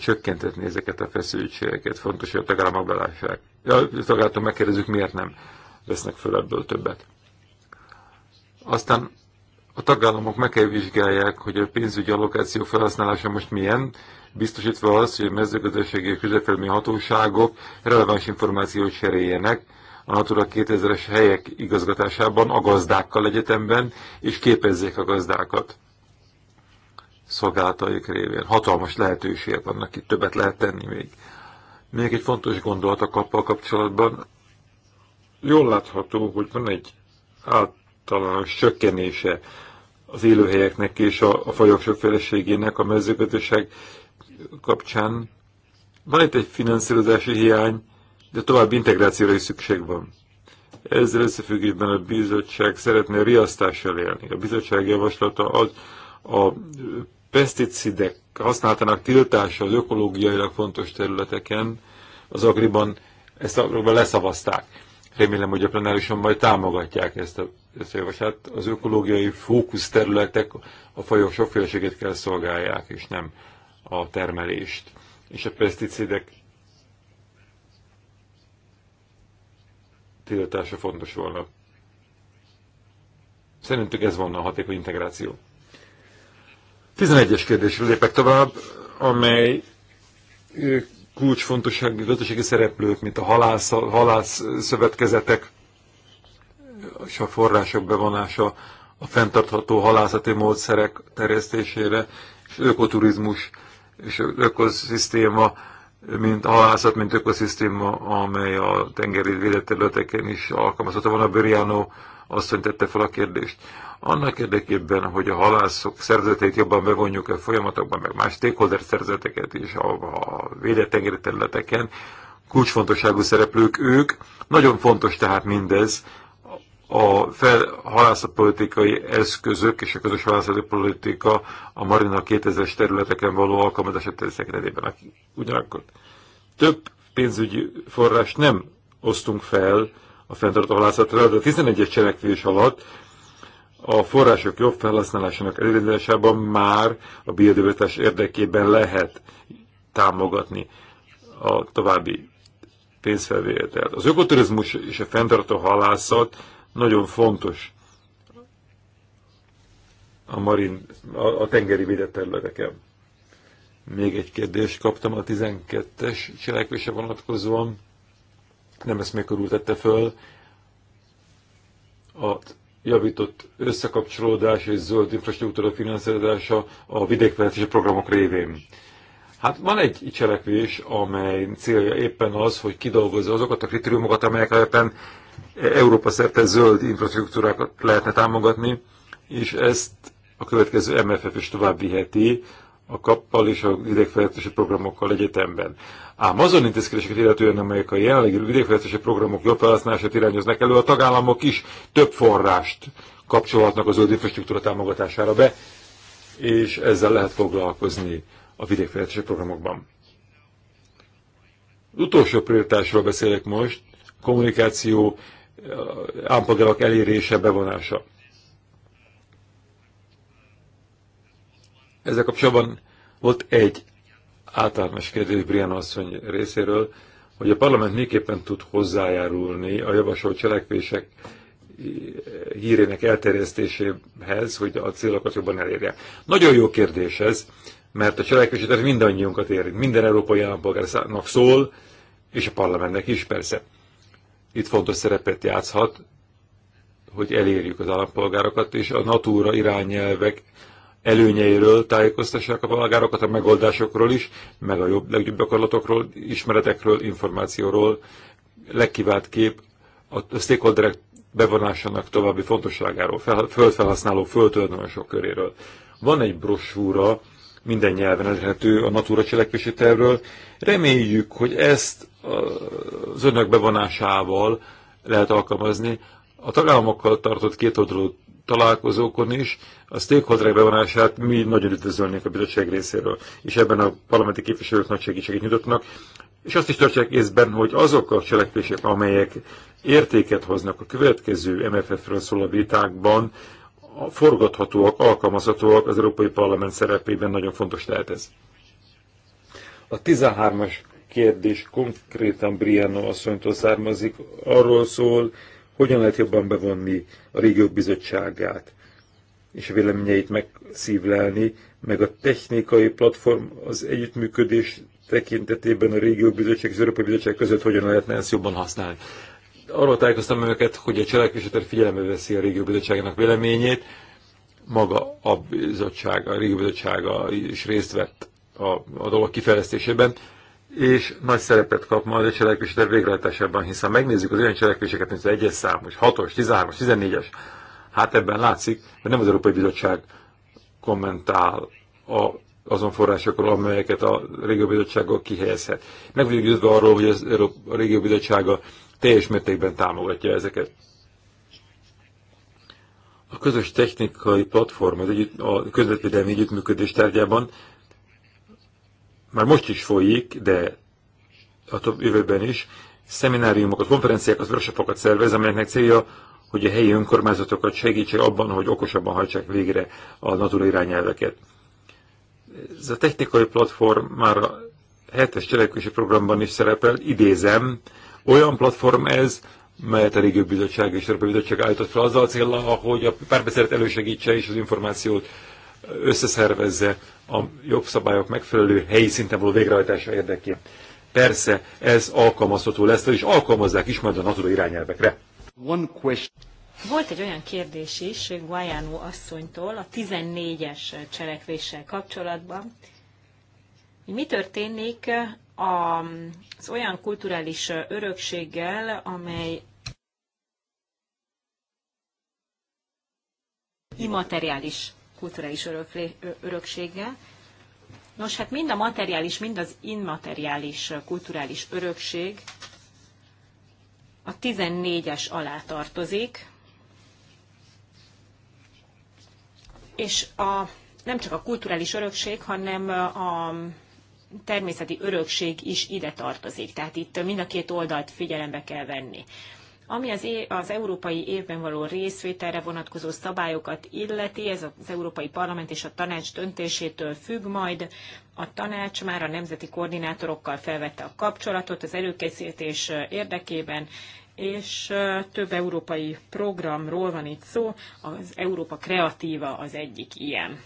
csökkentetni ezeket a feszültségeket. Fontos, hogy a tagállamok belássák. A tagállamok megkérdezzük, miért nem vesznek föl ebből többet. Aztán a tagállamok meg kell vizsgálják, hogy a pénzügyi allokáció felhasználása most milyen, biztosítva az, hogy a mezőgazdasági és közvetlenül hatóságok releváns információt cseréljenek a Natura 2000-es helyek igazgatásában a gazdákkal egyetemben, és képezzék a gazdákat szolgálataik révén. Hatalmas lehetőség vannak itt, többet lehet tenni még. Még egy fontos gondolat a kappal kapcsolatban. Jól látható, hogy van egy általános csökkenése az élőhelyeknek és a, a fajok sokféleségének a mezőgazdaság kapcsán van itt egy finanszírozási hiány, de további integrációra is szükség van. Ezzel összefüggésben a bizottság szeretne riasztással élni. A bizottság javaslata az a peszticidek használatának tiltása az ökológiailag fontos területeken, az agriban ezt agriban leszavazták. Remélem, hogy a plenárison majd támogatják ezt a, ezt a javaslat. Az ökológiai fókusz területek a fajok sokféleségét kell szolgálják, és nem a termelést, és a peszticidek tiltása fontos volna. Szerintük ez volna a hatékony integráció. 11-es kérdésről lépek tovább, amely kulcsfontosságú gazdasági szereplők, mint a halász, halász szövetkezetek és a források bevonása a fenntartható halászati módszerek terjesztésére és ökoturizmus és ökoszisztéma, mint a halászat, mint ökoszisztéma, amely a tengeri védett területeken is alkalmazható. Van a Buriano asszony tette fel a kérdést. Annak érdekében, hogy a halászok szerzeteit jobban bevonjuk a folyamatokban, meg más stakeholder szerzeteket is a, a védett tengeri területeken, kulcsfontosságú szereplők ők. Nagyon fontos tehát mindez a halászatpolitikai eszközök és a közös politika a marina 2000-es területeken való alkalmazása tekintetében. Ugyanakkor több pénzügyi forrás nem osztunk fel a fenntartó halászatra, de a 11-es cselekvés alatt a források jobb felhasználásának elindításában már a biodiversitás érdekében lehet támogatni a további pénzfelvételt. Az ökoturizmus és a fenntartó halászat nagyon fontos a, marin, a, a tengeri védett területeken. Még egy kérdést kaptam a 12-es cselekvése vonatkozóan. Nem ezt még körültette föl. A javított összekapcsolódás és zöld infrastruktúra finanszírozása a vidékfejlesztési programok révén. Hát van egy cselekvés, amely célja éppen az, hogy kidolgozza azokat a kritériumokat, amelyek éppen Európa szerte zöld infrastruktúrákat lehetne támogatni, és ezt a következő MFF is tovább viheti a kappal és a vidékfejlesztési programokkal egyetemben. Ám azon intézkedéseket illetően, amelyek a jelenlegi vidékfejlesztési programok jobb felhasználását irányoznak elő, a tagállamok is több forrást kapcsolhatnak az zöld infrastruktúra támogatására be, és ezzel lehet foglalkozni a vidékfejlesztési programokban. utolsó prioritásról beszélek most, kommunikáció, állampolgárok elérése, bevonása. Ezzel kapcsolatban volt egy általános kérdés Brian asszony részéről, hogy a parlament miképpen tud hozzájárulni a javasolt cselekvések hírének elterjesztéséhez, hogy a célokat jobban elérje. Nagyon jó kérdés ez, mert a cselekvési mindannyiunkat érint, minden európai állampolgárnak szól, és a parlamentnek is persze itt fontos szerepet játszhat, hogy elérjük az állampolgárokat, és a natúra irányelvek előnyeiről tájékoztassák a polgárokat, a megoldásokról is, meg a jobb, legjobb gyakorlatokról, ismeretekről, információról. Legkivált kép a stakeholderek bevonásának további fontosságáról, fel, földfelhasználó, földtulajdonosok köréről. Van egy brosúra, minden nyelven elérhető a Natura cselekvési tervről. Reméljük, hogy ezt az önök bevonásával lehet alkalmazni. A tagállamokkal tartott kétoldalú találkozókon is a stakeholderek bevonását mi nagyon üdvözölnénk a bizottság részéről, és ebben a parlamenti képviselők nagy segítséget nyújtottak, és azt is tartsák észben, hogy azok a cselekvések, amelyek értéket hoznak a következő MFF-ről szóló vitákban, a forgathatóak, alkalmazhatóak az Európai Parlament szerepében, nagyon fontos lehet ez. A 13-as kérdés konkrétan Brianna asszonytól származik, arról szól, hogyan lehet jobban bevonni a régiók bizottságát, és a véleményeit megszívlelni, meg a technikai platform az együttműködés tekintetében a régiók bizottság és az Európai Bizottság között hogyan lehetne ezt jobban használni. Arról tájékoztam önöket, hogy a cselekvésetet figyelembe veszi a régió bizottságának véleményét, maga a bizottság, a régió bizottsága is részt vett a, a dolog kifejlesztésében és nagy szerepet kap majd a cselekvésetek végrehajtásában, hiszen megnézzük az olyan cselekvéseket, mint az egyes számos, 6-os, 13-as, 14-es, hát ebben látszik, hogy nem az Európai Bizottság kommentál a, azon forrásokról, amelyeket a Régió Bizottságok kihelyezhet. Meg vagyok győzve arról, hogy az Európa, a Régió Bizottsága teljes mértékben támogatja ezeket. A közös technikai platform, az együtt, a közvetvédelmi együttműködés tárgyában már most is folyik, de a több jövőben is, szemináriumokat, konferenciákat, workshopokat szervez, amelyeknek célja, hogy a helyi önkormányzatokat segítsék abban, hogy okosabban hajtsák végre a natura irányelveket. Ez a technikai platform már a 7-es cselekvési programban is szerepel, idézem, olyan platform ez, melyet a Régió Bizottság és Európai Bizottság állított fel azzal a célra, hogy a párbeszédet elősegítse és az információt összeszervezze a jogszabályok megfelelő helyi szinten való végrehajtása érdekében. Persze ez alkalmazható lesz, és alkalmazzák is majd a NATO irányelvekre. One question. Volt egy olyan kérdés is Guajánó asszonytól a 14-es cselekvéssel kapcsolatban, hogy mi történik az olyan kulturális örökséggel, amely immateriális kulturális örökséggel. Nos, hát mind a materiális, mind az immateriális kulturális örökség a 14-es alá tartozik, és a, nem csak a kulturális örökség, hanem a természeti örökség is ide tartozik. Tehát itt mind a két oldalt figyelembe kell venni. Ami az, é- az európai évben való részvételre vonatkozó szabályokat illeti, ez az Európai Parlament és a tanács döntésétől függ majd. A tanács már a nemzeti koordinátorokkal felvette a kapcsolatot az előkészítés érdekében, és több európai programról van itt szó, az Európa Kreatíva az egyik ilyen.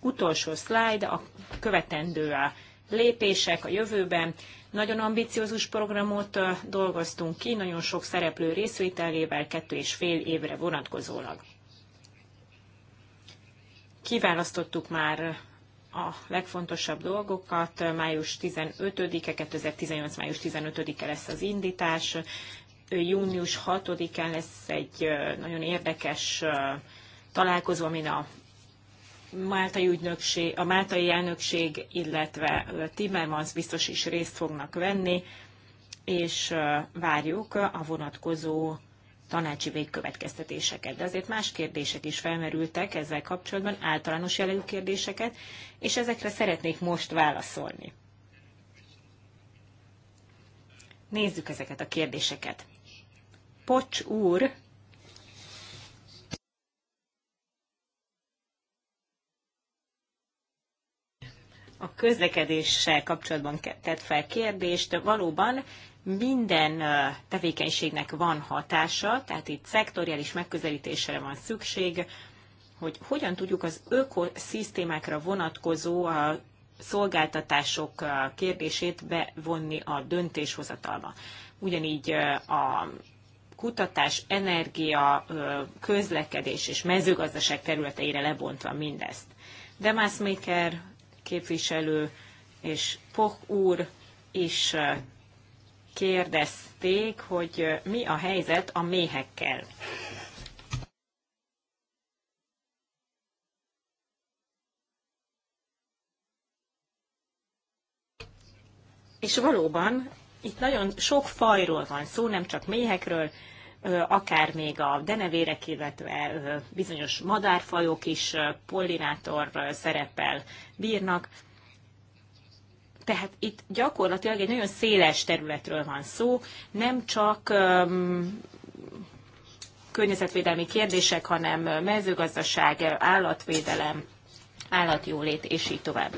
Utolsó szlájd, a követendő a lépések a jövőben. Nagyon ambiciózus programot dolgoztunk ki, nagyon sok szereplő részvételével, kettő és fél évre vonatkozólag. Kiválasztottuk már a legfontosabb dolgokat. Május 15-e, 2018. május 15-e lesz az indítás. Június 6-án lesz egy nagyon érdekes találkozó, amin a Máltai ügynökség, a Máltai elnökség, illetve Timmermans biztos is részt fognak venni, és várjuk a vonatkozó tanácsi végkövetkeztetéseket. De azért más kérdések is felmerültek ezzel kapcsolatban, általános jellegű kérdéseket, és ezekre szeretnék most válaszolni. Nézzük ezeket a kérdéseket. Pocs úr a közlekedéssel kapcsolatban tett fel kérdést. Valóban minden tevékenységnek van hatása, tehát itt szektoriális megközelítésre van szükség, hogy hogyan tudjuk az ökoszisztémákra vonatkozó a szolgáltatások kérdését bevonni a döntéshozatalba. Ugyanígy a kutatás, energia, közlekedés és mezőgazdaság területeire lebontva mindezt. Demászméker képviselő és Poch úr is eh, kérdezték, hogy eh, mi a helyzet a méhekkel. És valóban itt nagyon sok fajról van szó, nem csak méhekről, akár még a denevérek, illetve bizonyos madárfajok is pollinátor szereppel bírnak. Tehát itt gyakorlatilag egy nagyon széles területről van szó, nem csak um, környezetvédelmi kérdések, hanem mezőgazdaság, állatvédelem, állatjólét és így tovább.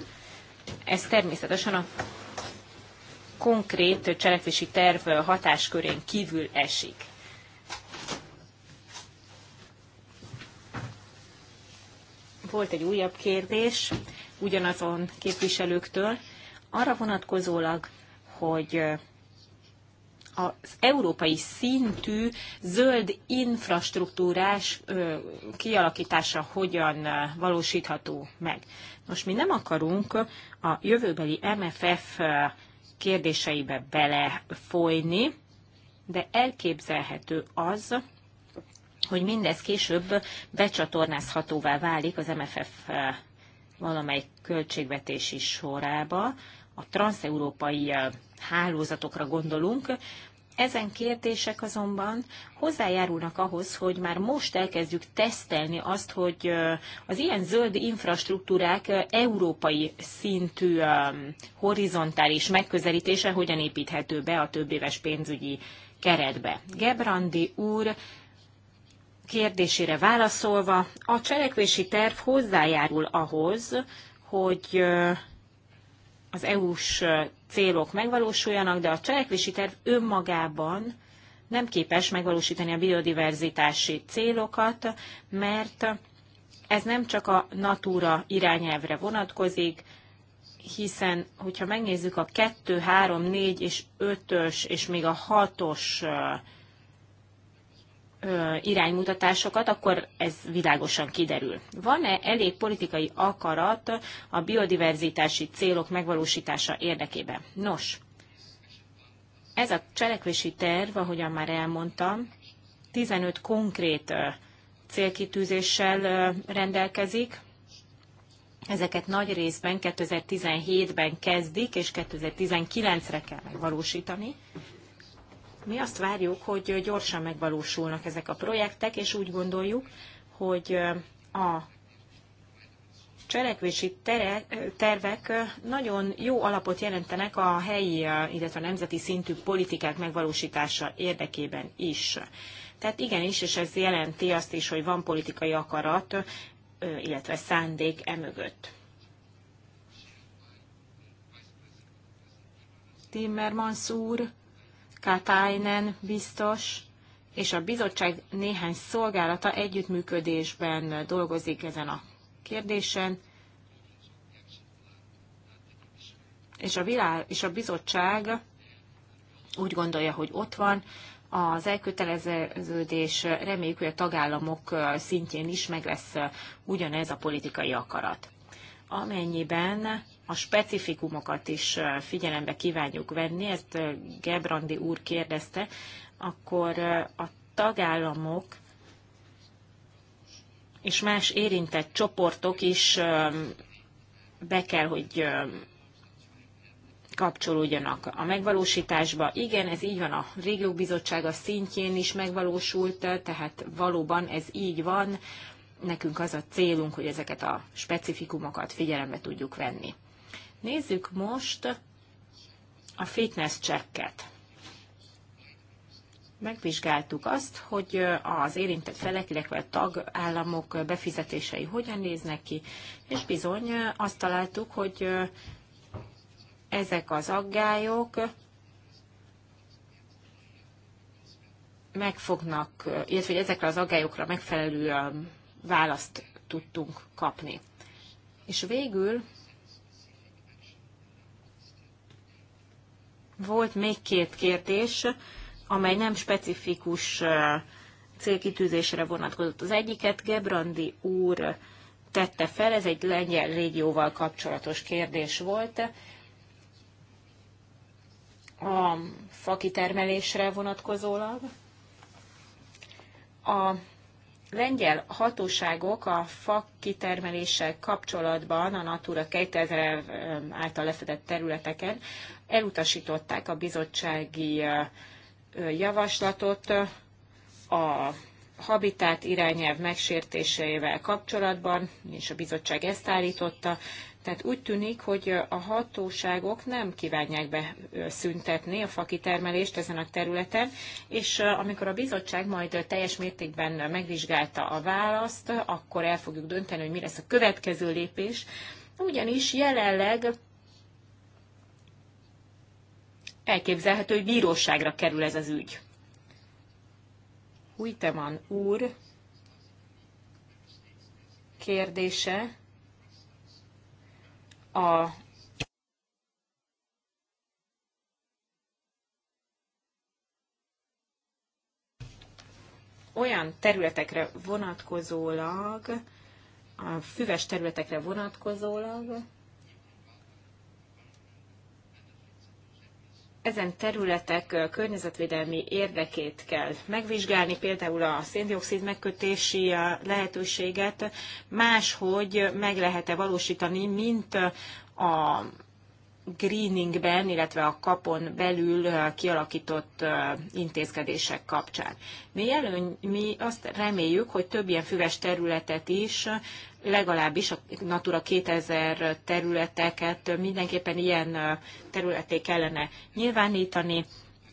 Ez természetesen a konkrét cselekvési terv hatáskörén kívül esik. volt egy újabb kérdés ugyanazon képviselőktől, arra vonatkozólag, hogy az európai szintű zöld infrastruktúrás kialakítása hogyan valósítható meg. Most mi nem akarunk a jövőbeli MFF kérdéseibe belefolyni, de elképzelhető az, hogy mindez később becsatornázhatóvá válik az MFF eh, valamely költségvetési sorába, a transeurópai eh, hálózatokra gondolunk. Ezen kérdések azonban hozzájárulnak ahhoz, hogy már most elkezdjük tesztelni azt, hogy eh, az ilyen zöld infrastruktúrák európai szintű horizontális megközelítése hogyan építhető be a többéves pénzügyi keretbe. Gebrandi úr kérdésére válaszolva, a cselekvési terv hozzájárul ahhoz, hogy az EU-s célok megvalósuljanak, de a cselekvési terv önmagában nem képes megvalósítani a biodiverzitási célokat, mert ez nem csak a Natura irányelvre vonatkozik, hiszen, hogyha megnézzük a 2, 3, 4 és 5-ös, és még a 6-os iránymutatásokat, akkor ez világosan kiderül. Van-e elég politikai akarat a biodiverzitási célok megvalósítása érdekében? Nos, ez a cselekvési terv, ahogyan már elmondtam, 15 konkrét célkitűzéssel rendelkezik. Ezeket nagy részben 2017-ben kezdik, és 2019-re kell megvalósítani. Mi azt várjuk, hogy gyorsan megvalósulnak ezek a projektek, és úgy gondoljuk, hogy a cselekvési tere, tervek nagyon jó alapot jelentenek a helyi, illetve a nemzeti szintű politikák megvalósítása érdekében is. Tehát igenis, és ez jelenti azt is, hogy van politikai akarat, illetve szándék emögött. Timmermans úr Katainen biztos és a bizottság néhány szolgálata együttműködésben dolgozik ezen a kérdésen, és a, világ, és a bizottság úgy gondolja, hogy ott van, az elköteleződés reméljük, hogy a tagállamok szintjén is meg lesz ugyanez a politikai akarat. Amennyiben a specifikumokat is figyelembe kívánjuk venni, ezt Gebrandi úr kérdezte, akkor a tagállamok és más érintett csoportok is be kell, hogy kapcsolódjanak a megvalósításba. Igen, ez így van a régiók bizottsága szintjén is megvalósult, tehát valóban ez így van. Nekünk az a célunk, hogy ezeket a specifikumokat figyelembe tudjuk venni. Nézzük most a fitness checket. Megvizsgáltuk azt, hogy az érintett felek, illetve a tagállamok befizetései hogyan néznek ki, és bizony azt találtuk, hogy ezek az aggályok meg fognak, illetve hogy ezekre az aggályokra megfelelő választ tudtunk kapni. És végül Volt még két kérdés, amely nem specifikus célkitűzésre vonatkozott. Az egyiket Gebrandi úr tette fel, ez egy lengyel régióval kapcsolatos kérdés volt. A fakitermelésre vonatkozólag. A lengyel hatóságok a fa kitermeléssel kapcsolatban a Natura 2000 által lefedett területeken elutasították a bizottsági javaslatot a habitát irányelv megsértéseivel kapcsolatban, és a bizottság ezt állította, tehát úgy tűnik, hogy a hatóságok nem kívánják beszüntetni a fakitermelést ezen a területen, és amikor a bizottság majd teljes mértékben megvizsgálta a választ, akkor el fogjuk dönteni, hogy mi lesz a következő lépés, ugyanis jelenleg elképzelhető, hogy bíróságra kerül ez az ügy. Hújteman úr kérdése a olyan területekre vonatkozólag, a füves területekre vonatkozólag, ezen területek környezetvédelmi érdekét kell megvizsgálni, például a széndiokszid megkötési lehetőséget máshogy meg lehet-e valósítani, mint a greeningben, illetve a kapon belül kialakított intézkedések kapcsán. Mi, előny, mi azt reméljük, hogy több ilyen füves területet is legalábbis a Natura 2000 területeket mindenképpen ilyen területé kellene nyilvánítani,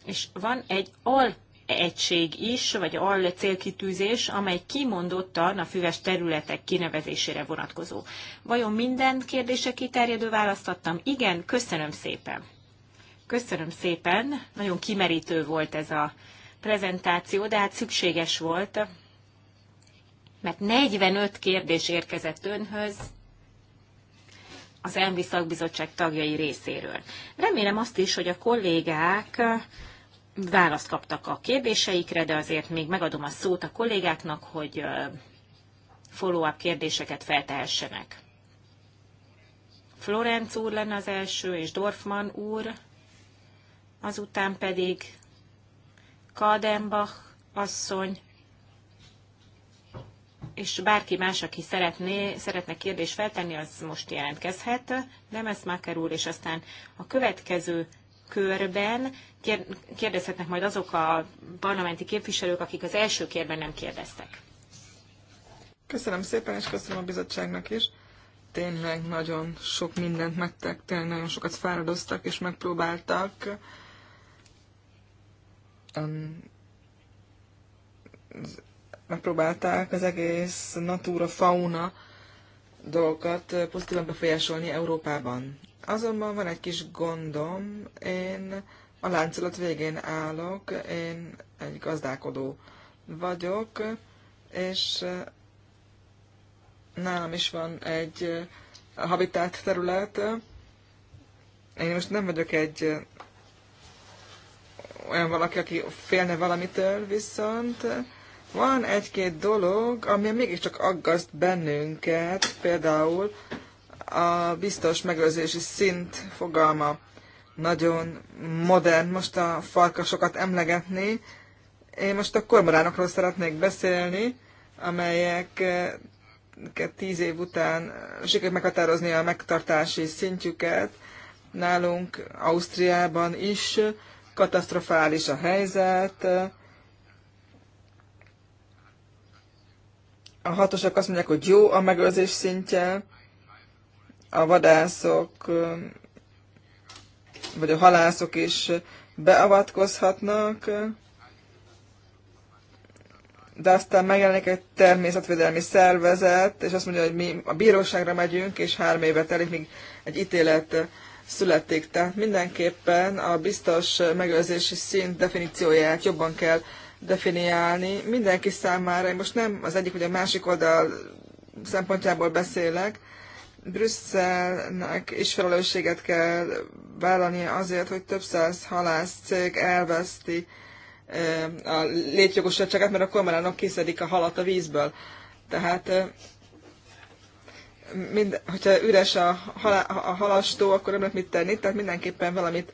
és van egy al egység is, vagy al célkitűzés, amely kimondottan a füves területek kinevezésére vonatkozó. Vajon minden kérdése kiterjedő választ Igen, köszönöm szépen. Köszönöm szépen, nagyon kimerítő volt ez a prezentáció, de hát szükséges volt mert 45 kérdés érkezett önhöz az ENVI szakbizottság tagjai részéről. Remélem azt is, hogy a kollégák választ kaptak a kérdéseikre, de azért még megadom a szót a kollégáknak, hogy follow-up kérdéseket feltehessenek. Florenc úr lenne az első, és Dorfman úr, azután pedig Kadenbach asszony, és bárki más, aki szeretné, szeretne kérdést feltenni, az most jelentkezhet. Demeszmáker úr, és aztán a következő körben kérdezhetnek majd azok a parlamenti képviselők, akik az első kérben nem kérdeztek. Köszönöm szépen, és köszönöm a bizottságnak is. Tényleg nagyon sok mindent megtek, tényleg nagyon sokat fáradoztak, és megpróbáltak Um, megpróbálták az egész natura, fauna dolgokat eh, pozitívan befolyásolni Európában. Azonban van egy kis gondom, én a láncolat végén állok, én egy gazdálkodó vagyok, és eh, nálam is van egy eh, habitát terület. Én most nem vagyok egy olyan valaki, aki félne valamitől, viszont van egy-két dolog, ami mégiscsak aggaszt bennünket, például a biztos megőrzési szint fogalma nagyon modern most a farkasokat emlegetni. Én most a kormoránokról szeretnék beszélni, amelyek eh, tíz év után eh, sikerült meghatározni a megtartási szintjüket. Nálunk Ausztriában is katasztrofális a helyzet, eh, a hatosok azt mondják, hogy jó a megőrzés szintje, a vadászok vagy a halászok is beavatkozhatnak, de aztán megjelenik egy természetvédelmi szervezet, és azt mondja, hogy mi a bíróságra megyünk, és három éve telik, míg egy ítélet születik. Tehát mindenképpen a biztos megőrzési szint definícióját jobban kell definiálni mindenki számára. Én most nem az egyik vagy a másik oldal szempontjából beszélek. Brüsszelnek is felelősséget kell vállalnia azért, hogy több száz halász cég elveszti a létjogosultságát, mert a kormányok kiszedik a halat a vízből. Tehát mind, hogyha üres a, halá, a halastó, akkor nem lehet mit tenni, tehát mindenképpen valamit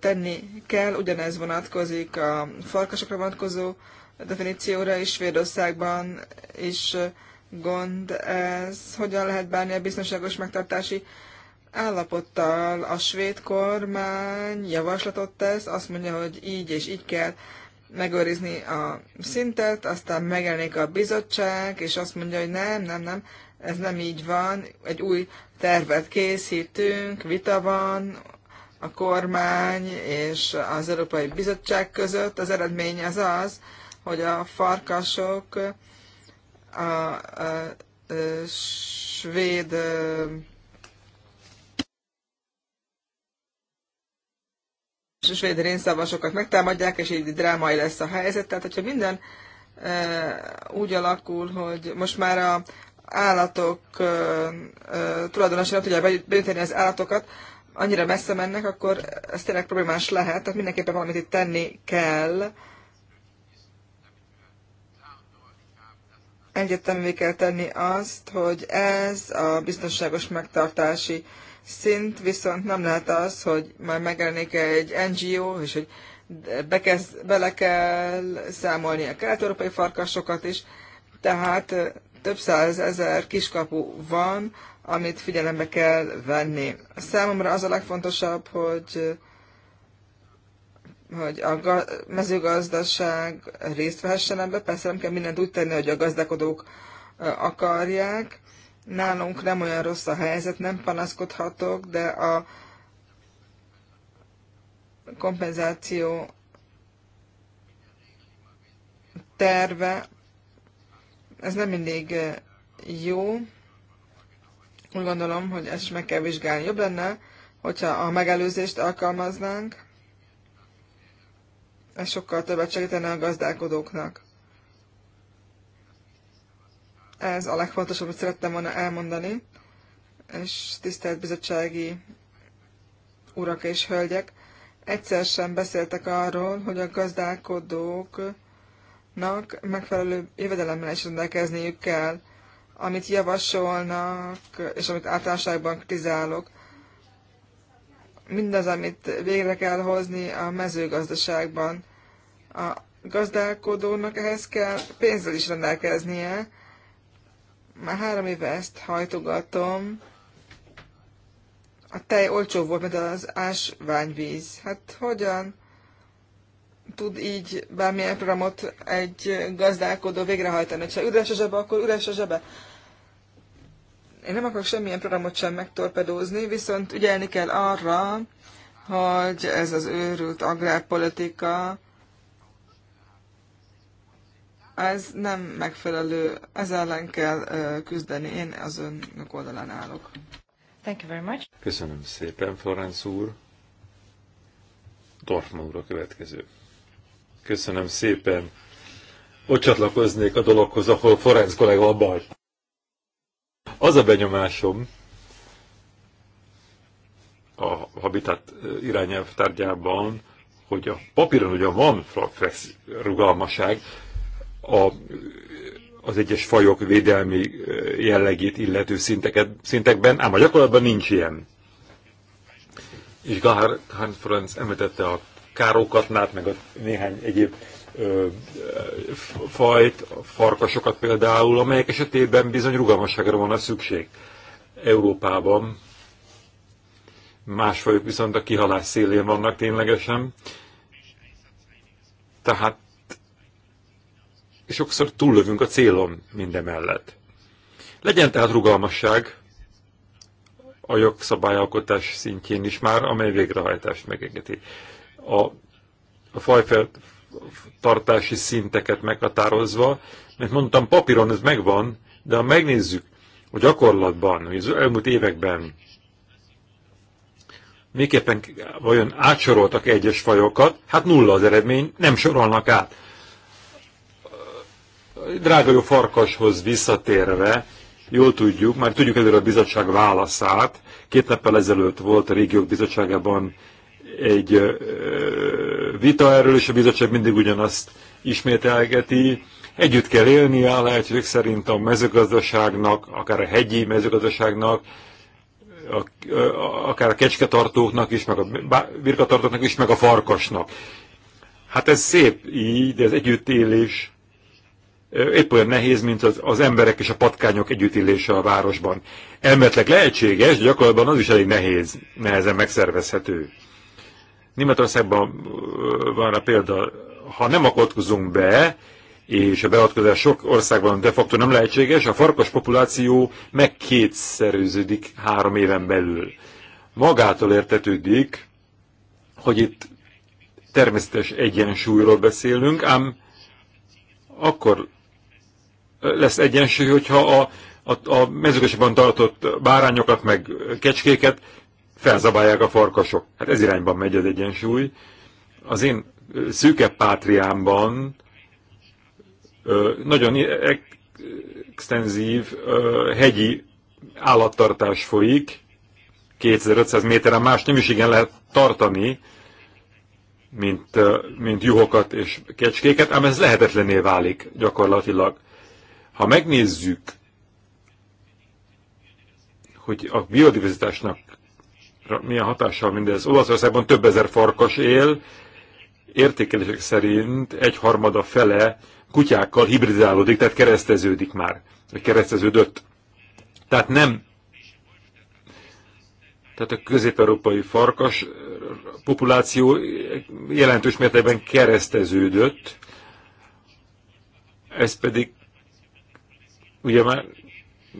tenni kell, ugyanez vonatkozik a farkasokra vonatkozó definícióra is, Svédországban is gond ez, hogyan lehet bánni a biztonságos megtartási állapottal. A svéd kormány javaslatot tesz, azt mondja, hogy így és így kell megőrizni a szintet, aztán megjelenik a bizottság, és azt mondja, hogy nem, nem, nem, ez nem így van, egy új tervet készítünk, vita van, a kormány és az Európai Bizottság között. Az eredmény az az, hogy a farkasok a, a, a svéd a svéd rénszavasokat megtámadják, és így drámai lesz a helyzet. Tehát, hogyha minden úgy alakul, hogy most már a állatok tulajdonosai nem tudják bejutani az állatokat, annyira messze mennek, akkor ez tényleg problémás lehet, tehát mindenképpen valamit itt tenni kell. Egyetemvé kell tenni azt, hogy ez a biztonságos megtartási szint, viszont nem lehet az, hogy majd megjelenik egy NGO, és hogy be kell, bele kell számolni a kelet-európai farkasokat is, tehát több százezer kiskapu van, amit figyelembe kell venni. Számomra az a legfontosabb, hogy hogy a mezőgazdaság részt vehessen ebbe. Persze nem kell mindent úgy tenni, hogy a gazdálkodók akarják. Nálunk nem olyan rossz a helyzet, nem panaszkodhatok, de a kompenzáció terve, ez nem mindig jó. Úgy gondolom, hogy ezt is meg kell vizsgálni. Jobb lenne, hogyha a megelőzést alkalmaznánk, ez sokkal többet segítene a gazdálkodóknak. Ez a legfontosabb, amit szerettem volna elmondani, és tisztelt bizottsági urak és hölgyek, egyszer sem beszéltek arról, hogy a gazdálkodóknak megfelelő jövedelemmel is rendelkezniük kell amit javasolnak, és amit általánosságban kritizálok. Mindaz, amit végre kell hozni a mezőgazdaságban. A gazdálkodónak ehhez kell pénzzel is rendelkeznie. Már három éve ezt hajtogatom. A tej olcsó volt, mint az ásványvíz. Hát hogyan tud így bármilyen programot egy gazdálkodó végrehajtani? Ha üres a zsebe, akkor üres a zsebe én nem akarok semmilyen programot sem megtorpedózni, viszont ügyelni kell arra, hogy ez az őrült agrárpolitika, ez nem megfelelő, ez ellen kell küzdeni. Én az önök oldalán állok. Thank you very much. Köszönöm szépen, Florence úr. Dorfman úr a következő. Köszönöm szépen. Ott csatlakoznék a dologhoz, ahol Florence kollega abba hagyta. Az a benyomásom a Habitat irányelv tárgyában, hogy a papíron ugyan van rugalmaság, a, az egyes fajok védelmi jellegét illető szinteket, szintekben, ám a gyakorlatban nincs ilyen. És Gahar Hans Franz említette a károkatnát, meg a néhány egyéb ö, fajt, farkasokat például, amelyek esetében bizony rugalmasságra van a szükség. Európában más fajok viszont a kihalás szélén vannak ténylegesen, tehát sokszor túllövünk a célon mindemellett. Legyen tehát rugalmasság a jogszabályalkotás szintjén is már, amely végrehajtást megengedi. A, a fajfelt, tartási szinteket meghatározva, mert mondtam, papíron ez megvan, de ha megnézzük a gyakorlatban, hogy az elmúlt években miképpen vajon átsoroltak egyes fajokat, hát nulla az eredmény, nem sorolnak át. Drága jó farkashoz visszatérve, jól tudjuk, már tudjuk előre a bizottság válaszát. Két nappal ezelőtt volt a régiók bizottságában egy vita erről, és a bizottság mindig ugyanazt ismételgeti. Együtt kell élni a lehetőség szerint a mezőgazdaságnak, akár a hegyi mezőgazdaságnak, a, akár a kecsketartóknak is, meg a birkatartóknak is, meg a farkasnak. Hát ez szép így, de az együttélés épp olyan nehéz, mint az, az emberek és a patkányok együttélése a városban. Elmetleg lehetséges, de gyakorlatban az is elég nehéz, nehezen megszervezhető. Németországban van a példa, ha nem akadkozunk be, és a beavatkozás sok országban de facto nem lehetséges, a farkas populáció megkétszerűződik három éven belül. Magától értetődik, hogy itt természetes egyensúlyról beszélünk, ám akkor lesz egyensúly, hogyha a, a, a mezőgazdaságban tartott bárányokat, meg kecskéket felzabálják a farkasok. Hát ez irányban megy az egyensúly. Az én szűke pátriámban nagyon e-, extenzív hegyi állattartás folyik, 2500 méteren más nem is igen lehet tartani, mint, mint juhokat és kecskéket, ám ez lehetetlené válik gyakorlatilag. Ha megnézzük, hogy a biodiverzitásnak milyen hatással mindez. Olaszországban több ezer farkas él, értékelések szerint egy harmada fele kutyákkal hibridizálódik, tehát kereszteződik már, vagy kereszteződött. Tehát nem tehát a közép-európai farkas eh, populáció jelentős mértékben kereszteződött, ez pedig ugye már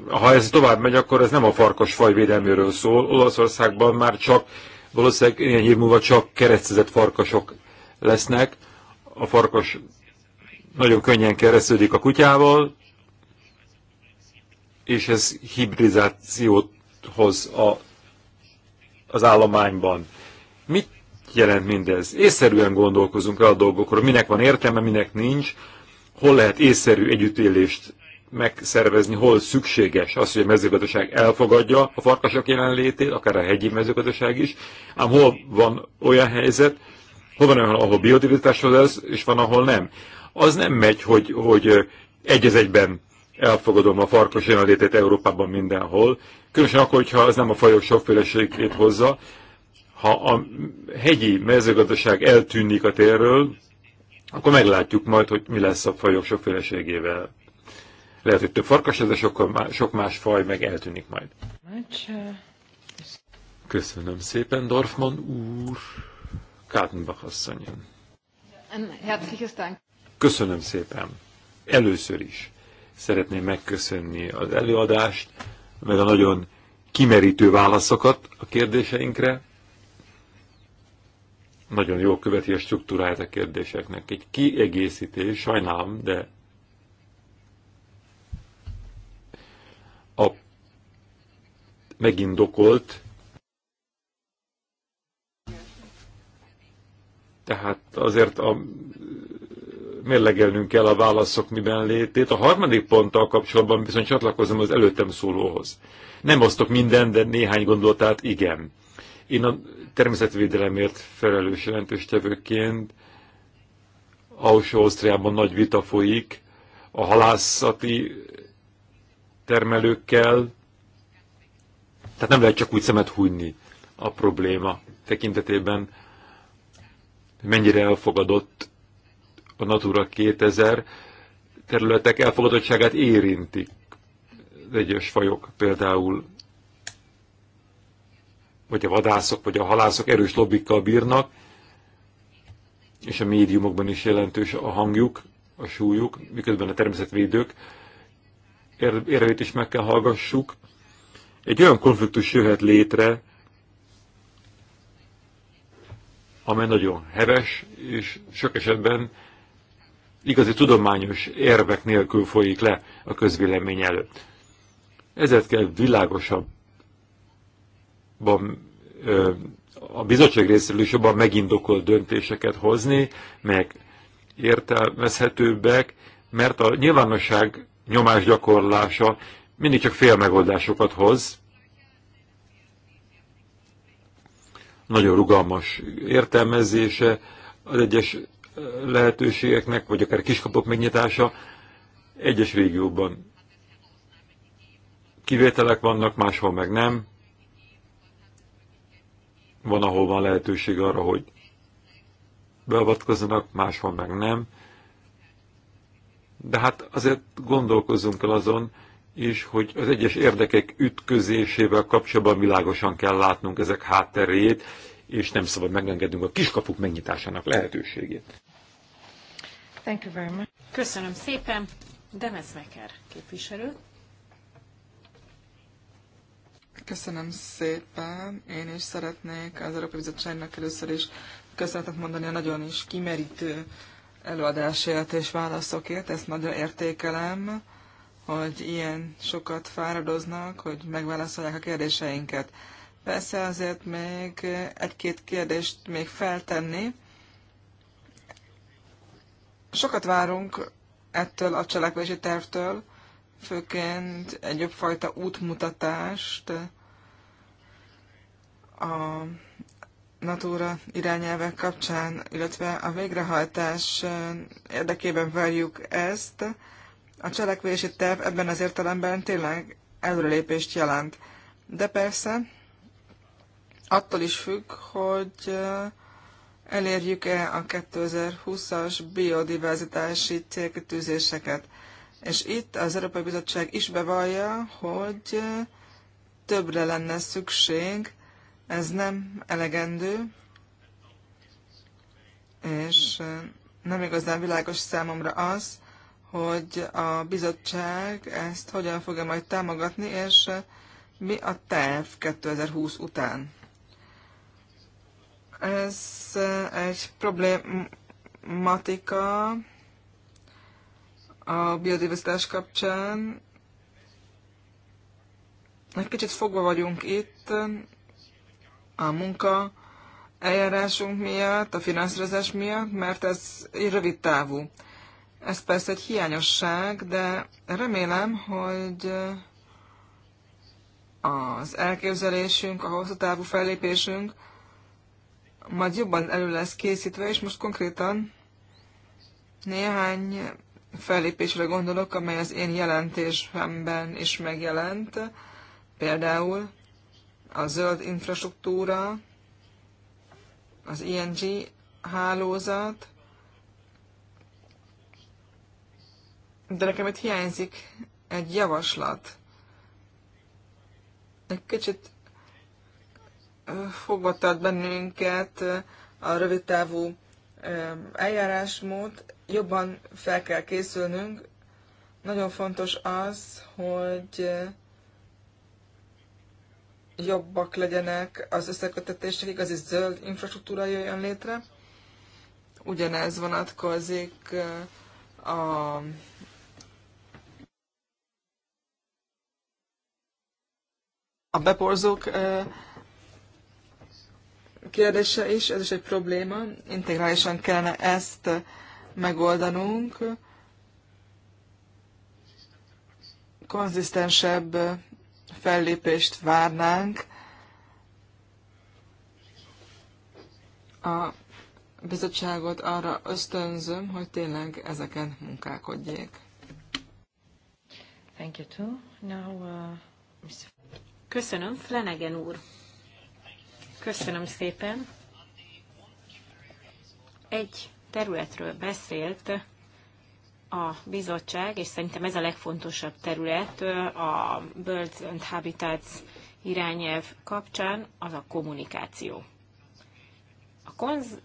ha ez tovább megy, akkor ez nem a farkas faj védelméről szól. Olaszországban már csak, valószínűleg ilyen év múlva csak keresztezett farkasok lesznek. A farkas nagyon könnyen keresztődik a kutyával, és ez hibridizációt hoz a, az állományban. Mit jelent mindez? Észszerűen gondolkozunk el a dolgokról, minek van értelme, minek nincs, hol lehet észszerű együttélést megszervezni, hol szükséges az, hogy a mezőgazdaság elfogadja a farkasok jelenlétét, akár a hegyi mezőgazdaság is, ám hol van olyan helyzet, hol van olyan, ahol biodiverzitáshoz lesz, és van, ahol nem. Az nem megy, hogy, hogy egy az egyben elfogadom a farkas jelenlétét Európában mindenhol, különösen akkor, hogyha az nem a fajok sokféleségét hozza, ha a hegyi mezőgazdaság eltűnik a térről, akkor meglátjuk majd, hogy mi lesz a fajok sokféleségével. Lehet, hogy több farkas, de sok, sok más faj meg eltűnik majd. Köszönöm szépen, Dorfman úr. Kátenbach asszony. Köszönöm szépen. Először is szeretném megköszönni az előadást, meg a nagyon kimerítő válaszokat a kérdéseinkre. Nagyon jól követi a struktúráját a kérdéseknek. Egy kiegészítés, sajnálom, de megindokolt, tehát azért a, mérlegelnünk kell a válaszok miben létét. A harmadik ponttal kapcsolatban viszont csatlakozom az előttem szólóhoz. Nem osztok minden, de néhány gondolatát igen. Én a természetvédelemért felelős tevőként Ausztriában nagy vita folyik a halászati termelőkkel, tehát nem lehet csak úgy szemet hújni a probléma tekintetében, mennyire elfogadott a Natura 2000 területek elfogadottságát érintik egyes fajok, például vagy a vadászok, vagy a halászok erős lobbikkal bírnak, és a médiumokban is jelentős a hangjuk, a súlyuk, miközben a természetvédők érvét is meg kell hallgassuk, egy olyan konfliktus jöhet létre, amely nagyon heves, és sok esetben igazi tudományos érvek nélkül folyik le a közvélemény előtt. Ezért kell világosabban a bizottság részéről is jobban megindokolt döntéseket hozni, meg értelmezhetőbbek, mert a nyilvánosság nyomásgyakorlása mindig csak fél megoldásokat hoz. Nagyon rugalmas értelmezése az egyes lehetőségeknek, vagy akár kiskapok megnyitása egyes régióban. Kivételek vannak, máshol meg nem. Van, ahol van lehetőség arra, hogy beavatkozzanak, máshol meg nem. De hát azért gondolkozzunk el azon, és hogy az egyes érdekek ütközésével kapcsolatban világosan kell látnunk ezek hátterét, és nem szabad megengednünk a kiskapuk megnyitásának lehetőségét. Thank you very much. Köszönöm szépen. Demes Meker képviselő. Köszönöm szépen. Én is szeretnék az Európai Bizottságnak először is köszönetet mondani a nagyon is kimerítő előadásért és válaszokért. Ezt nagyon értékelem hogy ilyen sokat fáradoznak, hogy megválaszolják a kérdéseinket. Persze azért még egy-két kérdést még feltenni. Sokat várunk ettől a cselekvési tervtől, főként egy jobb fajta útmutatást a Natura irányelvek kapcsán, illetve a végrehajtás érdekében várjuk ezt. A cselekvési terv ebben az értelemben tényleg előrelépést jelent. De persze attól is függ, hogy eh, elérjük-e a 2020-as biodiverzitási célkitűzéseket. És itt az Európai Bizottság is bevallja, hogy eh, többre lenne szükség, ez nem elegendő, és eh, nem igazán világos számomra az, hogy a bizottság ezt hogyan fogja majd támogatni, és mi a terv 2020 után. Ez egy problématika a biodiversitás kapcsán. Egy kicsit fogva vagyunk itt a munka eljárásunk miatt, a finanszírozás miatt, mert ez rövid távú ez persze egy hiányosság, de remélem, hogy eh, az elképzelésünk, a hosszú távú fellépésünk majd jobban elő lesz készítve, és most konkrétan néhány fellépésre gondolok, amely az én jelentésemben is megjelent, például a zöld infrastruktúra, az ING hálózat, de nekem itt hiányzik egy javaslat. Egy kicsit fogva bennünket a rövidtávú eljárásmód. Jobban fel kell készülnünk. Nagyon fontos az, hogy jobbak legyenek az összekötetések, igazi zöld infrastruktúra jöjjön létre. Ugyanez vonatkozik a a beporzók kérdése is, ez is egy probléma. Integrálisan kellene ezt megoldanunk. Konzisztensebb fellépést várnánk a bizottságot arra ösztönzöm, hogy tényleg ezeken munkálkodjék. Thank you too. Now, uh, Mr. Köszönöm, Flanagan úr. Köszönöm szépen. Egy területről beszélt a bizottság, és szerintem ez a legfontosabb terület a Birds and Habitats irányelv kapcsán, az a kommunikáció. A, konz,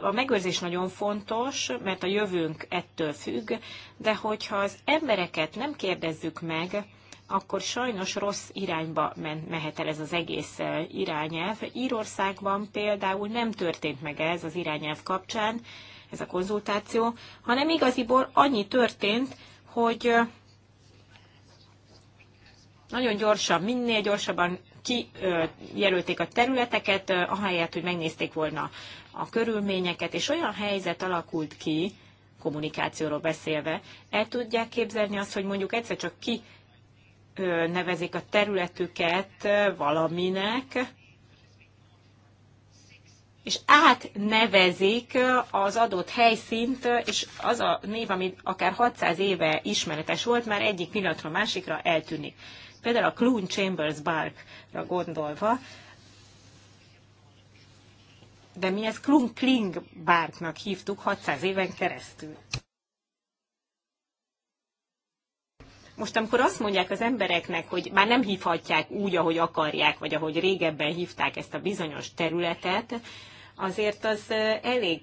a megőrzés nagyon fontos, mert a jövőnk ettől függ, de hogyha az embereket nem kérdezzük meg, akkor sajnos rossz irányba mehet el ez az egész irányelv. Írországban például nem történt meg ez az irányelv kapcsán, ez a konzultáció, hanem igaziból annyi történt, hogy nagyon gyorsan, minél gyorsabban kijelölték a területeket, ahelyett, hogy megnézték volna a körülményeket, és olyan helyzet alakult ki, kommunikációról beszélve, el tudják képzelni azt, hogy mondjuk egyszer csak ki nevezik a területüket valaminek, és átnevezik az adott helyszínt, és az a név, ami akár 600 éve ismeretes volt, már egyik pillanatra másikra eltűnik. Például a Clune Chambers Barkra gondolva, de mi ezt Klung Kling Barknak hívtuk 600 éven keresztül. Most, amikor azt mondják az embereknek, hogy már nem hívhatják úgy, ahogy akarják, vagy ahogy régebben hívták ezt a bizonyos területet, azért az elég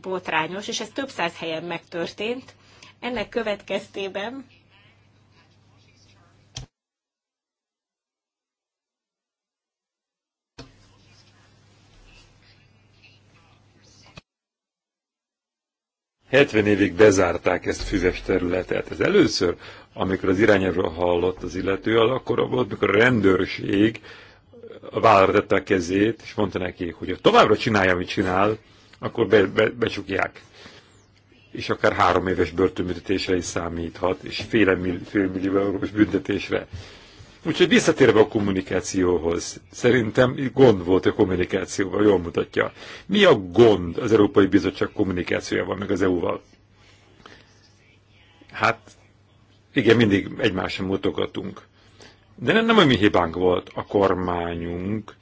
botrányos, és ez több száz helyen megtörtént. Ennek következtében 70 évig bezárták ezt füves területet. Ez először, amikor az irányáról hallott az illető, akkor volt, amikor a rendőrség vállra tette a kezét, és mondta neki, hogy ha továbbra csinálja, amit csinál, akkor be, be, becsukják. És akár három éves börtönbüntetésre is számíthat, és fél, millió, fél millió eurós büntetésre. Úgyhogy visszatérve a kommunikációhoz, szerintem gond volt a kommunikációval, jól mutatja. Mi a gond az Európai Bizottság kommunikációjával, meg az EU-val? Hát, igen, mindig egymásra mutogatunk. De nem, nem a mi hibánk volt a kormányunk,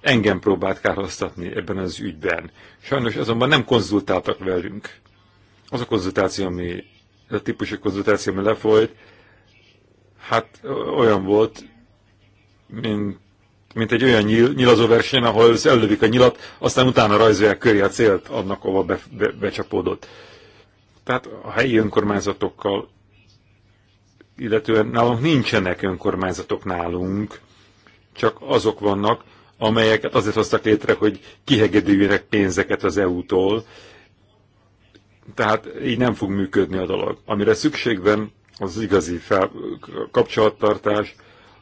engem próbált kárhoztatni ebben az ügyben. Sajnos azonban nem konzultáltak velünk. Az a konzultáció, ami a típusú konzultáció, ami lefolyt, hát olyan volt, mint, mint egy olyan nyil, nyilazó verseny, ahol ellövik a nyilat, aztán utána rajzolják köré a célt annak, ova be, be, becsapódott. Tehát a helyi önkormányzatokkal, illetően nálunk nincsenek önkormányzatok nálunk, csak azok vannak, amelyeket azért hoztak létre, hogy kihegedüljenek pénzeket az EU-tól, tehát így nem fog működni a dolog. Amire szükség van, az igazi fel, kapcsolattartás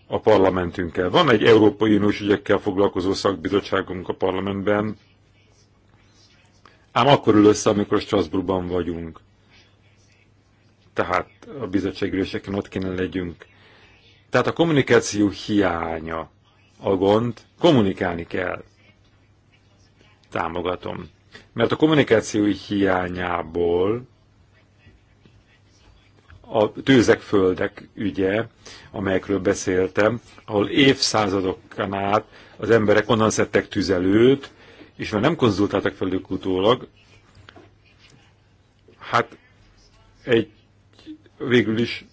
a parlamentünkkel. Van egy Európai Uniós ügyekkel foglalkozó szakbizottságunk a parlamentben, ám akkor ül össze, amikor Strasbourgban vagyunk. Tehát a bizottságüléseken ott kéne legyünk. Tehát a kommunikáció hiánya a gond, kommunikálni kell. Támogatom. Mert a kommunikáció hiányából a tőzekföldek ügye, amelyekről beszéltem, ahol évszázadokon át az emberek onnan szedtek tüzelőt, és mert nem konzultáltak felük utólag, hát egy végül is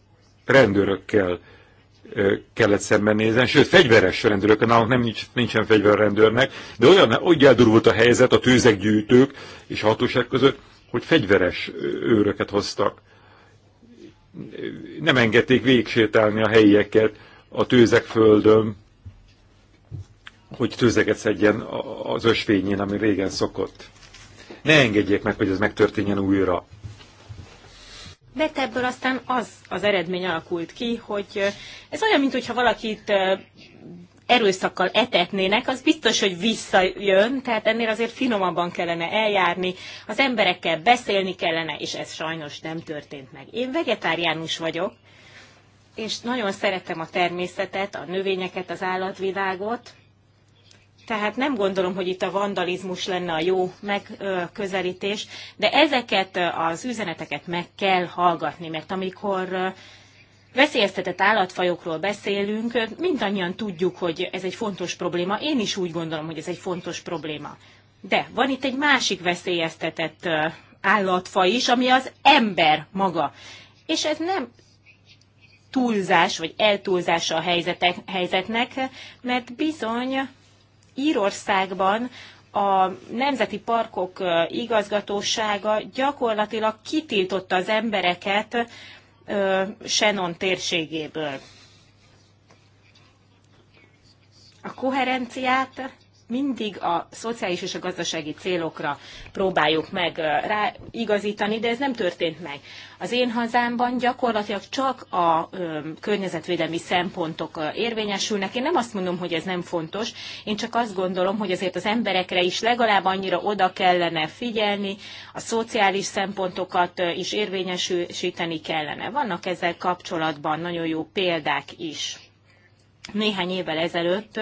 rendőrökkel kellett szembenézni, sőt, fegyveres rendőrök, nálunk nem nincs, nincsen fegyver rendőrnek, de olyan, úgy eldurvult a helyzet a tőzeggyűjtők és a hatóság között, hogy fegyveres őröket hoztak nem engedték végsétálni a helyieket a tőzek földön, hogy tőzeket szedjen az ösvényén, ami régen szokott. Ne engedjék meg, hogy ez megtörténjen újra. De ebből aztán az az eredmény alakult ki, hogy ez olyan, mintha valakit erőszakkal etetnének, az biztos, hogy visszajön, tehát ennél azért finomabban kellene eljárni, az emberekkel beszélni kellene, és ez sajnos nem történt meg. Én vegetáriánus vagyok, és nagyon szeretem a természetet, a növényeket, az állatvilágot, tehát nem gondolom, hogy itt a vandalizmus lenne a jó megközelítés, de ezeket az üzeneteket meg kell hallgatni, mert amikor veszélyeztetett állatfajokról beszélünk, mindannyian tudjuk, hogy ez egy fontos probléma. Én is úgy gondolom, hogy ez egy fontos probléma. De van itt egy másik veszélyeztetett állatfaj is, ami az ember maga. És ez nem túlzás, vagy eltúlzása a helyzetek, helyzetnek, mert bizony Írországban a Nemzeti Parkok igazgatósága gyakorlatilag kitiltotta az embereket Shannon térségéből. A koherenciát mindig a szociális és a gazdasági célokra próbáljuk meg ráigazítani, de ez nem történt meg. Az én hazámban gyakorlatilag csak a környezetvédelmi szempontok érvényesülnek. Én nem azt mondom, hogy ez nem fontos, én csak azt gondolom, hogy azért az emberekre is legalább annyira oda kellene figyelni, a szociális szempontokat is érvényesíteni kellene. Vannak ezzel kapcsolatban nagyon jó példák is. Néhány évvel ezelőtt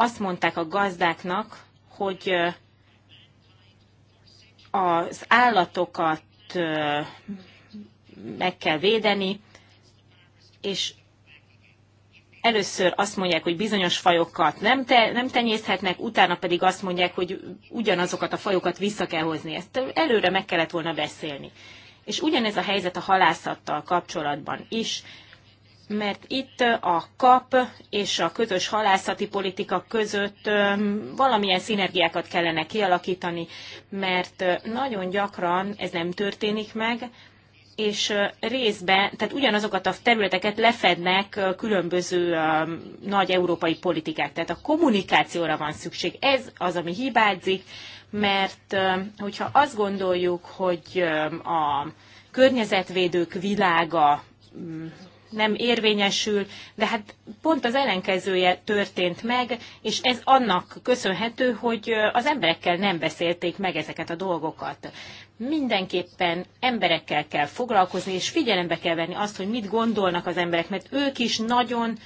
azt mondták a gazdáknak, hogy az állatokat meg kell védeni, és először azt mondják, hogy bizonyos fajokat nem, te, nem tenyészhetnek, utána pedig azt mondják, hogy ugyanazokat a fajokat vissza kell hozni. Ezt előre meg kellett volna beszélni. És ugyanez a helyzet a halászattal kapcsolatban is mert itt a kap és a közös halászati politika között valamilyen szinergiákat kellene kialakítani, mert nagyon gyakran ez nem történik meg, és részben, tehát ugyanazokat a területeket lefednek különböző nagy európai politikák. Tehát a kommunikációra van szükség. Ez az, ami hibázik, mert hogyha azt gondoljuk, hogy a környezetvédők világa nem érvényesül, de hát pont az ellenkezője történt meg, és ez annak köszönhető, hogy az emberekkel nem beszélték meg ezeket a dolgokat. Mindenképpen emberekkel kell foglalkozni, és figyelembe kell venni azt, hogy mit gondolnak az emberek, mert ők is nagyon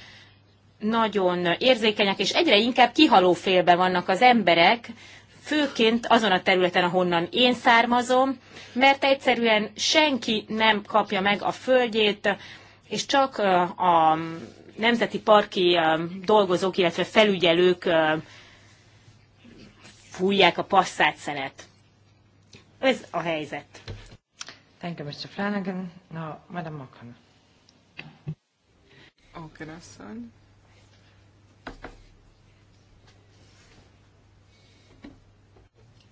nagyon érzékenyek, és egyre inkább kihaló félbe vannak az emberek, főként azon a területen, ahonnan én származom, mert egyszerűen senki nem kapja meg a földjét, és csak a nemzeti parki dolgozók, illetve felügyelők fújják a passzát szenet. Ez a helyzet. Thank you, Mr. Flanagan. No, Madam Mokhan. Oké, that's asszony.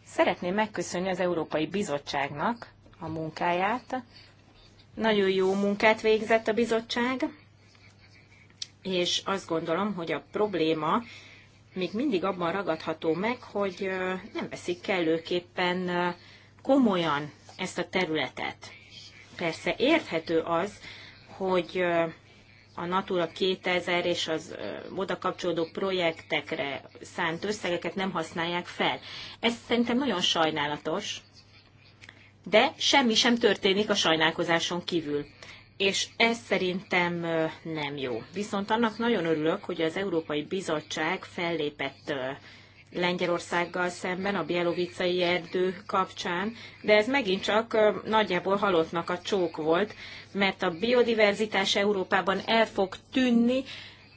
Szeretném megköszönni az Európai Bizottságnak a munkáját, nagyon jó munkát végzett a bizottság, és azt gondolom, hogy a probléma még mindig abban ragadható meg, hogy nem veszik kellőképpen komolyan ezt a területet. Persze érthető az, hogy a Natura 2000 és az oda kapcsolódó projektekre szánt összegeket nem használják fel. Ez szerintem nagyon sajnálatos, de semmi sem történik a sajnálkozáson kívül. És ez szerintem nem jó. Viszont annak nagyon örülök, hogy az Európai Bizottság fellépett Lengyelországgal szemben a bielovicai erdő kapcsán, de ez megint csak nagyjából halottnak a csók volt, mert a biodiverzitás Európában el fog tűnni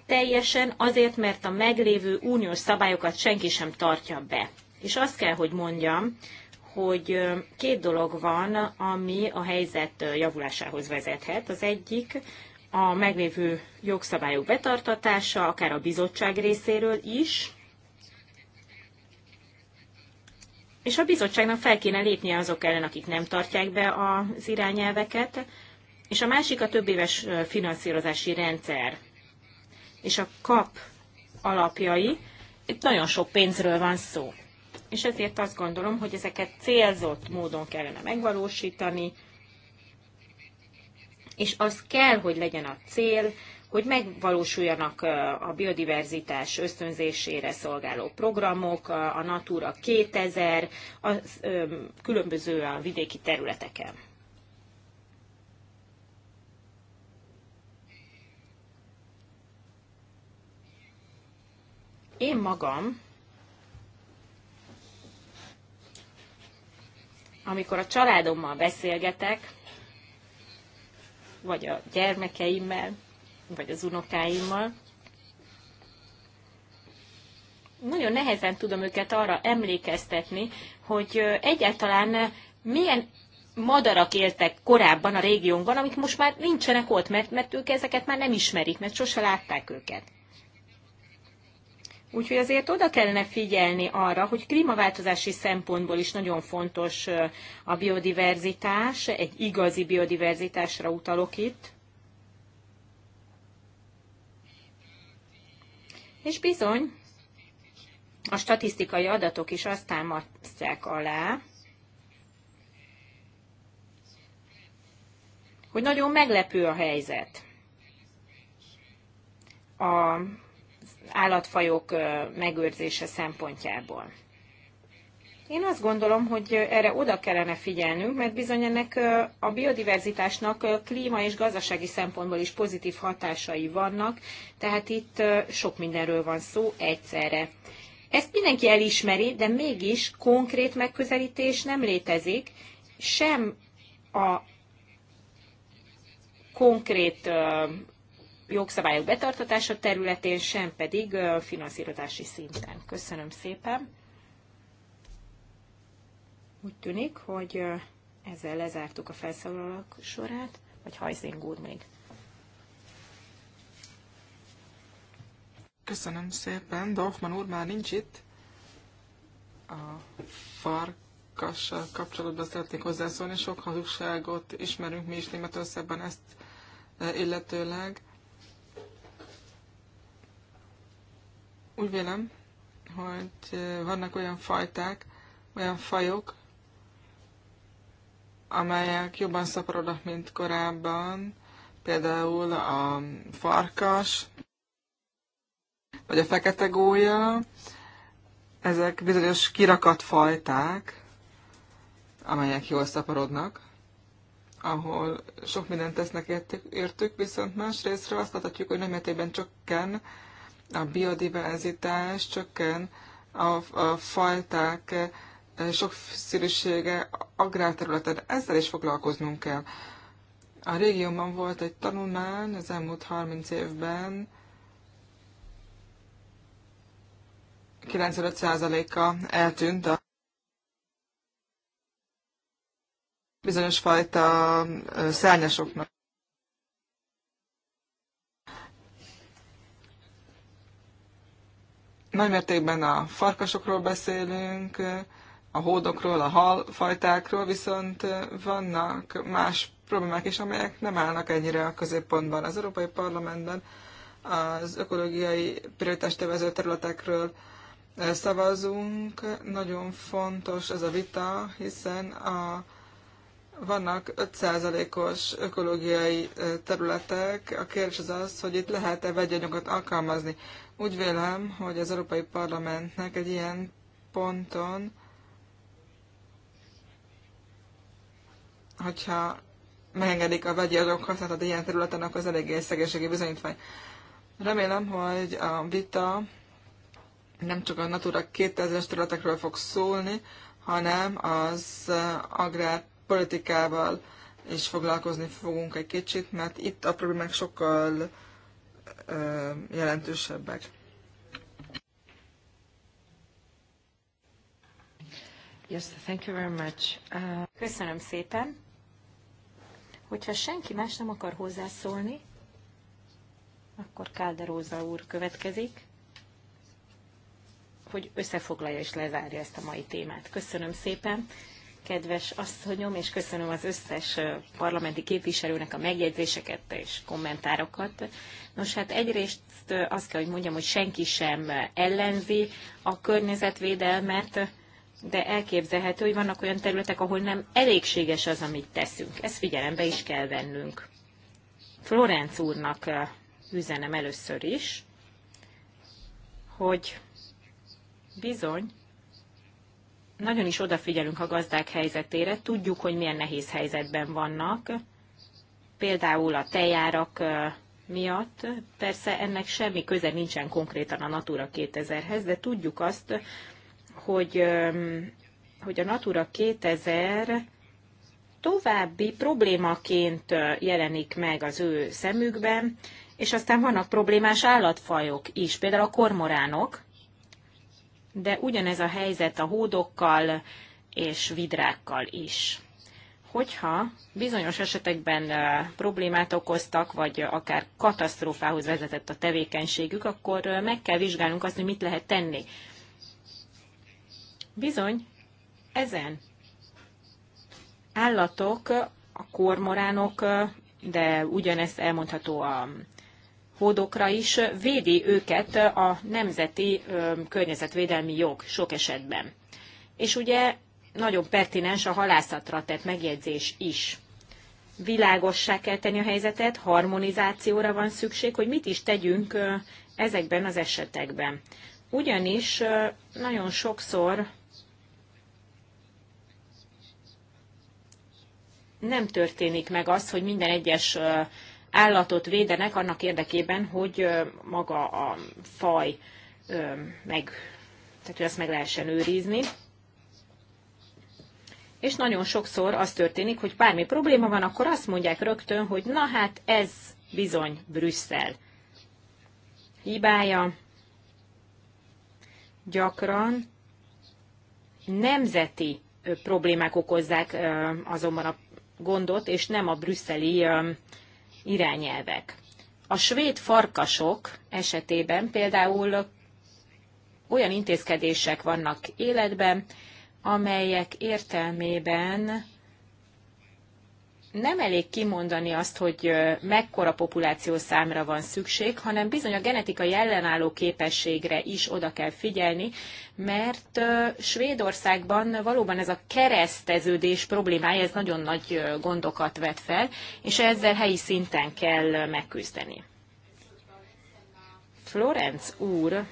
teljesen azért, mert a meglévő uniós szabályokat senki sem tartja be. És azt kell, hogy mondjam, hogy két dolog van, ami a helyzet javulásához vezethet. Az egyik a meglévő jogszabályok betartatása, akár a bizottság részéről is, és a bizottságnak fel kéne lépnie azok ellen, akik nem tartják be az irányelveket, és a másik a éves finanszírozási rendszer és a kap alapjai. Itt nagyon sok pénzről van szó és ezért azt gondolom, hogy ezeket célzott módon kellene megvalósítani, és az kell, hogy legyen a cél, hogy megvalósuljanak a biodiverzitás ösztönzésére szolgáló programok, a Natura 2000, a különböző a vidéki területeken. Én magam amikor a családommal beszélgetek, vagy a gyermekeimmel, vagy az unokáimmal, nagyon nehezen tudom őket arra emlékeztetni, hogy egyáltalán milyen madarak éltek korábban a régiónkban, amik most már nincsenek ott, mert, mert ők ezeket már nem ismerik, mert sose látták őket. Úgyhogy azért oda kellene figyelni arra, hogy klímaváltozási szempontból is nagyon fontos a biodiverzitás, egy igazi biodiverzitásra utalok itt. És bizony, a statisztikai adatok is azt támasztják alá, hogy nagyon meglepő a helyzet. A állatfajok megőrzése szempontjából. Én azt gondolom, hogy erre oda kellene figyelnünk, mert bizony ennek a biodiverzitásnak klíma és gazdasági szempontból is pozitív hatásai vannak, tehát itt sok mindenről van szó egyszerre. Ezt mindenki elismeri, de mégis konkrét megközelítés nem létezik, sem a konkrét jogszabályok betartatása területén, sem pedig finanszírozási szinten. Köszönöm szépen. Úgy tűnik, hogy ezzel lezártuk a felszólalók sorát, vagy hajszín gúr még. Köszönöm szépen. Dorfman úr már nincs itt. A farkassal kapcsolatban szeretnék hozzászólni. Sok hazugságot ismerünk mi is Németországban ezt illetőleg. Úgy vélem, hogy vannak olyan fajták, olyan fajok, amelyek jobban szaporodnak, mint korábban, például a farkas, vagy a fekete gólya, ezek bizonyos kirakat fajták, amelyek jól szaporodnak, ahol sok mindent tesznek értük, értük viszont részre azt láthatjuk, hogy nem értékben csökken a biodiverzitás csökken, a, a fajták eh, sokszínűsége agrárterületen. Ezzel is foglalkoznunk kell. A régióban volt egy tanulmány az elmúlt 30 évben, 95%-a eltűnt a bizonyos fajta eh, szárnyasoknak. Nagymértékben a farkasokról beszélünk, a hódokról, a halfajtákról, viszont vannak más problémák is, amelyek nem állnak ennyire a középpontban. Az Európai Parlamentben az ökológiai prioritást tevező területekről szavazunk. Nagyon fontos ez a vita, hiszen a, vannak 5%-os ökológiai területek. A kérdés az az, hogy itt lehet-e vegyanyagot alkalmazni. Úgy vélem, hogy az Európai Parlamentnek egy ilyen ponton, hogyha megengedik a vegyi azok használatot ilyen területen, akkor az eléggé egy szegénységi bizonyítvány. Remélem, hogy a vita nem csak a Natura 2000-es területekről fog szólni, hanem az agrárpolitikával is foglalkozni fogunk egy kicsit, mert itt a problémák sokkal jelentősebbek. Yes, thank you very much. Uh... Köszönöm szépen. Hogyha senki más nem akar hozzászólni, akkor Kálderóza úr következik, hogy összefoglalja és lezárja ezt a mai témát. Köszönöm szépen kedves asszonyom, és köszönöm az összes parlamenti képviselőnek a megjegyzéseket és kommentárokat. Nos, hát egyrészt azt kell, hogy mondjam, hogy senki sem ellenzi a környezetvédelmet, de elképzelhető, hogy vannak olyan területek, ahol nem elégséges az, amit teszünk. Ezt figyelembe is kell vennünk. Florenc úrnak üzenem először is, hogy bizony nagyon is odafigyelünk a gazdák helyzetére, tudjuk, hogy milyen nehéz helyzetben vannak, például a tejárak miatt. Persze ennek semmi köze nincsen konkrétan a Natura 2000-hez, de tudjuk azt, hogy, hogy a Natura 2000 további problémaként jelenik meg az ő szemükben, és aztán vannak problémás állatfajok is, például a kormoránok, de ugyanez a helyzet a hódokkal és vidrákkal is. Hogyha bizonyos esetekben problémát okoztak, vagy akár katasztrófához vezetett a tevékenységük, akkor meg kell vizsgálnunk azt, hogy mit lehet tenni. Bizony, ezen állatok, a kormoránok, de ugyanezt elmondható a hódokra is védi őket a nemzeti környezetvédelmi jog sok esetben. És ugye nagyon pertinens a halászatra tett megjegyzés is. Világossá kell tenni a helyzetet, harmonizációra van szükség, hogy mit is tegyünk ezekben az esetekben. Ugyanis nagyon sokszor nem történik meg az, hogy minden egyes állatot védenek annak érdekében, hogy maga a faj meg, tehát hogy ezt meg lehessen őrizni. És nagyon sokszor az történik, hogy bármi probléma van, akkor azt mondják rögtön, hogy na hát ez bizony Brüsszel hibája. Gyakran nemzeti problémák okozzák azonban a gondot, és nem a brüsszeli irányelvek. A svéd farkasok esetében például olyan intézkedések vannak életben, amelyek értelmében nem elég kimondani azt, hogy mekkora populáció számra van szükség, hanem bizony a genetikai ellenálló képességre is oda kell figyelni, mert Svédországban valóban ez a kereszteződés problémája, ez nagyon nagy gondokat vet fel, és ezzel helyi szinten kell megküzdeni. Florenc úr,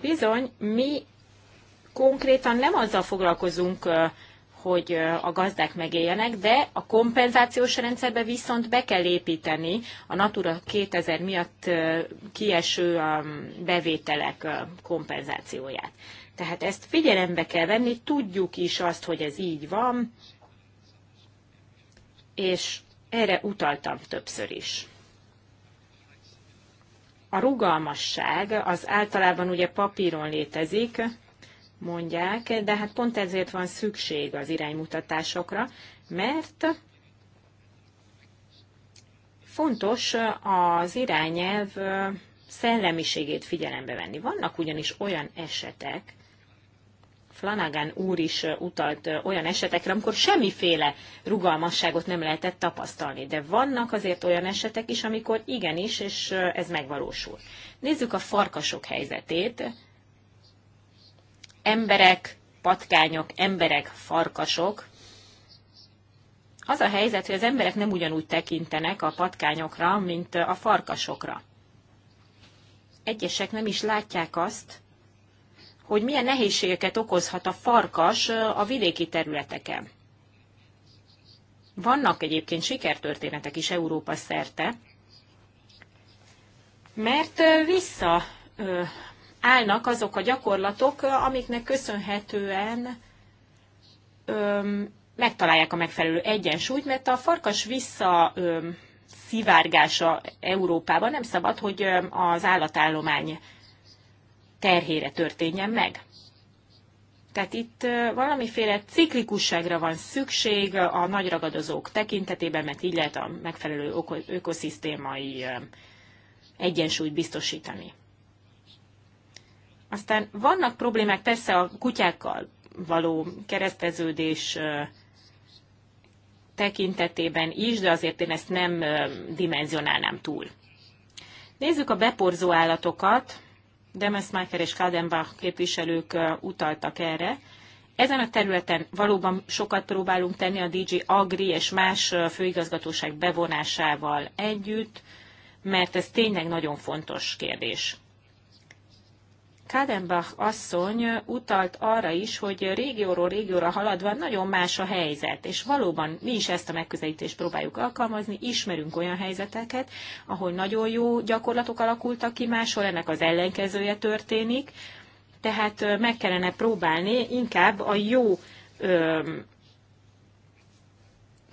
bizony mi konkrétan nem azzal foglalkozunk, hogy a gazdák megéljenek, de a kompenzációs rendszerbe viszont be kell építeni a Natura 2000 miatt kieső bevételek kompenzációját. Tehát ezt figyelembe kell venni, tudjuk is azt, hogy ez így van, és erre utaltam többször is. A rugalmasság az általában ugye papíron létezik, mondják, de hát pont ezért van szükség az iránymutatásokra, mert fontos az irányelv szellemiségét figyelembe venni. Vannak ugyanis olyan esetek, Flanagan úr is utalt olyan esetekre, amikor semmiféle rugalmasságot nem lehetett tapasztalni, de vannak azért olyan esetek is, amikor igenis, és ez megvalósul. Nézzük a farkasok helyzetét emberek, patkányok, emberek, farkasok. Az a helyzet, hogy az emberek nem ugyanúgy tekintenek a patkányokra, mint a farkasokra. Egyesek nem is látják azt, hogy milyen nehézségeket okozhat a farkas a vidéki területeken. Vannak egyébként sikertörténetek is Európa szerte, mert vissza állnak azok a gyakorlatok, amiknek köszönhetően öm, megtalálják a megfelelő egyensúlyt, mert a farkas vissza öm, szivárgása Európában nem szabad, hogy az állatállomány terhére történjen meg. Tehát itt valamiféle ciklikusságra van szükség a nagy ragadozók tekintetében, mert így lehet a megfelelő ökoszisztémai egyensúlyt biztosítani. Aztán vannak problémák persze a kutyákkal való kereszteződés tekintetében is, de azért én ezt nem dimenzionálnám túl. Nézzük a beporzó állatokat. Demesmaker és Kadenbach képviselők utaltak erre. Ezen a területen valóban sokat próbálunk tenni a DG Agri és más főigazgatóság bevonásával együtt, mert ez tényleg nagyon fontos kérdés. Kadenbach asszony utalt arra is, hogy régióról régióra haladva nagyon más a helyzet, és valóban mi is ezt a megközelítést próbáljuk alkalmazni, ismerünk olyan helyzeteket, ahol nagyon jó gyakorlatok alakultak ki, máshol ennek az ellenkezője történik, tehát meg kellene próbálni inkább a jó öm,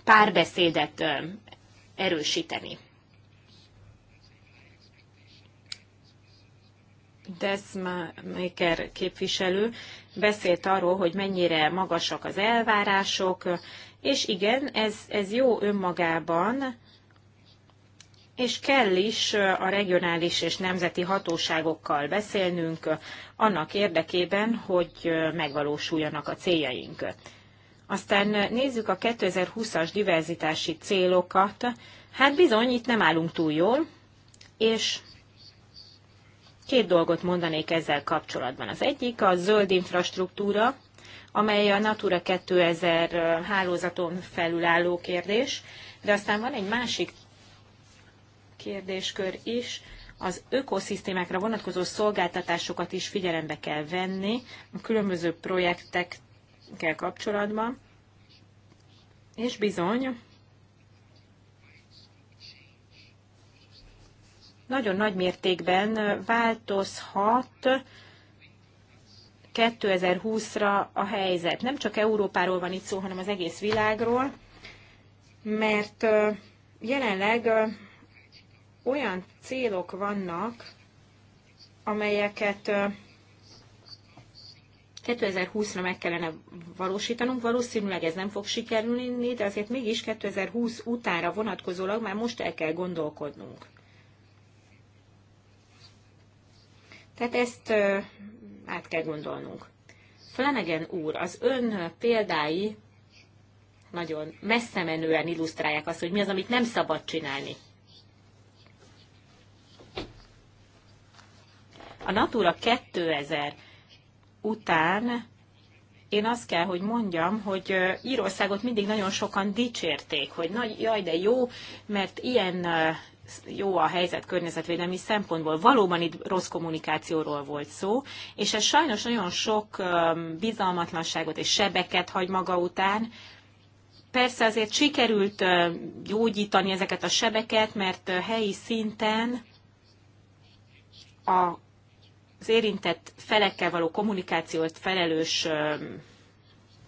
párbeszédet öm, erősíteni. Desmaker képviselő beszélt arról, hogy mennyire magasak az elvárások, és igen, ez, ez jó önmagában, és kell is a regionális és nemzeti hatóságokkal beszélnünk annak érdekében, hogy megvalósuljanak a céljaink. Aztán nézzük a 2020-as diverzitási célokat. Hát bizony, itt nem állunk túl jól, és Két dolgot mondanék ezzel kapcsolatban. Az egyik a zöld infrastruktúra, amely a Natura 2000 hálózaton felülálló kérdés, de aztán van egy másik kérdéskör is, az ökoszisztémákra vonatkozó szolgáltatásokat is figyelembe kell venni a különböző projektekkel kapcsolatban, és bizony nagyon nagy mértékben változhat 2020-ra a helyzet. Nem csak Európáról van itt szó, hanem az egész világról, mert jelenleg olyan célok vannak, amelyeket 2020-ra meg kellene valósítanunk. Valószínűleg ez nem fog sikerülni, de azért mégis 2020 utára vonatkozólag már most el kell gondolkodnunk. Tehát ezt át kell gondolnunk. Flanagan úr, az ön példái nagyon messze menően illusztrálják azt, hogy mi az, amit nem szabad csinálni. A Natura 2000 után én azt kell, hogy mondjam, hogy Írországot mindig nagyon sokan dicsérték, hogy nagy, jaj, de jó, mert ilyen jó a helyzet környezetvédelmi szempontból. Valóban itt rossz kommunikációról volt szó, és ez sajnos nagyon sok bizalmatlanságot és sebeket hagy maga után. Persze azért sikerült gyógyítani ezeket a sebeket, mert helyi szinten a az érintett felekkel való kommunikációt felelős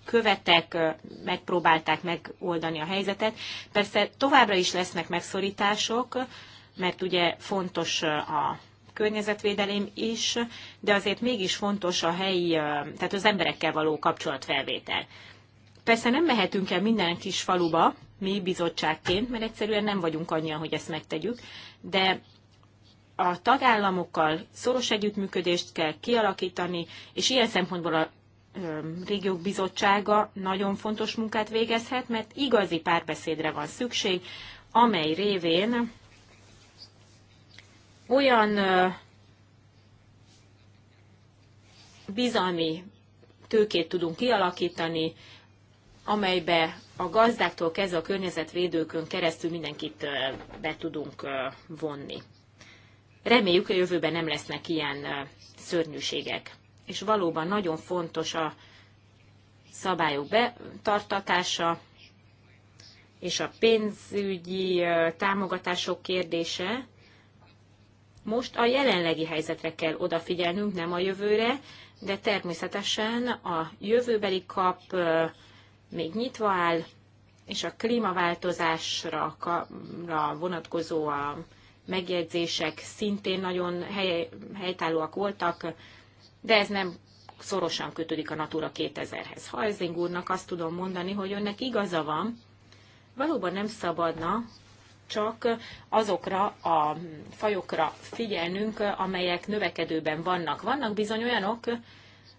követek megpróbálták megoldani a helyzetet. Persze továbbra is lesznek megszorítások, mert ugye fontos a környezetvédelem is, de azért mégis fontos a helyi, tehát az emberekkel való kapcsolatfelvétel. Persze nem mehetünk el minden kis faluba, mi bizottságként, mert egyszerűen nem vagyunk annyian, hogy ezt megtegyük, de a tagállamokkal szoros együttműködést kell kialakítani, és ilyen szempontból a régiók bizottsága nagyon fontos munkát végezhet, mert igazi párbeszédre van szükség, amely révén olyan bizalmi tőkét tudunk kialakítani, amelybe a gazdáktól kezdve a környezetvédőkön keresztül mindenkit be tudunk vonni. Reméljük, a jövőben nem lesznek ilyen szörnyűségek és valóban nagyon fontos a szabályok betartatása, és a pénzügyi támogatások kérdése. Most a jelenlegi helyzetre kell odafigyelnünk, nem a jövőre, de természetesen a jövőbeli kap még nyitva áll, és a klímaváltozásra vonatkozó a megjegyzések szintén nagyon hely, helytállóak voltak de ez nem szorosan kötődik a Natura 2000-hez. Hajzing úrnak azt tudom mondani, hogy önnek igaza van, valóban nem szabadna csak azokra a fajokra figyelnünk, amelyek növekedőben vannak. Vannak bizony olyanok,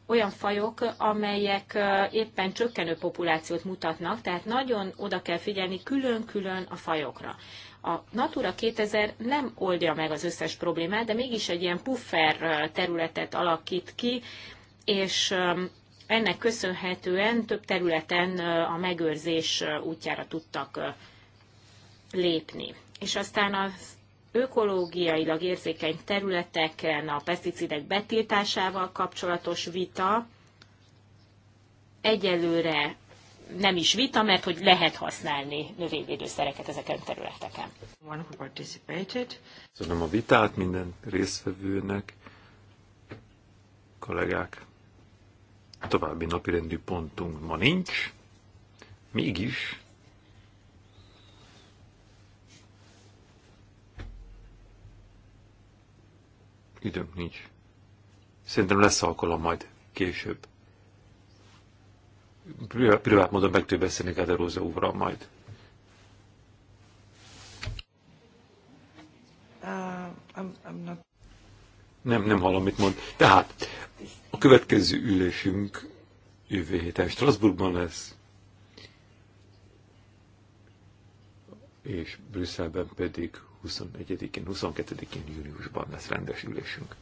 olyan fajok, amelyek éppen csökkenő populációt mutatnak, tehát nagyon oda kell figyelni külön-külön a fajokra. A Natura 2000 nem oldja meg az összes problémát, de mégis egy ilyen puffer területet alakít ki, és ennek köszönhetően több területen a megőrzés útjára tudtak lépni. És aztán az ökológiailag érzékeny területeken a peszticidek betiltásával kapcsolatos vita egyelőre nem is vita, mert hogy lehet használni növényvédőszereket ezeken a területeken. Köszönöm a vitát minden résztvevőnek, kollégák. További napirendű pontunk ma nincs, mégis időnk nincs. Szerintem lesz alkalom majd később privát módon meg tudja beszélni Gáderóza úrral majd. Uh, nem, nem hallom, mit mond. Tehát a következő ülésünk jövő héten Strasbourgban lesz, és Brüsszelben pedig 21-én, 22-én júniusban lesz rendes ülésünk.